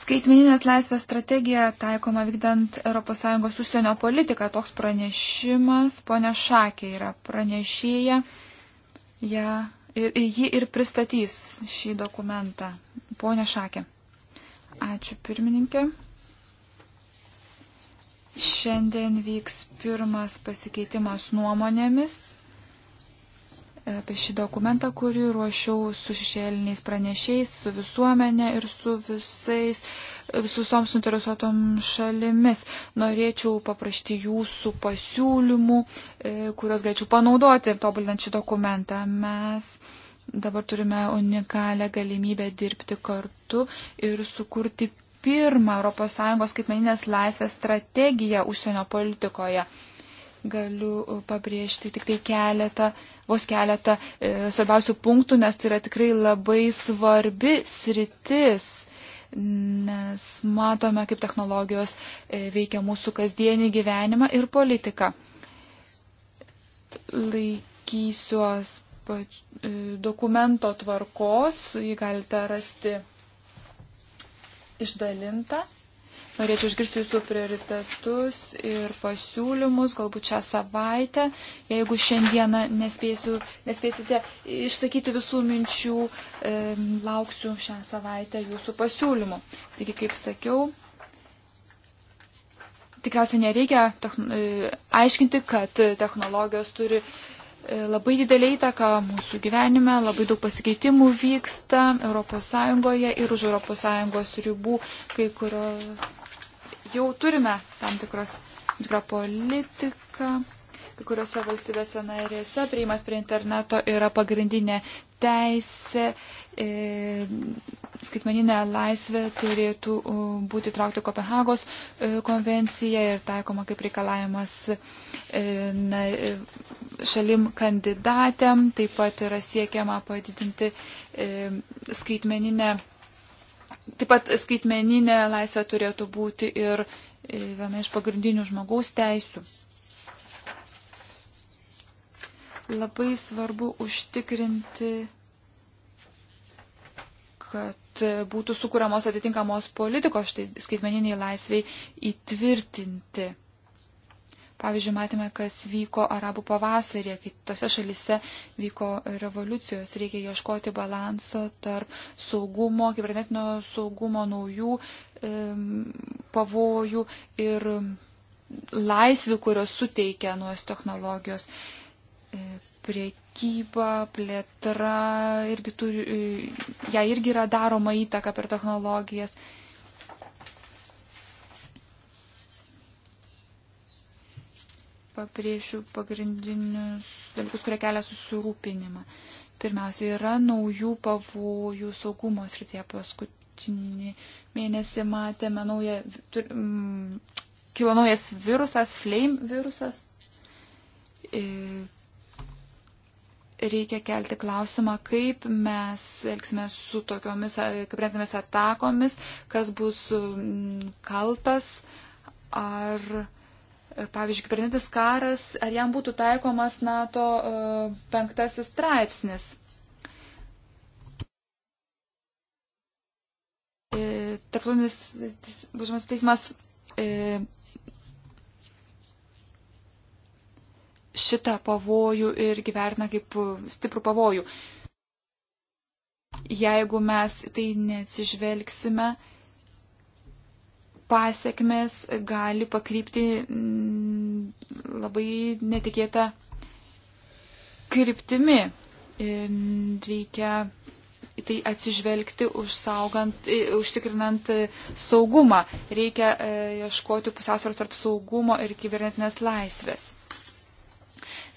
Skaitmeninės laisvės strategija taikoma vykdant ES užsienio politiką. Toks pranešimas, ponia Šakė yra pranešėja, ja, ir, ji ir pristatys šį dokumentą. Ponia Šakė. Ačiū pirmininkė. Šiandien vyks pirmas pasikeitimas nuomonėmis apie šį dokumentą, kurį ruošiau su šešėliniais pranešiais, su visuomenė ir su visais, visusom suinteresuotom šalimis. Norėčiau paprašyti jūsų pasiūlymų, e, kuriuos galėčiau panaudoti, tobulinant šį dokumentą. Mes dabar turime unikalią galimybę dirbti kartu ir sukurti pirmą ES skaitmeninės laisvės strategiją užsienio politikoje. Galiu uh, pabrėžti tik tai keletą, vos keletą e, svarbiausių punktų, nes tai yra tikrai labai svarbi sritis, nes matome, kaip technologijos e, veikia mūsų kasdienį gyvenimą ir politiką. Laikysiuos pač, e, dokumento tvarkos, jį galite rasti išdalinta. Norėčiau išgirsti jūsų prioritetus ir pasiūlymus, galbūt šią savaitę. Jeigu šiandieną nespėsiu, nespėsite išsakyti visų minčių, e, lauksiu šią savaitę jūsų pasiūlymų. Taigi, kaip sakiau, tikriausiai nereikia techn... E, aiškinti, kad technologijos turi E, labai didelį įtaką mūsų gyvenime, labai daug pasikeitimų vyksta ES ir už ES ribų, kai kurio jau turime tam tikros, tikrą politiką. Kai kuriuose valstybėse narėse prieimas prie interneto yra pagrindinė teisė, e, skaitmeninė laisvė turėtų e, būti traukti Kopenhagos e, konvencija ir taikoma kaip reikalavimas na, šalim kandidatėm. Taip pat yra siekiama padidinti skaitmeninę. Taip pat skaitmeninė laisvė turėtų būti ir viena iš pagrindinių žmogaus teisų. Labai svarbu užtikrinti, kad būtų sukūriamos atitinkamos politikos štai, skaitmeniniai laisviai įtvirtinti. Pavyzdžiui, matėme, kas vyko arabų pavasarėje, kai tose šalise vyko revoliucijos. Reikia ieškoti balanso tarp saugumo, kibernetinio saugumo, naujų e, pavojų ir laisvių, kurios suteikia nuos technologijos. E, priekyba, plėtra, irgi turi, e, ja irgi yra daroma įtaka per technologijas. Pabrėšiu pagrindinius dalykus, kurie kelia susirūpinimą. Pirmiausia, yra naujų pavojų saugumo srityje. Paskutinį mėnesį matėme naują, tur, mm, kilo naujas virusas, flame virusas. E, reikia kelti klausimą, kaip mes elgsime su tokiomis kibernetinėmis atakomis, kas bus mm, kaltas, ar, pavyzdžiui, kibernetinis karas, ar jam būtų taikomas NATO e, penktasis straipsnis. E, tarptautinis būsimas teismas e, šitą pavojų irgi vertina kaip stiprų pavojų. Jeigu mes tai neatsižvelgsime, pasiekmes gali pakrypti mm, labai netikėtą kryptimi. Reikia į tai atsižvelgti, užtikrinant saugumą. Reikia e, ieškoti pusiausvėros tarp saugumo ir kibernetinės laisvės.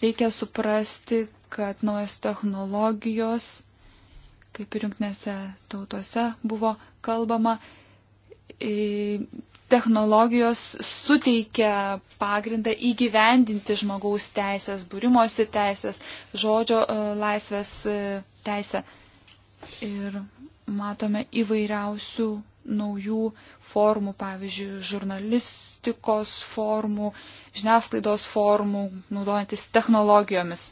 Reikia suprasti, kad naujos technologijos, kaip ir jungtinėse tautose buvo kalbama, technologijos suteikia pagrindą įgyvendinti žmogaus teisės, būrimosi teisės, žodžio e, laisvės e, teisę. Ir matome įvairiausių naujų formų, pavyzdžiui, žurnalistikos formų, žiniasklaidos formų, naudojantis technologijomis.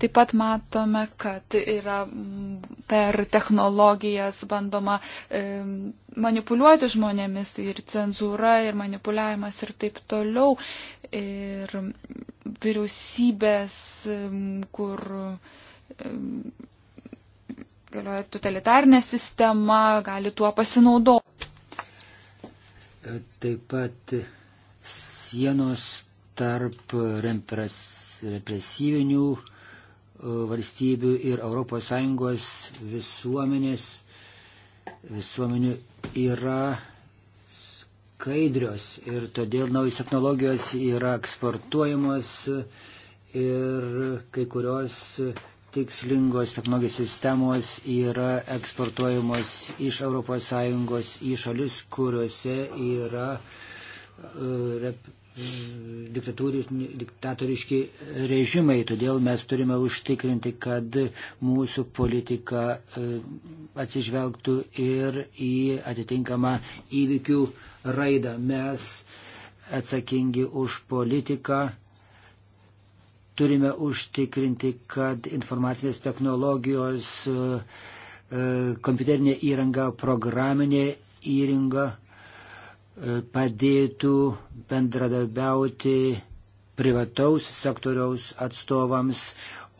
Taip pat matome, kad yra per technologijas bandoma e, manipuliuoti žmonėmis ir cenzūra, ir manipuliavimas ir taip toliau. Ir vyriausybės, kur e, galioja totalitarnė sistema, gali tuo pasinaudoti. E, taip pat sienos tarp represyvinių e, valstybių ir ES visuomenės visuomenių yra skaidrios ir todėl naujos technologijos yra eksportuojamos ir kai kurios tikslingos technologijos sistemos yra eksportuojamos iš ES į šalis, kuriuose yra e, rep, diktatoriški režimai. Todėl mes turime užtikrinti, kad mūsų politika e, atsižvelgtų ir į atitinkamą įvykių raidą. Mes atsakingi už politiką turime užtikrinti, kad informacinės technologijos, e, e, kompiuterinė įranga, programinė įranga e, padėtų bendradarbiauti privataus sektoriaus atstovams,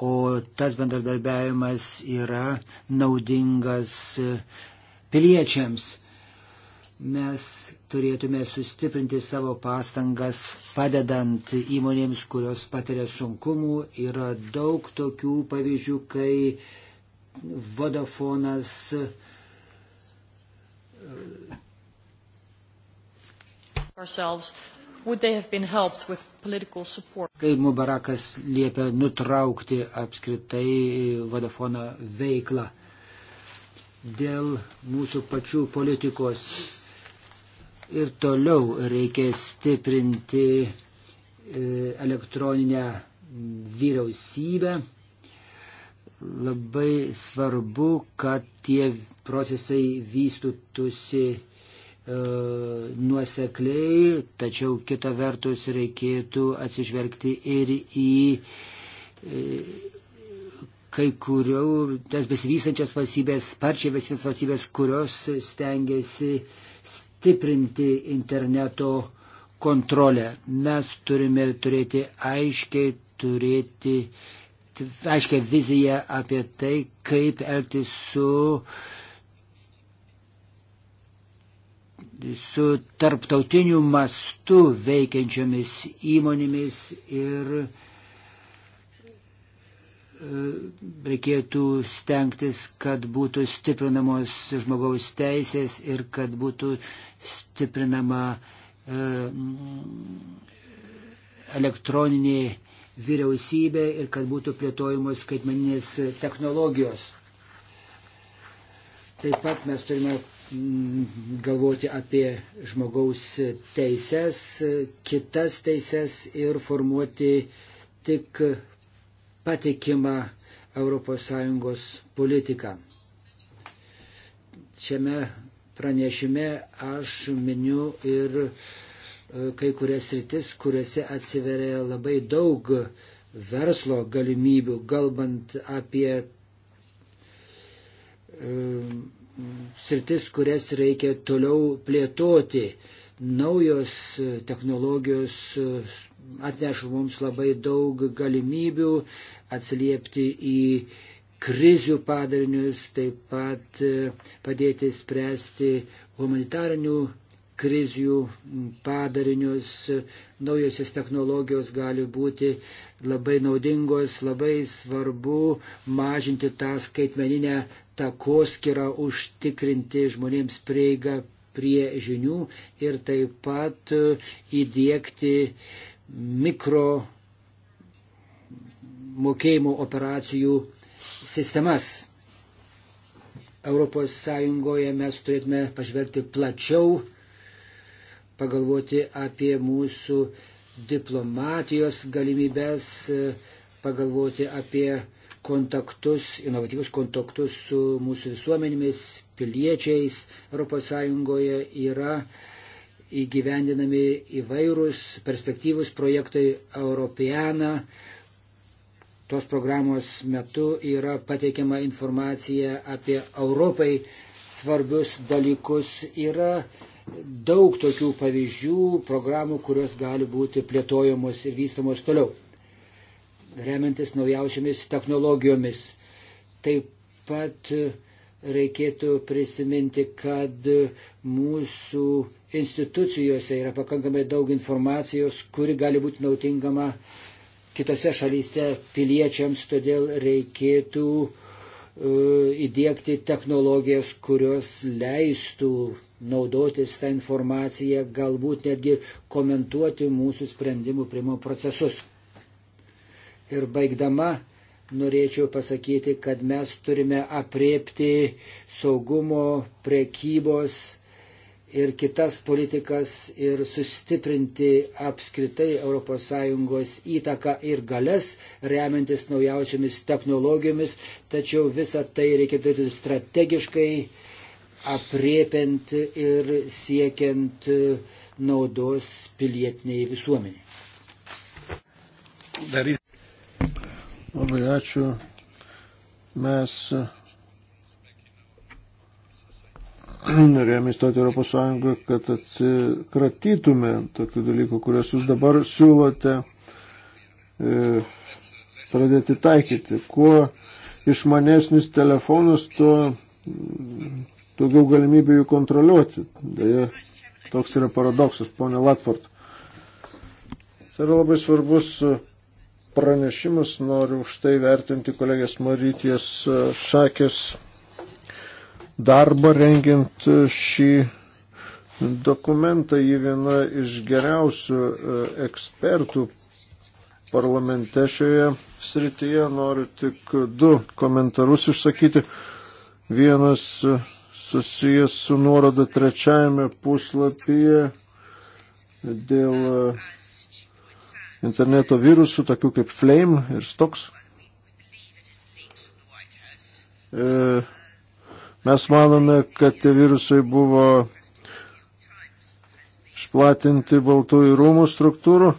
o tas bendradarbiavimas yra naudingas piliečiams. Mes turėtume sustiprinti savo pastangas, padedant įmonėms, kurios patiria sunkumų. Yra daug tokių pavyzdžių, kai Vodafonas uh, Kai Mubarakas liepia nutraukti apskritai Vodafono veiklą dėl mūsų pačių politikos ir toliau reikia stiprinti e, elektroninę vyriausybę. Labai svarbu, kad tie procesai vystytųsi e, nuosekliai, tačiau kita vertus reikėtų atsižvelgti ir į e, kai kurių, tas besivystančias valstybės, sparčiai besivystančias valstybės, kurios stengiasi uh, stiprinti interneto kontrolę. Mes turime turėti aiškiai, turėti aiškiai viziją apie tai, kaip elgtis su, su tarptautiniu mastu veikiančiomis įmonėmis ir reikėtų stengtis, kad būtų stiprinamos žmogaus teisės ir kad būtų stiprinama e, elektroninė vyriausybė ir kad būtų plėtojamos skaitmeninės technologijos. Taip pat mes turime mm, galvoti apie žmogaus teises, kitas teises ir formuoti tik patikimą ES politiką. Šiame pranešime aš miniu ir e, kai kurias rytis, kuriuose atsiveria labai daug verslo galimybių, galbant apie e, sritis, kurias reikia toliau plėtoti. Naujos technologijos e, atneša mums labai daug galimybių, atsiliepti į krizių padarinius, taip pat e, padėti spręsti humanitarinių krizių padarinius. Naujosios technologijos gali būti labai naudingos, labai svarbu mažinti tą skaitmeninę takoskirą, užtikrinti žmonėms prieigą prie žinių ir taip pat e, įdėkti mikro mokėjimų operacijų sistemas. Europos Sąjungoje mes turėtume pažvelgti plačiau, pagalvoti apie mūsų diplomatijos galimybės, pagalvoti apie kontaktus, inovatyvius kontaktus su mūsų visuomenėmis, piliečiais. ES yra įgyvendinami įvairūs perspektyvus projektai Europeana, tos programos metu yra pateikiama informacija apie Europai svarbius dalykus. Yra daug tokių pavyzdžių, programų, kurios gali būti plėtojamos ir vystomos toliau, remiantis naujausiamis technologijomis. Taip pat reikėtų prisiminti, kad mūsų institucijose yra pakankamai daug informacijos, kuri gali būti naudingama uh, kitose šalyse piliečiams, todėl reikėtų e, įdėkti technologijas, kurios leistų naudotis tą informaciją, galbūt netgi komentuoti mūsų sprendimų primo procesus. Ir baigdama norėčiau pasakyti, kad mes turime apriepti saugumo, prekybos, ir kitas politikas ir sustiprinti apskritai ES įtaką ir galės remiantis naujausiamis technologijomis, tačiau visą tai reikia daryti strategiškai, apriepiant ir siekiant naudos pilietiniai visuomeniai. Darys. Labai ačiū. Mes norėjome įstoti Europos Sąjungą, kad atsikratytume tokių dalykų, kuriuos jūs dabar siūlote e, pradėti taikyti. Kuo išmanesnis telefonas, tuo daugiau galimybių jų kontroliuoti. Deja, toks yra paradoksas, ponė Latvart. Tai yra labai svarbus pranešimas, noriu už tai vertinti kolegės Marytės Šakės e, darbą rengiant šį dokumentą. Ji viena iš geriausių e, ekspertų parlamente šioje srityje. Noriu tik du komentarus išsakyti. Vienas e, susijęs su nuoroda trečiajame puslapyje dėl e, interneto virusų, tokių kaip Flame ir Stoks. E, Mes manome, kad tie virusai buvo išplatinti baltųjų rūmų struktūrų.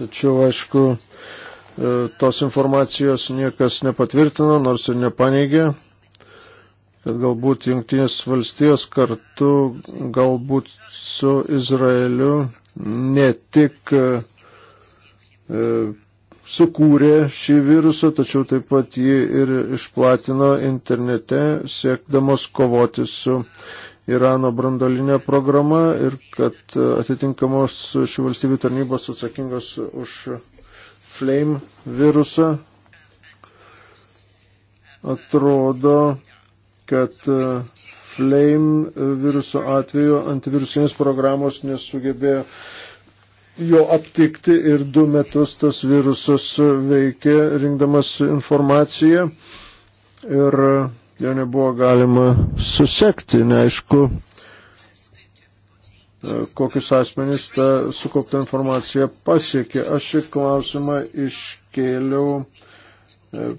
Tačiau, aišku, e, tos informacijos niekas nepatvirtino, nors ir nepaneigė, kad galbūt jungtinės valstijos kartu, galbūt su Izraeliu ne tik e, e, sukūrė šį virusą, tačiau taip pat jį ir išplatino internete, siekdamos kovoti su Irano brandolinė programa ir kad e, atitinkamos šių valstybių tarnybos atsakingos už flame virusą atrodo, kad e, flame viruso atveju antivirusinės programos nesugebėjo jo aptikti ir du metus tas virusas veikė, rinkdamas informaciją ir jo nebuvo galima susekti, neaišku, kokius asmenys tą sukauptą informaciją pasiekė. Aš šį klausimą iškėliau e,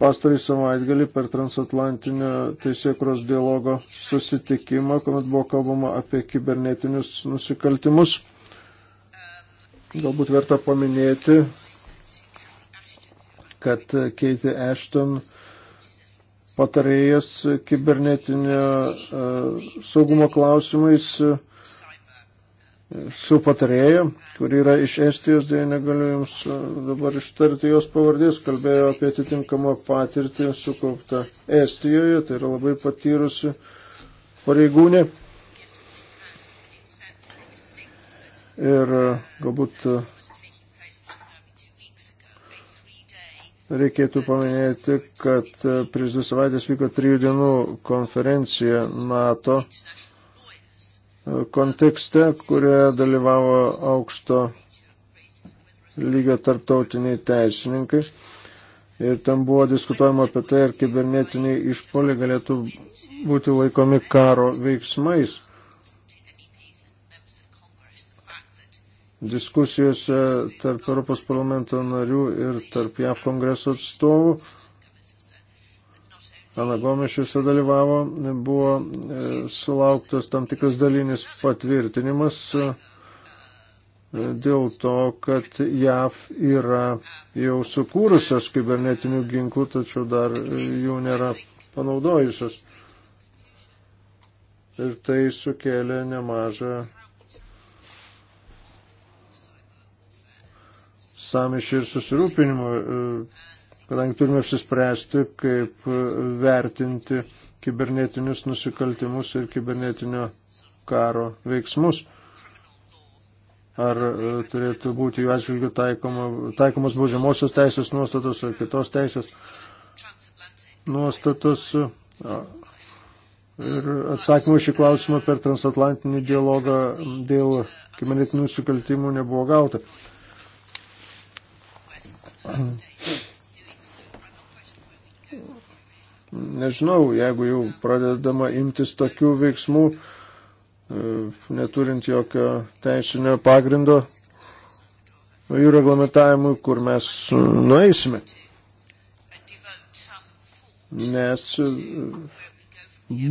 pastarį savaitgalį per transatlantinio teisėkros dialogo susitikimą, kuomet buvo kalbama apie kibernetinius nusikaltimus galbūt verta paminėti, kad Keitė Ashton patarėjas kibernetinio e, saugumo klausimais e, su patarėja, kuri yra iš Estijos, dėja negaliu jums e, dabar ištarti jos pavardės, kalbėjo apie atitinkamą patirtį sukauptą Estijoje, tai yra labai patyrusi pareigūnė. ir e, galbūt e, reikėtų paminėti, kad e, prieš dvi savaitės vyko trijų dienų konferencija NATO kontekste, kurioje dalyvavo aukšto lygio tarptautiniai teisininkai. Ir ten buvo diskutuojama apie tai, ar kibernetiniai išpoliai galėtų būti laikomi karo veiksmais. diskusijose tarp Europos parlamento narių ir tarp JAV kongreso atstovų. Ana Gomes juose dalyvavo, buvo e, sulauktas tam tikras dalinis patvirtinimas e, dėl to, kad JAV yra jau sukūrusios kibernetinių ginklų, tačiau dar e, jų nėra panaudojusios. Ir tai sukėlė nemažą samišį ir susirūpinimą, e, kadangi turime apsispręsti, kaip e, vertinti kibernetinius nusikaltimus ir kibernetinio karo veiksmus. Ar e, turėtų būti jų atžvilgių taikomos baudžiamosios teisės nuostatos ar kitos teisės nuostatos. Ir atsakymų šį klausimą per transatlantinį dialogą dėl kibernetinių nusikaltimų nebuvo gauta. Nežinau, jeigu jau pradedama imtis tokių veiksmų, e, neturint jokio teisinio pagrindo jų reglamentavimui, kur mes nueisime. Nes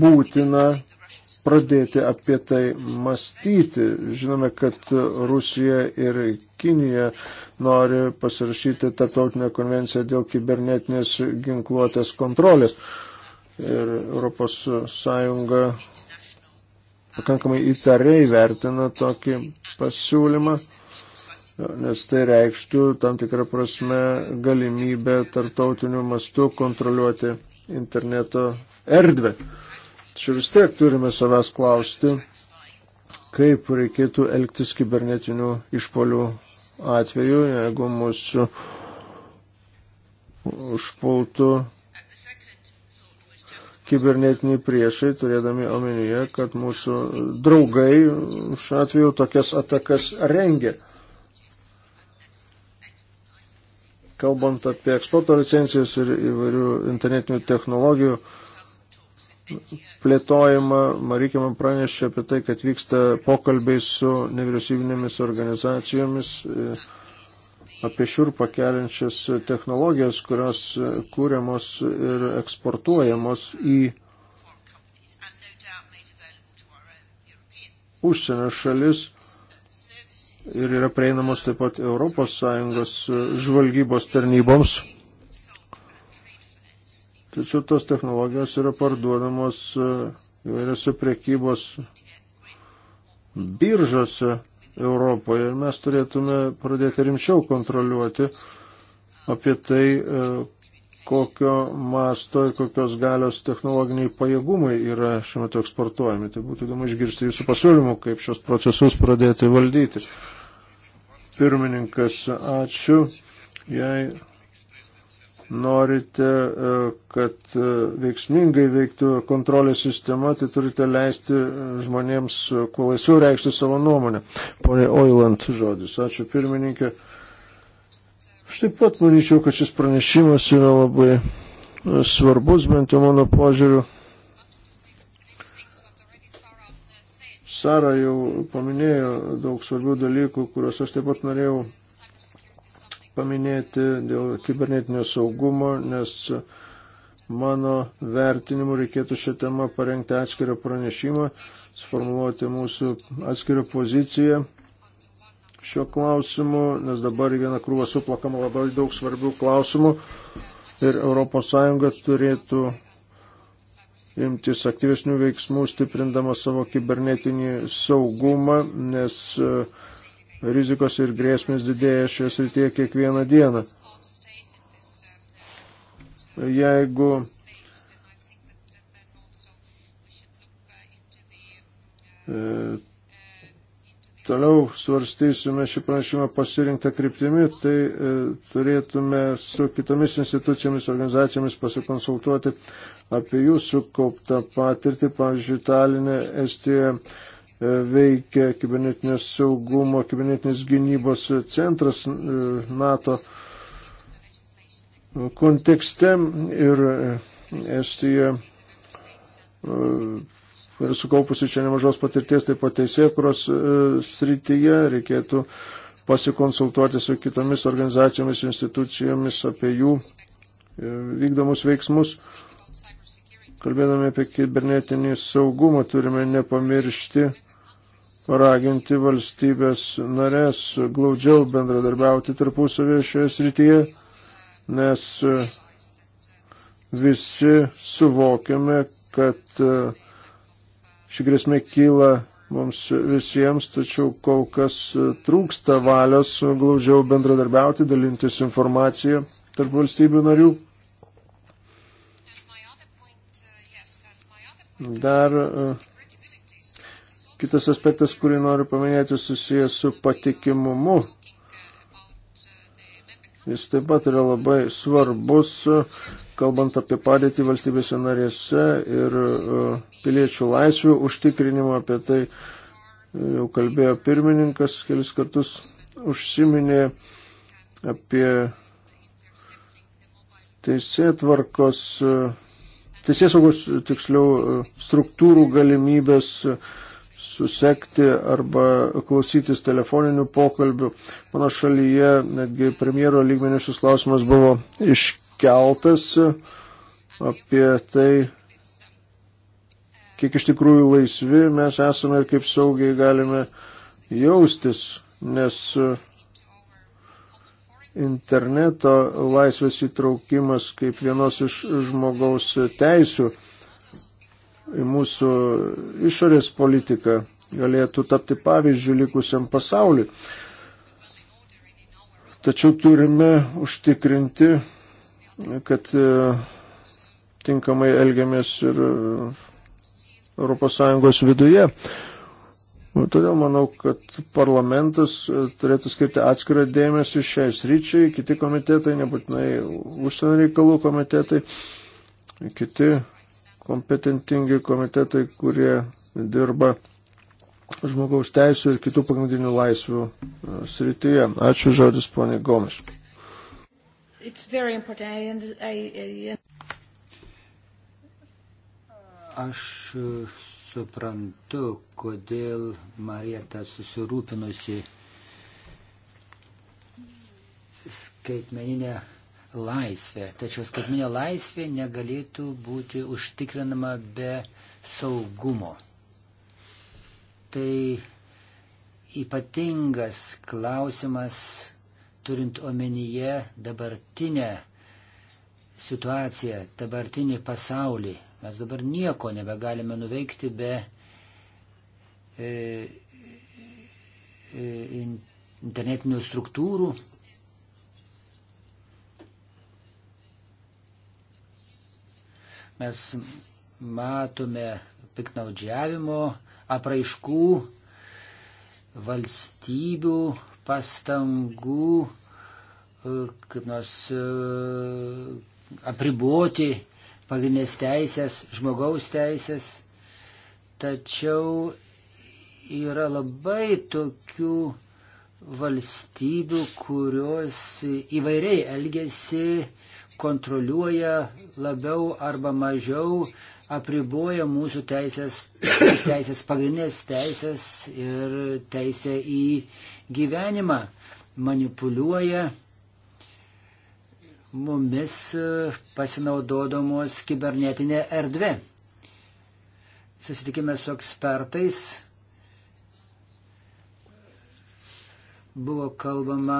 būtina pradėti apie tai mąstyti. Žinome, kad Rusija ir Kinija nori pasirašyti tarptautinę konvenciją dėl kibernetinės ginkluotės kontrolės. Ir ES pakankamai įtariai vertina tokį pasiūlymą, nes tai reikštų tam tikrą prasme galimybę tarptautiniu mastu kontroliuoti interneto erdvę. Tačiau vis tiek turime savęs klausti, kaip reikėtų elgtis kibernetinių išpolių atveju, jeigu mūsų užpultų kibernetiniai priešai, turėdami omenyje, kad mūsų draugai šiuo atveju tokias atakas rengia. Kalbant apie eksporto licencijas ir įvairių internetinių technologijų, uh, plėtojimą. Marykė man pranešė apie tai, kad vyksta pokalbiai su nevyriausybinėmis organizacijomis e, apie šiurpą keliančias technologijas, kurios e, kūriamos ir eksportuojamos į užsienio šalis ir yra prieinamos taip pat ES žvalgybos tarnyboms. Tačiau tos technologijos yra parduodamos e, įvairiose prekybos biržose Europoje ir mes turėtume pradėti rimčiau kontroliuoti apie tai, e, kokio masto ir kokios galios technologiniai pajėgumai yra šiuo metu eksportuojami. Tai būtų įdomu išgirsti jūsų pasiūlymų, kaip šios procesus pradėti valdyti. Pirmininkas, ačiū. Jei norite, e, kad e, veiksmingai veiktų kontrolės sistema, tai turite leisti e, žmonėms kuo laisviau reikšti savo nuomonę. Pone Oiland žodis. Ačiū pirmininkė. Aš taip pat manyčiau, kad šis pranešimas yra labai svarbus, bent jau mano požiūriu. Sara jau paminėjo daug svarbių dalykų, kuriuos aš taip pat norėjau paminėti dėl kibernetinio saugumo, nes mano vertinimu reikėtų šią temą parengti atskirą pranešimą, sformuoluoti mūsų atskirą poziciją šiuo klausimu, nes dabar į vieną krūvą suplakama labai daug svarbių klausimų ir ES turėtų imtis aktyvesnių veiksmų, stiprindama savo kibernetinį saugumą, nes uh, rizikos ir grėsmės didėja šioje srityje kiekvieną dieną. Jeigu e, toliau svarstysime šį pranešimą pasirinktą kryptimį, tai e, turėtume su kitomis institucijomis, organizacijomis pasikonsultuoti apie jų sukauptą patirtį, pavyzdžiui, Talinė, Estijoje E, veikia kibernetinės saugumo, kibernetinės gynybos centras e, NATO kontekste ir Estija e, ir sukaupusi čia nemažos patirties, taip pat teisė, kurios srityje reikėtų pasikonsultuoti su kitomis organizacijomis, institucijomis apie jų vykdomus veiksmus. Kalbėdami apie kibernetinį saugumą turime nepamiršti raginti valstybės narės glaudžiau bendradarbiauti tarpusavėje šioje srityje, nes e, visi suvokiame, kad e, ši grėsmė kyla mums visiems, tačiau kol kas e, trūksta valios glaudžiau bendradarbiauti, dalintis informaciją tarp valstybių narių. Dar uh, Kitas aspektas, kurį noriu paminėti, susijęs su patikimumu. Jis taip pat yra labai svarbus, kalbant apie padėtį valstybėse narėse ir e, piliečių laisvių užtikrinimą. Apie tai e, jau kalbėjo pirmininkas, kelis kartus užsiminė apie teisėtvarkos, e, teisėsaugos tiksliau struktūrų galimybės susekti arba klausytis telefoninių pokalbių. Mano šalyje netgi premjero lygmenių šis klausimas buvo iškeltas apie tai, kiek iš tikrųjų laisvi mes esame ir kaip saugiai galime jaustis, nes interneto laisvės įtraukimas kaip vienos iš žmogaus teisų mūsų išorės politika galėtų tapti pavyzdžių likusiam pasauliu. Tačiau turime užtikrinti, kad e, tinkamai elgiamės ir ES viduje. Todėl manau, kad parlamentas e, turėtų skirti atskirą dėmesį šiai sryčiai, kiti komitetai, nebūtinai užsienio reikalų komitetai, kiti kompetentingi komitetai, kurie dirba žmogaus teisų ir kitų pagrindinių laisvių e, srityje. Ačiū žodis, ponė Gomes. Aš suprantu, kodėl Marieta susirūpinusi skaitmeninę laisvę. Tačiau skaitminė laisvė negalėtų būti užtikrinama be saugumo. Tai ypatingas klausimas, turint omenyje dabartinę situaciją, dabartinį pasaulį. Mes dabar nieko nebegalime nuveikti be e, e, internetinių struktūrų, Mes matome piknaudžiavimo apraiškų, valstybių pastangų, e, kaip nors e, apriboti pagrindinės teisės, žmogaus teisės. Tačiau yra labai tokių valstybių, kurios įvairiai elgesi, kontroliuoja labiau arba mažiau apriboja mūsų teisės, teisės pagrindinės teisės ir teisę į gyvenimą, manipuliuoja mumis pasinaudodamos kibernetinė erdvė. Susitikime su ekspertais, buvo kalbama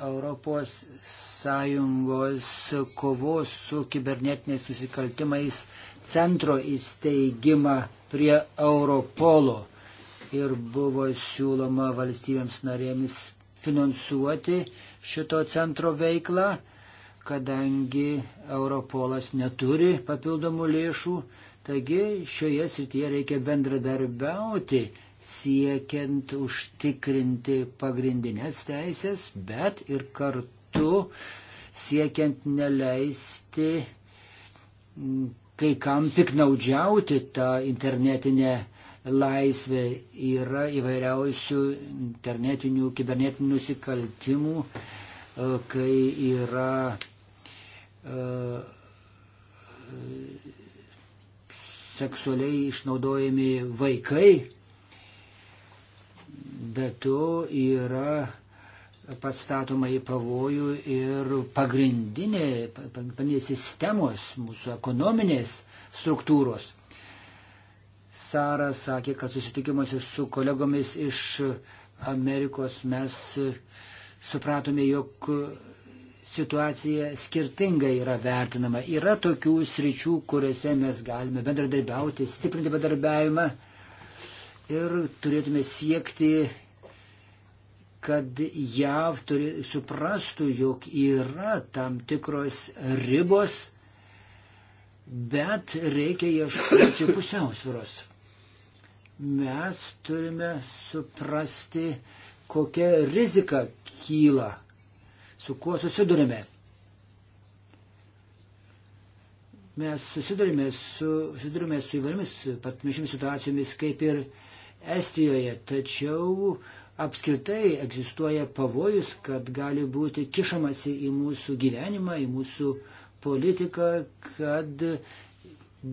Europos Sąjungos kovos su kibernetiniais nusikaltimais centro įsteigimą prie Europolo ir buvo siūloma valstybėms narėms finansuoti šito centro veiklą, kadangi Europolas neturi papildomų lėšų, taigi šioje srityje reikia bendradarbiauti siekiant užtikrinti pagrindinės teisės, bet ir kartu siekiant neleisti kai kam piknaudžiauti tą internetinę laisvę yra įvairiausių internetinių, kibernetinių nusikaltimų, e, kai yra e, seksualiai išnaudojami vaikai Be to yra pastatoma į pavojų ir pagrindinė, pagrindinės sistemos, mūsų ekonominės struktūros. Sara sakė, kad susitikimuose su kolegomis iš Amerikos mes supratome, jog situacija skirtingai yra vertinama. Yra tokių sričių, kuriuose mes galime bendradarbiauti, stiprinti bendradarbiavimą ir turėtume siekti, kad JAV turi, suprastų, jog yra tam tikros ribos, bet reikia ieškoti pusiausvėros. Mes turime suprasti, kokia rizika kyla, su kuo susidurime. Mes susidurime su, susidurime su įvairiomis patmišimis situacijomis, kaip ir uh, Estijoje, tačiau apskritai egzistuoja pavojus, kad gali būti kišamasi į mūsų gyvenimą, į mūsų politiką, kad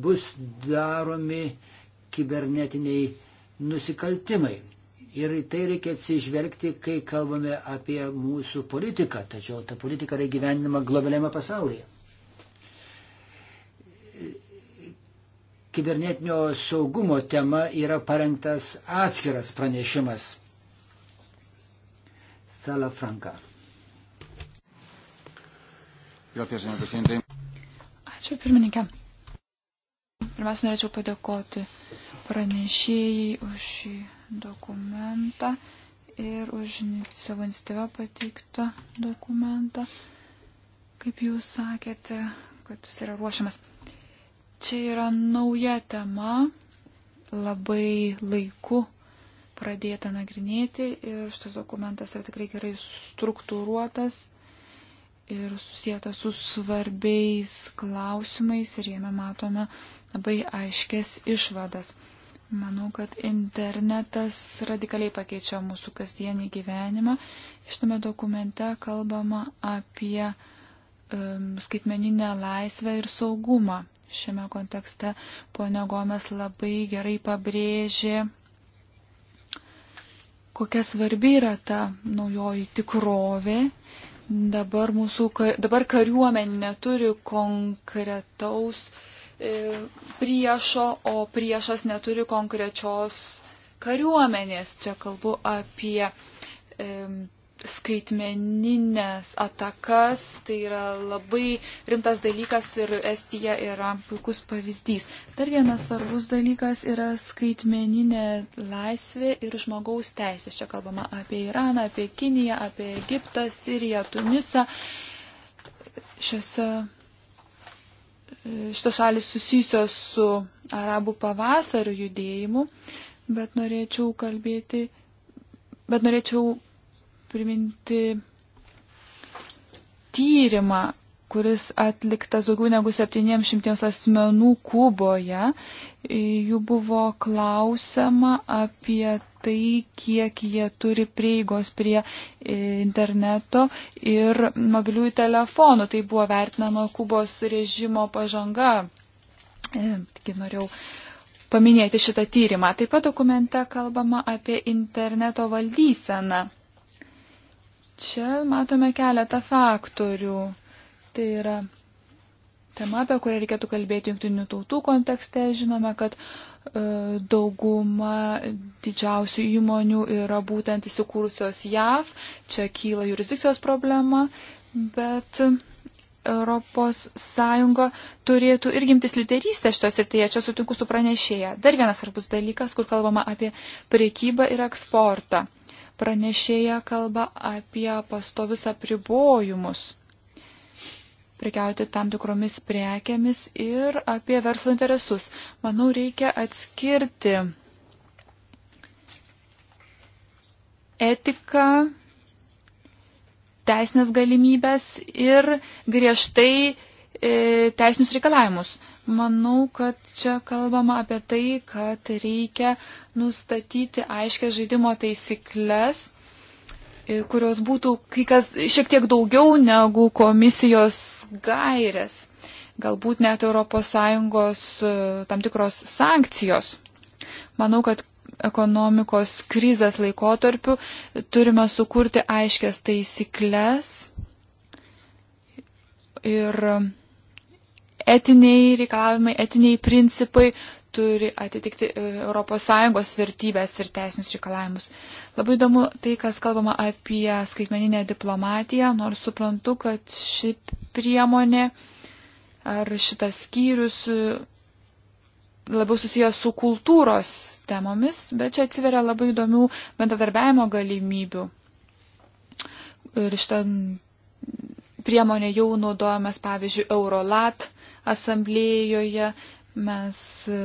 bus daromi kibernetiniai nusikaltimai. Ir tai reikia atsižvelgti, kai kalbame apie mūsų politiką, tačiau ta politika yra gyvenima globaliame pasaulyje. kibernetinio saugumo tema yra parengtas atskiras pranešimas. Sala Franka. Ačiū pirmininkė. Pirmiausia, norėčiau padėkoti pranešėjai už šį dokumentą ir už savo iniciatyvą pateiktą dokumentą. Kaip jūs sakėte, kad jis yra ruošiamas. Čia yra nauja tema, labai laiku pradėta nagrinėti ir šitas dokumentas yra tikrai gerai struktūruotas ir susijęta su svarbiais klausimais ir jame matome labai aiškės išvadas. Manau, kad internetas radikaliai pakeičia mūsų kasdienį gyvenimą. Šitame dokumente kalbama apie um, skaitmeninę laisvę ir saugumą šiame kontekste. Pone Gomes labai gerai pabrėžė, kokia svarbi yra ta naujoji tikrovė. Dabar, mūsų, dabar kariuomenė neturi konkretaus e, priešo, o priešas neturi konkrečios kariuomenės. Čia kalbu apie e, skaitmeninės atakas, tai yra labai rimtas dalykas ir Estija yra puikus pavyzdys. Dar vienas svarbus dalykas yra skaitmeninė laisvė ir žmogaus teisės. Čia kalbama apie Iraną, apie Kiniją, apie Egiptą, Siriją, Tunisą. Šiose, šitos šalis susijusios su arabų pavasario judėjimu, bet norėčiau kalbėti, bet norėčiau priminti tyrimą, kuris atliktas daugiau negu 700 asmenų Kuboje. Jų buvo klausima apie tai, kiek jie turi prieigos prie e, interneto ir mobiliųjų telefonų. Tai buvo vertinama Kubos režimo pažanga. E, Tik norėjau paminėti šitą tyrimą. Taip pat dokumente kalbama apie interneto valdyseną. Čia matome keletą faktorių. Tai yra tema, apie kurią reikėtų kalbėti jungtinių tautų kontekste. Žinome, kad e, dauguma didžiausių įmonių yra būtent įsikūrusios JAV. Čia kyla jurisdikcijos problema, bet Europos Sąjunga turėtų ir gimtis literystę šitos srityje. Čia sutinku su pranešėja. Dar vienas svarbus dalykas, kur kalbama apie priekybą ir eksportą. Pranešėja kalba apie pastovius apribojimus prikiauti tam tikromis prekiamis ir apie verslo interesus. Manau, reikia atskirti etiką, teisinės galimybės ir griežtai e, teisinius reikalavimus. Manau, kad čia kalbama apie tai, kad reikia nustatyti aiškę žaidimo taisyklės, kurios būtų kai kas šiek tiek daugiau negu komisijos gairės. Galbūt net ES e, tam tikros sankcijos. Manau, kad ekonomikos krizės laikotarpiu turime sukurti aiškias taisyklės ir etiniai reikalavimai, etiniai principai turi atitikti ES vertybės ir teisinius reikalavimus. Labai įdomu tai, kas kalbama apie skaitmeninę diplomatiją, nors suprantu, kad ši priemonė ar šitas skyrius e, labiau susijęs su kultūros temomis, bet čia atsiveria labai įdomių bendradarbiavimo galimybių. Ir šitą priemonę jau naudojamas, pavyzdžiui, Eurolat asamblėjoje. Mes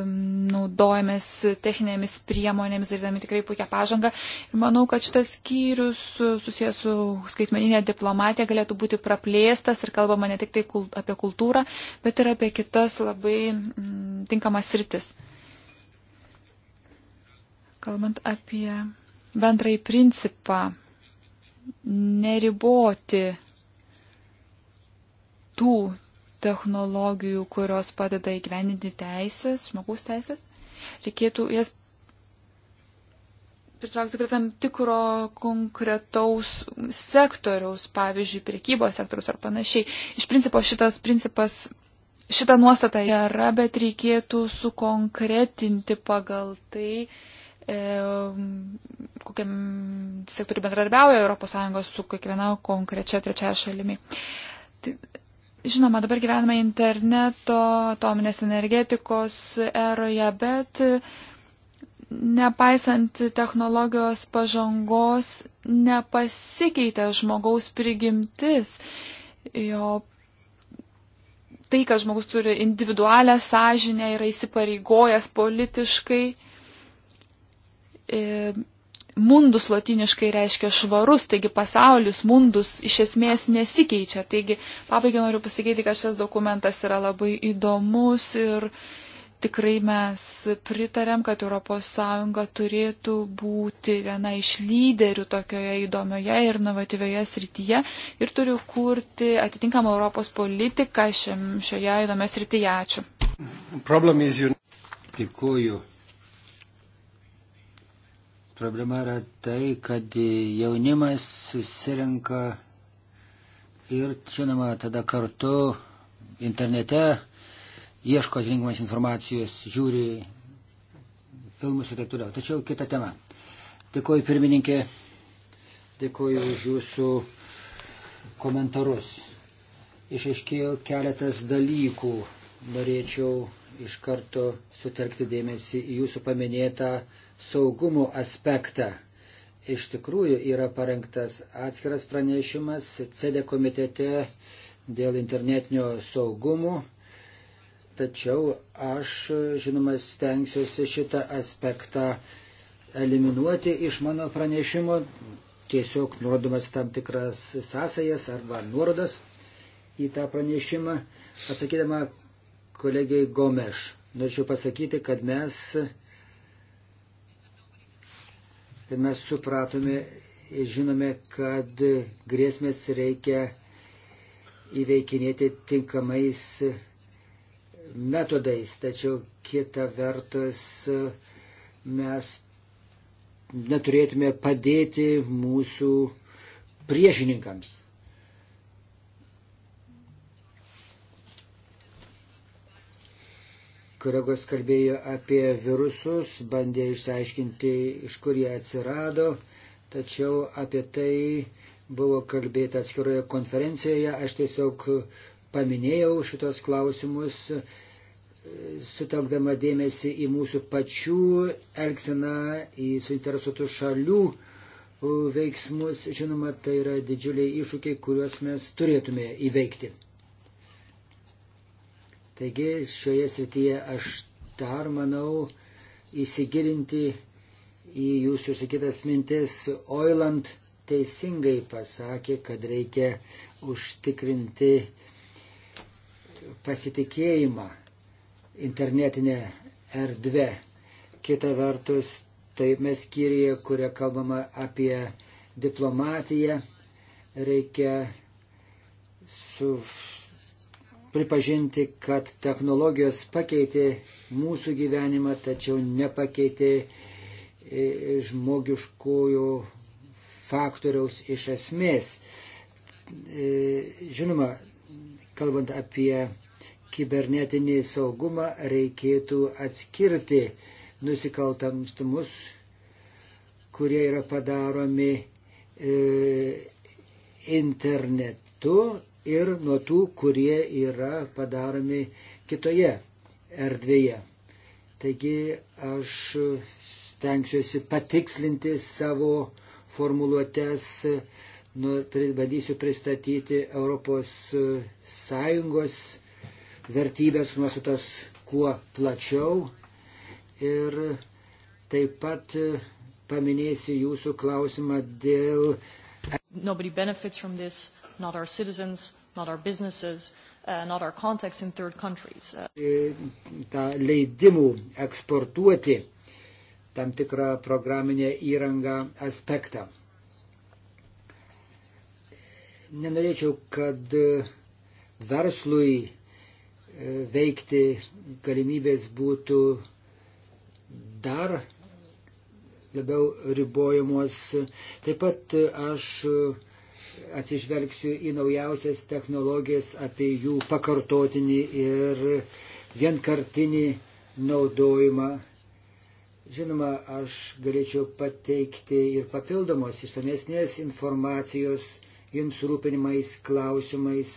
naudojamės techninėmis priemonėmis, darydami tikrai puikią pažangą. Ir manau, kad šitas skyrius e, susijęs su skaitmeninė diplomatija galėtų būti praplėstas ir kalbama ne tik tai apie kultūrą, bet ir apie kitas labai tinkamas sritis. Kalbant apie bendrai principą neriboti tų technologijų, kurios padeda įgyveninti teisės, žmogaus teisės, reikėtų jas pritraukti prie tam tikro konkretaus sektoriaus, pavyzdžiui, priekybos sektoriaus ar panašiai. Iš principo šitas principas, šita nuostata yra, bet reikėtų sukonkretinti pagal tai, e, kokiam sektoriu bendradarbiauja ES su kiekviena konkrečia trečia šalimi. Tai Žinoma, dabar gyvename interneto, atominės energetikos eroje, bet nepaisant technologijos pažangos, nepasikeitė žmogaus prigimtis. Jo tai, kad žmogus turi individualią sąžinę, yra įsipareigojęs politiškai. E, mundus latiniškai reiškia švarus, taigi pasaulis mundus iš esmės nesikeičia. Taigi pabaigai noriu pasakyti, kad šis dokumentas yra labai įdomus ir tikrai mes pritarėm, kad ES turėtų būti viena iš lyderių tokioje įdomioje ir inovatyvioje srityje ir turi kurti atitinkamą Europos politiką šiam, šioje įdomioje srityje. Ačiū. Dėkuoju. Problema yra tai, kad jaunimas susirenka ir, žinoma, tada kartu internete ieško atitinkamas informacijos, žiūri filmus ir taip toliau. Tačiau kita tema. Dėkuoju pirmininkė, dėkuoju už jūsų komentarus. Išaiškėjo keletas dalykų. Norėčiau iš karto sutelkti dėmesį į jūsų paminėtą saugumo aspektą. Iš tikrųjų yra parengtas atskiras pranešimas CD komitete dėl internetinio saugumo, tačiau aš, žinoma, stengsiuosi šitą aspektą eliminuoti iš mano pranešimo, tiesiog nurodomas tam tikras sąsajas arba nuorodas į tą pranešimą, atsakydama kolegijai Gomeš. Norėčiau pasakyti, kad mes kad tai mes supratome ir žinome, kad grėsmės reikia įveikinėti tinkamais metodais, tačiau kita vertus mes neturėtume padėti mūsų priešininkams. Kolegos kalbėjo apie virusus, bandė išsiaiškinti, iš kur jie atsirado, tačiau apie tai buvo kalbėta atskiroje konferencijoje. Aš tiesiog paminėjau šitos klausimus, sutelkdama dėmesį į mūsų pačių elgseną, į suinteresuotų šalių uh, veiksmus. Žinoma, tai yra didžiuliai iššūkiai, kuriuos mes turėtume įveikti. Taigi šioje srityje aš dar manau įsigilinti į jūsų išsakytas mintis. Oiland teisingai pasakė, kad reikia užtikrinti pasitikėjimą internetinė erdvė. Kita vertus, taip mes skyriuje, kurioje kalbama apie diplomatiją, reikia su pripažinti, kad technologijos pakeitė mūsų gyvenimą, tačiau nepakeitė e, žmogiškųjų faktoriaus iš esmės. E, žinoma, kalbant apie kibernetinį saugumą, reikėtų atskirti nusikaltamstumus, kurie yra padaromi e, internetu ir nuo tų, kurie yra padaromi kitoje erdvėje. Taigi aš stengsiuosi patikslinti savo formuluotės, nu, bandysiu pristatyti Europos Sąjungos vertybės nuostatas kuo plačiau ir taip pat paminėsiu jūsų klausimą dėl. Nobody benefits from this, not our citizens, not our businesses, uh, not our contacts in third countries. Uh, e Ta leidimų eksportuoti tam tikrą programinę įrangą aspektą. Nenorėčiau, kad e, verslui e, veikti galimybės būtų dar labiau ribojamos. Taip pat aš atsižvelgsiu į naujausias technologijas, apie jų pakartotinį ir vienkartinį naudojimą. Žinoma, aš galėčiau pateikti ir papildomos išsamesnės informacijos jums rūpinimais klausimais,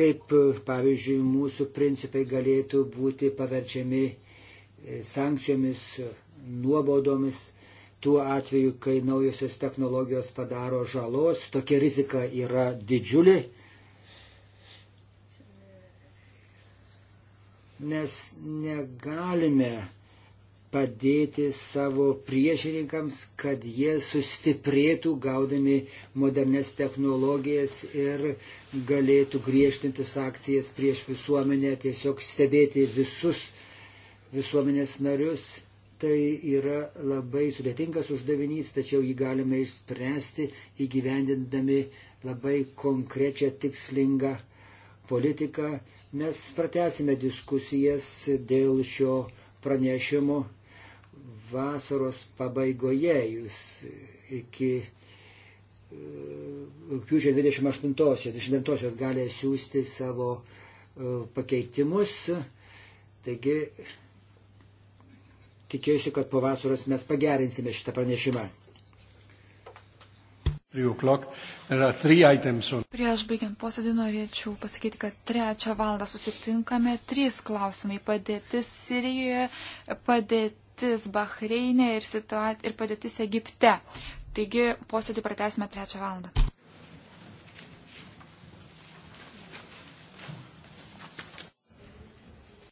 kaip, pavyzdžiui, mūsų principai galėtų būti paverčiami sankcijomis, nuobaudomis tuo atveju, kai naujosios technologijos padaro žalos, tokia rizika yra didžiulė, nes negalime padėti savo priešininkams, kad jie sustiprėtų gaudami modernes technologijas ir galėtų griežtinti sankcijas prieš visuomenę, tiesiog stebėti visus visuomenės narius Tai yra labai sudėtingas uždavinys, tačiau jį galime išspręsti įgyvendindami labai konkrečią tikslingą politiką. Mes pratesime diskusijas dėl šio pranešimo vasaros pabaigoje. Jūs iki e, rūpiučio 28-29 gali siūsti savo e, pakeitimus. Taigi Tikėjusi, kad po vasaros mes pagerinsime šitą pranešimą. Prieš baigiant posėdį norėčiau pasakyti, kad trečią valandą susitinkame. Trys klausimai - padėtis Sirijoje, padėtis Bahreinė ir, ir padėtis Egipte. Taigi posėdį pratesime trečią valandą.